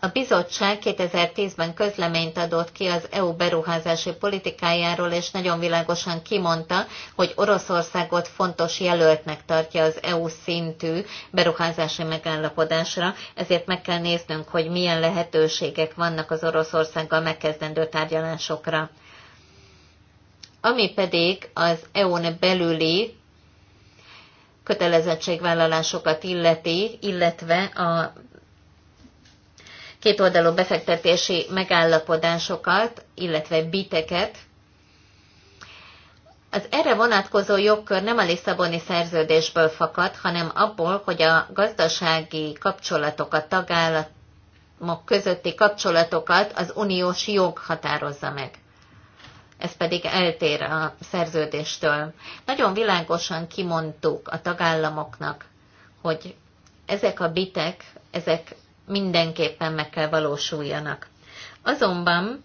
A bizottság 2010-ben közleményt adott ki az EU beruházási politikájáról, és nagyon világosan kimondta, hogy Oroszországot fontos jelöltnek tartja az EU szintű beruházási megállapodásra, ezért meg kell néznünk, hogy milyen lehetőségek vannak az Oroszországgal megkezdendő tárgyalásokra. Ami pedig az EU-n belüli kötelezettségvállalásokat illeti, illetve a kétoldalú befektetési megállapodásokat, illetve biteket. Az erre vonatkozó jogkör nem a Lisszaboni szerződésből fakad, hanem abból, hogy a gazdasági kapcsolatokat, tagállamok közötti kapcsolatokat az uniós jog határozza meg ez pedig eltér a szerződéstől. Nagyon világosan kimondtuk a tagállamoknak, hogy ezek a bitek, ezek mindenképpen meg kell valósuljanak. Azonban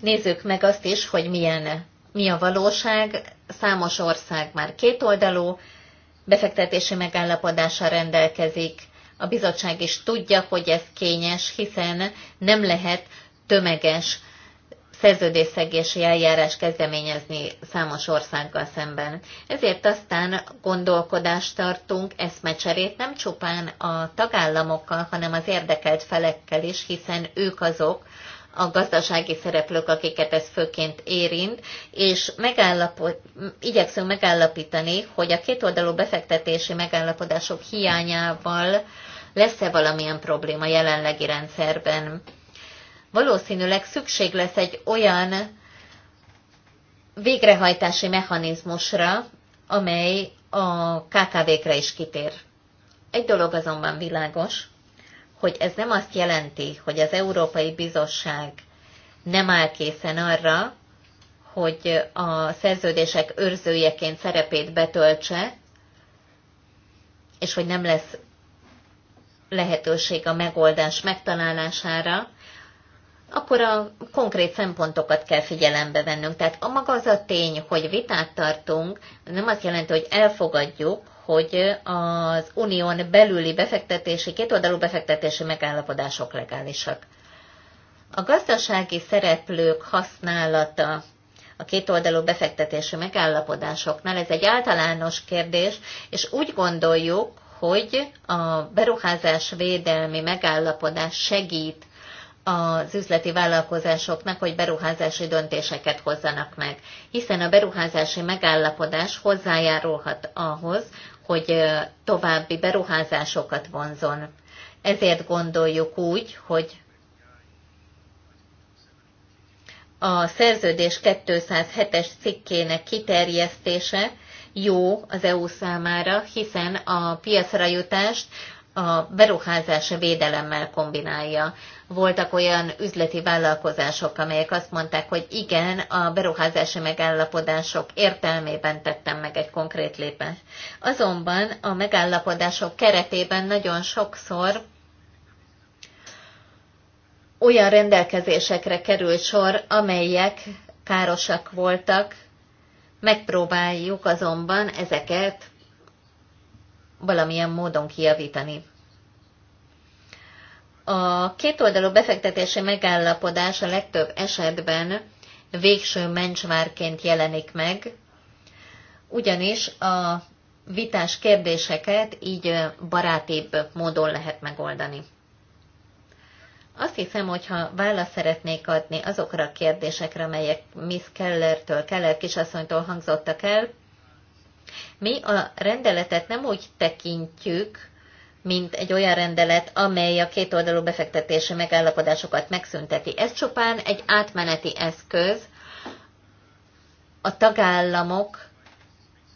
nézzük meg azt is, hogy milyen, mi a valóság. Számos ország már kétoldalú befektetési megállapodása rendelkezik. A bizottság is tudja, hogy ez kényes, hiszen nem lehet tömeges szerződésszegési eljárás kezdeményezni számos országgal szemben. Ezért aztán gondolkodást tartunk, eszmecserét nem csupán a tagállamokkal, hanem az érdekelt felekkel is, hiszen ők azok, a gazdasági szereplők, akiket ez főként érint, és megállapod, igyekszünk megállapítani, hogy a kétoldalú befektetési megállapodások hiányával lesz-e valamilyen probléma jelenlegi rendszerben valószínűleg szükség lesz egy olyan végrehajtási mechanizmusra, amely a KKV-kre is kitér. Egy dolog azonban világos, hogy ez nem azt jelenti, hogy az Európai Bizottság nem áll készen arra, hogy a szerződések őrzőjeként szerepét betöltse, és hogy nem lesz lehetőség a megoldás megtalálására, akkor a konkrét szempontokat kell figyelembe vennünk. Tehát a maga az a tény, hogy vitát tartunk, nem azt jelenti, hogy elfogadjuk, hogy az unión belüli befektetési, kétoldalú befektetési megállapodások legálisak. A gazdasági szereplők használata a kétoldalú befektetési megállapodásoknál, ez egy általános kérdés, és úgy gondoljuk, hogy a beruházás védelmi megállapodás segít az üzleti vállalkozásoknak, hogy beruházási döntéseket hozzanak meg. Hiszen a beruházási megállapodás hozzájárulhat ahhoz, hogy további beruházásokat vonzon. Ezért gondoljuk úgy, hogy a szerződés 207-es cikkének kiterjesztése jó az EU számára, hiszen a piacra jutást a beruházási védelemmel kombinálja voltak olyan üzleti vállalkozások, amelyek azt mondták, hogy igen, a beruházási megállapodások értelmében tettem meg egy konkrét lépést. Azonban a megállapodások keretében nagyon sokszor olyan rendelkezésekre került sor, amelyek károsak voltak, megpróbáljuk azonban ezeket valamilyen módon kijavítani. A kétoldalú befektetési megállapodás a legtöbb esetben végső mencsvárként jelenik meg, ugyanis a vitás kérdéseket így barátibb módon lehet megoldani. Azt hiszem, hogyha választ szeretnék adni azokra a kérdésekre, amelyek Miss Kellertől, Keller kisasszonytól hangzottak el, mi a rendeletet nem úgy tekintjük, mint egy olyan rendelet, amely a kétoldalú befektetési megállapodásokat megszünteti. Ez csupán egy átmeneti eszköz a tagállamok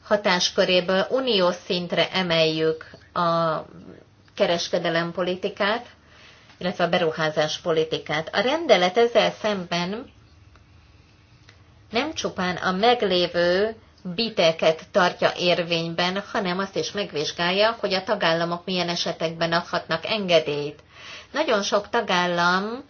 hatásköréből uniós szintre emeljük a kereskedelem politikát, illetve a beruházás politikát. A rendelet ezzel szemben nem csupán a meglévő biteket tartja érvényben, hanem azt is megvizsgálja, hogy a tagállamok milyen esetekben adhatnak engedélyt. Nagyon sok tagállam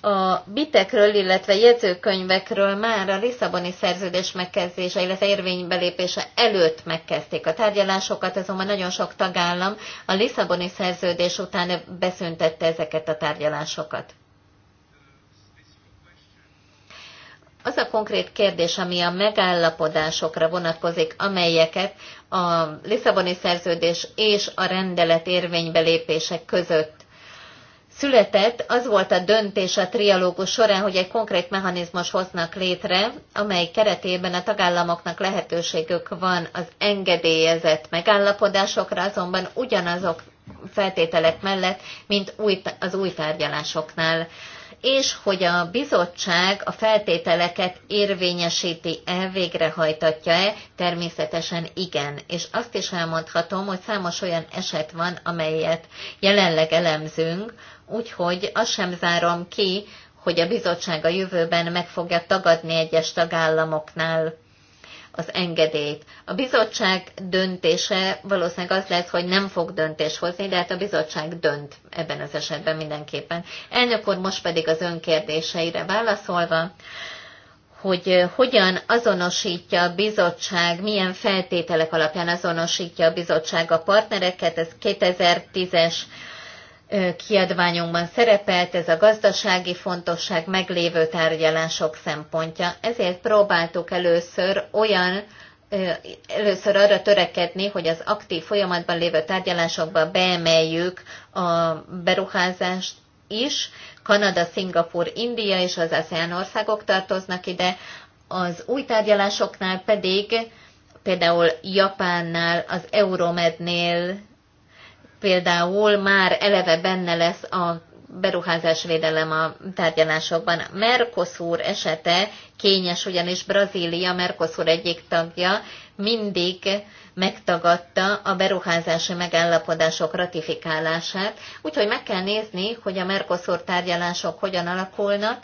a bitekről, illetve jegyzőkönyvekről már a Lisszaboni szerződés megkezdése, illetve érvénybelépése előtt megkezdték a tárgyalásokat, azonban nagyon sok tagállam a Lisszaboni szerződés után beszüntette ezeket a tárgyalásokat. az a konkrét kérdés, ami a megállapodásokra vonatkozik, amelyeket a Lisszaboni szerződés és a rendelet érvénybelépések között született, az volt a döntés a trialógus során, hogy egy konkrét mechanizmus hoznak létre, amely keretében a tagállamoknak lehetőségük van az engedélyezett megállapodásokra, azonban ugyanazok feltételek mellett, mint új, az új tárgyalásoknál és hogy a bizottság a feltételeket érvényesíti el, végrehajtatja-e, természetesen igen. És azt is elmondhatom, hogy számos olyan eset van, amelyet jelenleg elemzünk, úgyhogy azt sem zárom ki, hogy a bizottság a jövőben meg fogja tagadni egyes tagállamoknál az engedélyt. A bizottság döntése valószínűleg az lesz, hogy nem fog döntés hozni, de hát a bizottság dönt ebben az esetben mindenképpen. Elnök úr most pedig az önkérdéseire válaszolva, hogy hogyan azonosítja a bizottság, milyen feltételek alapján azonosítja a bizottság a partnereket, ez 2010-es kiadványunkban szerepelt ez a gazdasági fontosság meglévő tárgyalások szempontja. Ezért próbáltuk először olyan először arra törekedni, hogy az aktív folyamatban lévő tárgyalásokba beemeljük a beruházást is. Kanada, Szingapur, India és az ASEAN országok tartoznak ide, az új tárgyalásoknál pedig például Japánnál, az Euromednél például már eleve benne lesz a beruházásvédelem a tárgyalásokban. Mercosur esete kényes, ugyanis Brazília, Mercosur egyik tagja mindig megtagadta a beruházási megállapodások ratifikálását, úgyhogy meg kell nézni, hogy a Mercosur tárgyalások hogyan alakulnak,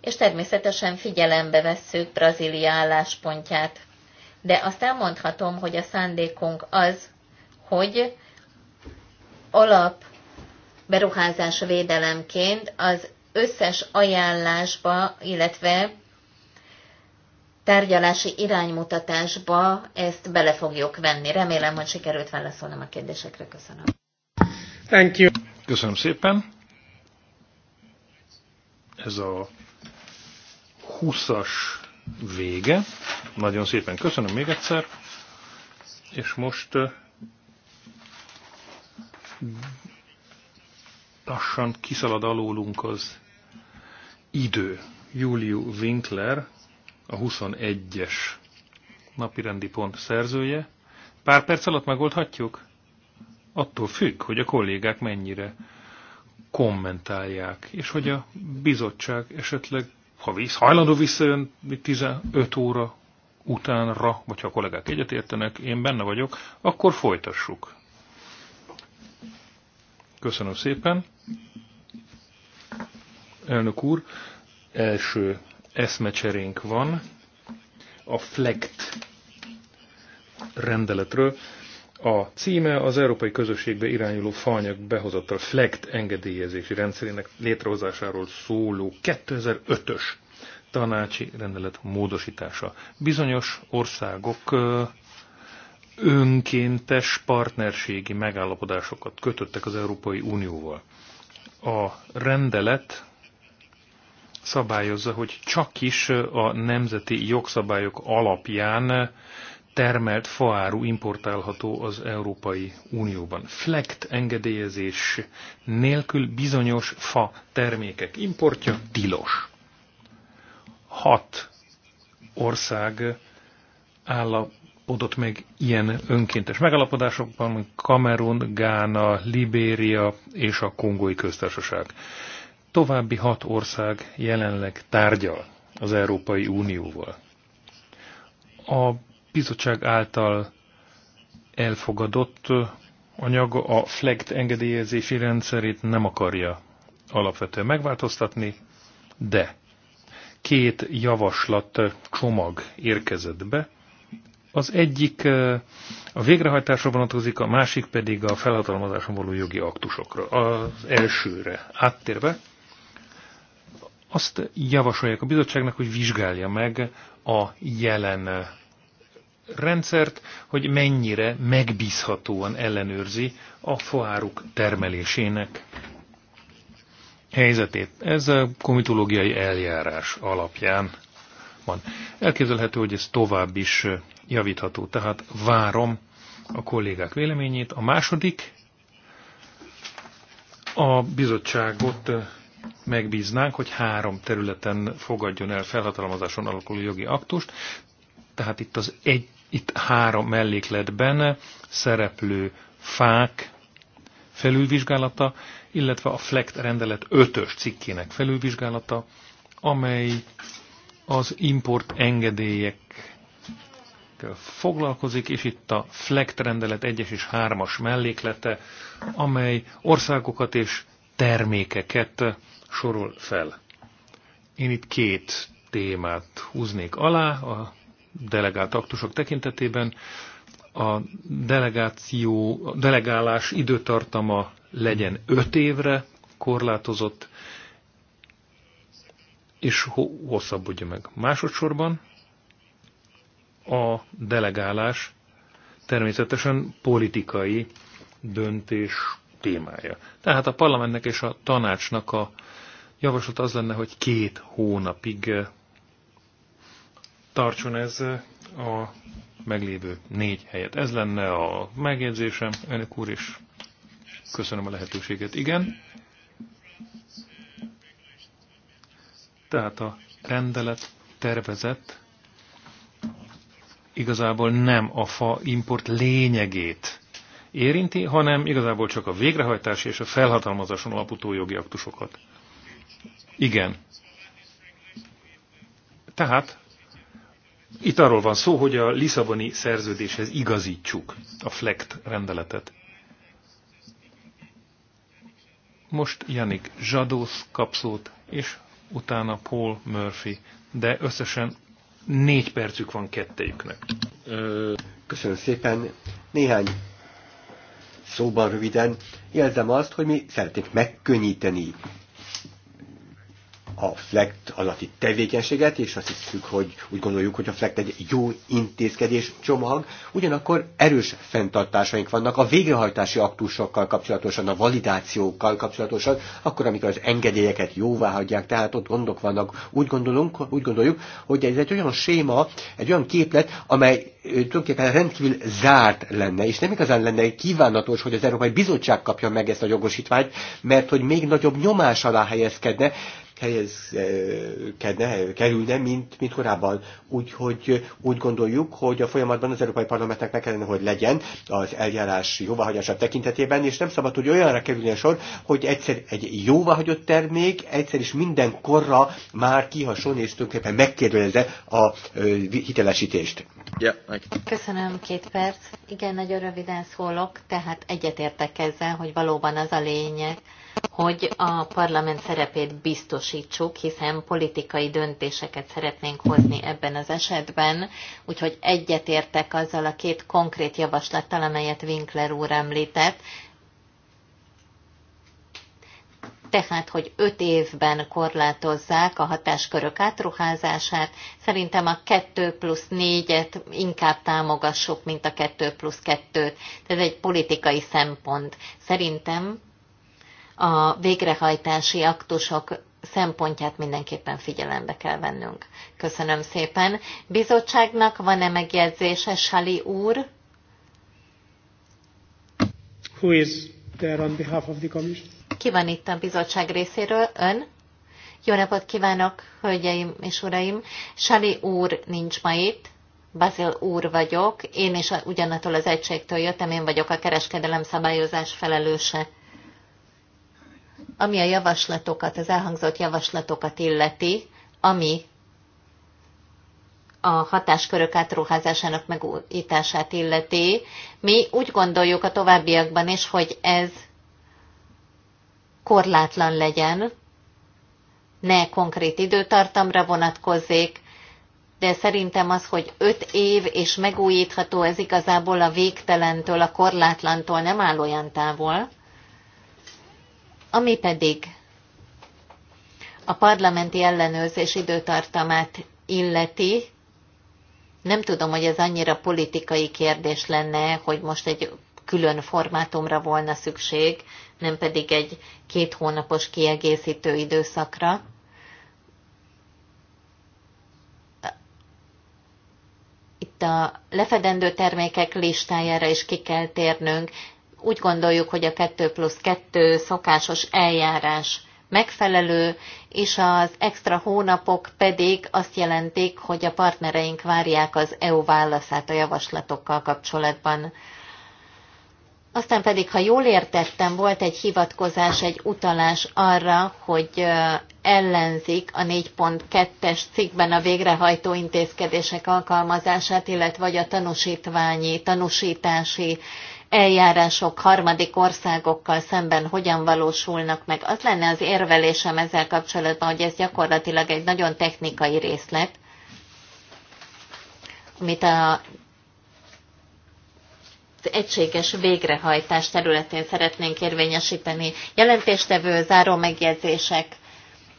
és természetesen figyelembe vesszük Brazília álláspontját. De azt elmondhatom, hogy a szándékunk az, hogy alap beruházás védelemként az összes ajánlásba, illetve tárgyalási iránymutatásba ezt bele fogjuk venni. Remélem, hogy sikerült válaszolnom a kérdésekre. Köszönöm. Thank you. Köszönöm szépen. Ez a 20-as vége. Nagyon szépen köszönöm még egyszer. És most lassan kiszalad alólunk az idő. Júliu Winkler, a 21-es napirendi pont szerzője. Pár perc alatt megoldhatjuk? Attól függ, hogy a kollégák mennyire kommentálják, és hogy a bizottság esetleg, ha visz, hajlandó visszajön 15 óra utánra, vagy ha a kollégák egyetértenek, én benne vagyok, akkor folytassuk. Köszönöm szépen. Elnök úr, első eszmecserénk van a FLEGT rendeletről. A címe az Európai Közösségbe irányuló fanyag behozatal FLEGT engedélyezési rendszerének létrehozásáról szóló 2005-ös tanácsi rendelet módosítása. Bizonyos országok önkéntes partnerségi megállapodásokat kötöttek az Európai Unióval. A rendelet szabályozza, hogy csak is a nemzeti jogszabályok alapján termelt faáru importálható az Európai Unióban. Flekt engedélyezés nélkül bizonyos fa termékek importja tilos. Hat ország állap, állapodott meg ilyen önkéntes megállapodásokban, mint Kamerun, Gána, Libéria és a Kongói Köztársaság. További hat ország jelenleg tárgyal az Európai Unióval. A bizottság által elfogadott anyag a FLEGT engedélyezési rendszerét nem akarja alapvetően megváltoztatni, de két javaslat csomag érkezett be, az egyik a végrehajtásra vonatkozik, a másik pedig a felhatalmazáson való jogi aktusokra. Az elsőre áttérve, azt javasolják a bizottságnak, hogy vizsgálja meg a jelen rendszert, hogy mennyire megbízhatóan ellenőrzi a foáruk termelésének helyzetét. Ez a komitológiai eljárás alapján van. Elképzelhető, hogy ez tovább is javítható. Tehát várom a kollégák véleményét. A második, a bizottságot megbíznánk, hogy három területen fogadjon el felhatalmazáson alakuló jogi aktust, tehát itt az egy, itt három mellékletben szereplő fák felülvizsgálata, illetve a FLECT rendelet ötös cikkének felülvizsgálata, amely az import engedélyek kérdésekkel foglalkozik, és itt a FLECT rendelet 1-es és 3-as melléklete, amely országokat és termékeket sorol fel. Én itt két témát húznék alá a delegált aktusok tekintetében. A delegáció, a delegálás időtartama legyen 5 évre korlátozott, és hosszabbodja meg. Másodszorban a delegálás természetesen politikai döntés témája. Tehát a parlamentnek és a tanácsnak a javaslat az lenne, hogy két hónapig tartson ez a meglévő négy helyet. Ez lenne a megjegyzésem, önök úr is. Köszönöm a lehetőséget. Igen. Tehát a rendelet tervezett igazából nem a fa import lényegét érinti, hanem igazából csak a végrehajtás és a felhatalmazáson alapú jogi aktusokat. Igen. Tehát itt arról van szó, hogy a Lisszaboni szerződéshez igazítsuk a FLECT rendeletet. Most Janik Zsadósz kapszót, és utána Paul Murphy, de összesen Négy percük van kettejüknek. Köszönöm szépen. Néhány szóban röviden. Érzem azt, hogy mi szeretnénk megkönnyíteni a flekt alatti tevékenységet, és azt hiszük, hogy úgy gondoljuk, hogy a flekt egy jó intézkedés csomag, ugyanakkor erős fenntartásaink vannak a végrehajtási aktusokkal kapcsolatosan, a validációkkal kapcsolatosan, akkor, amikor az engedélyeket jóvá hagyják, tehát ott gondok vannak. Úgy, gondolunk, úgy gondoljuk, hogy ez egy olyan séma, egy olyan képlet, amely tulajdonképpen rendkívül zárt lenne, és nem igazán lenne kívánatos, hogy az Európai Bizottság kapja meg ezt a jogosítványt, mert hogy még nagyobb nyomás alá helyezkedne, helyezkedne, kerülne, mint, mint korábban. Úgyhogy úgy gondoljuk, hogy a folyamatban az Európai Parlamentnek meg kellene, hogy legyen az eljárás jóváhagyása tekintetében, és nem szabad, hogy olyanra kerüljön sor, hogy egyszer egy jóváhagyott termék egyszer is minden korra már kihason és tulajdonképpen megkérdőjelezze a hitelesítést. Yeah, Köszönöm, két perc. Igen, nagyon röviden szólok, tehát egyetértek ezzel, hogy valóban az a lényeg, hogy a parlament szerepét biztosítsuk, hiszen politikai döntéseket szeretnénk hozni ebben az esetben, úgyhogy egyetértek azzal a két konkrét javaslattal, amelyet Winkler úr említett, tehát, hogy öt évben korlátozzák a hatáskörök átruházását, szerintem a 2 plusz 4-et inkább támogassuk, mint a 2 plusz 2-t. Ez egy politikai szempont. Szerintem a végrehajtási aktusok szempontját mindenképpen figyelembe kell vennünk. Köszönöm szépen. Bizottságnak van-e megjegyzése, Sali úr? Who is there on behalf of the commission? Ki van itt a bizottság részéről? Ön? Jó napot kívánok, hölgyeim és uraim! Sali úr nincs ma itt, Bazil úr vagyok, én is ugyanattól az egységtől jöttem, én vagyok a kereskedelem szabályozás felelőse. Ami a javaslatokat, az elhangzott javaslatokat illeti, ami a hatáskörök átruházásának megújítását illeti, mi úgy gondoljuk a továbbiakban is, hogy ez korlátlan legyen, ne konkrét időtartamra vonatkozzék, de szerintem az, hogy öt év és megújítható, ez igazából a végtelentől, a korlátlantól nem áll olyan távol. Ami pedig a parlamenti ellenőrzés időtartamát illeti, nem tudom, hogy ez annyira politikai kérdés lenne, hogy most egy külön formátumra volna szükség, nem pedig egy két hónapos kiegészítő időszakra. Itt a lefedendő termékek listájára is ki kell térnünk, úgy gondoljuk, hogy a 2 plusz 2 szokásos eljárás megfelelő, és az extra hónapok pedig azt jelentik, hogy a partnereink várják az EU válaszát a javaslatokkal kapcsolatban. Aztán pedig, ha jól értettem, volt egy hivatkozás, egy utalás arra, hogy ellenzik a 4.2-es cikkben a végrehajtó intézkedések alkalmazását, illetve a tanúsítványi, tanúsítási eljárások harmadik országokkal szemben hogyan valósulnak meg. Az lenne az érvelésem ezzel kapcsolatban, hogy ez gyakorlatilag egy nagyon technikai részlet, amit a az egységes végrehajtás területén szeretnénk érvényesíteni. Jelentéstevő záró megjegyzések.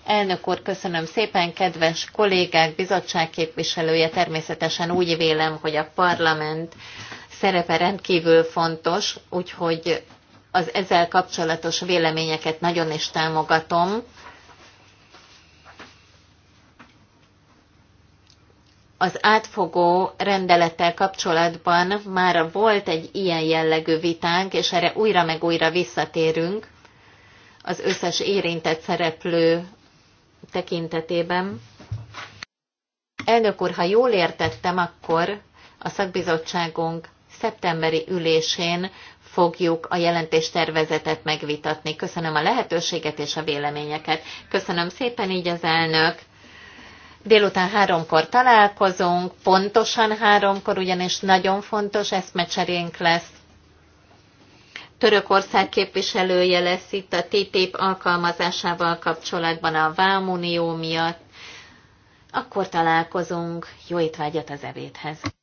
Elnök úr, köszönöm szépen, kedves kollégák, bizottság képviselője, természetesen úgy vélem, hogy a parlament szerepe rendkívül fontos, úgyhogy az ezzel kapcsolatos véleményeket nagyon is támogatom. Az átfogó rendelettel kapcsolatban már volt egy ilyen jellegű vitánk, és erre újra meg újra visszatérünk az összes érintett szereplő tekintetében. Elnök úr, ha jól értettem, akkor a szakbizottságunk szeptemberi ülésén fogjuk a jelentéstervezetet megvitatni. Köszönöm a lehetőséget és a véleményeket. Köszönöm szépen így az elnök. Délután háromkor találkozunk, pontosan háromkor, ugyanis nagyon fontos eszmecserénk lesz. Törökország képviselője lesz itt a TTIP alkalmazásával kapcsolatban a Vámunió miatt. Akkor találkozunk. Jó étvágyat az ebédhez!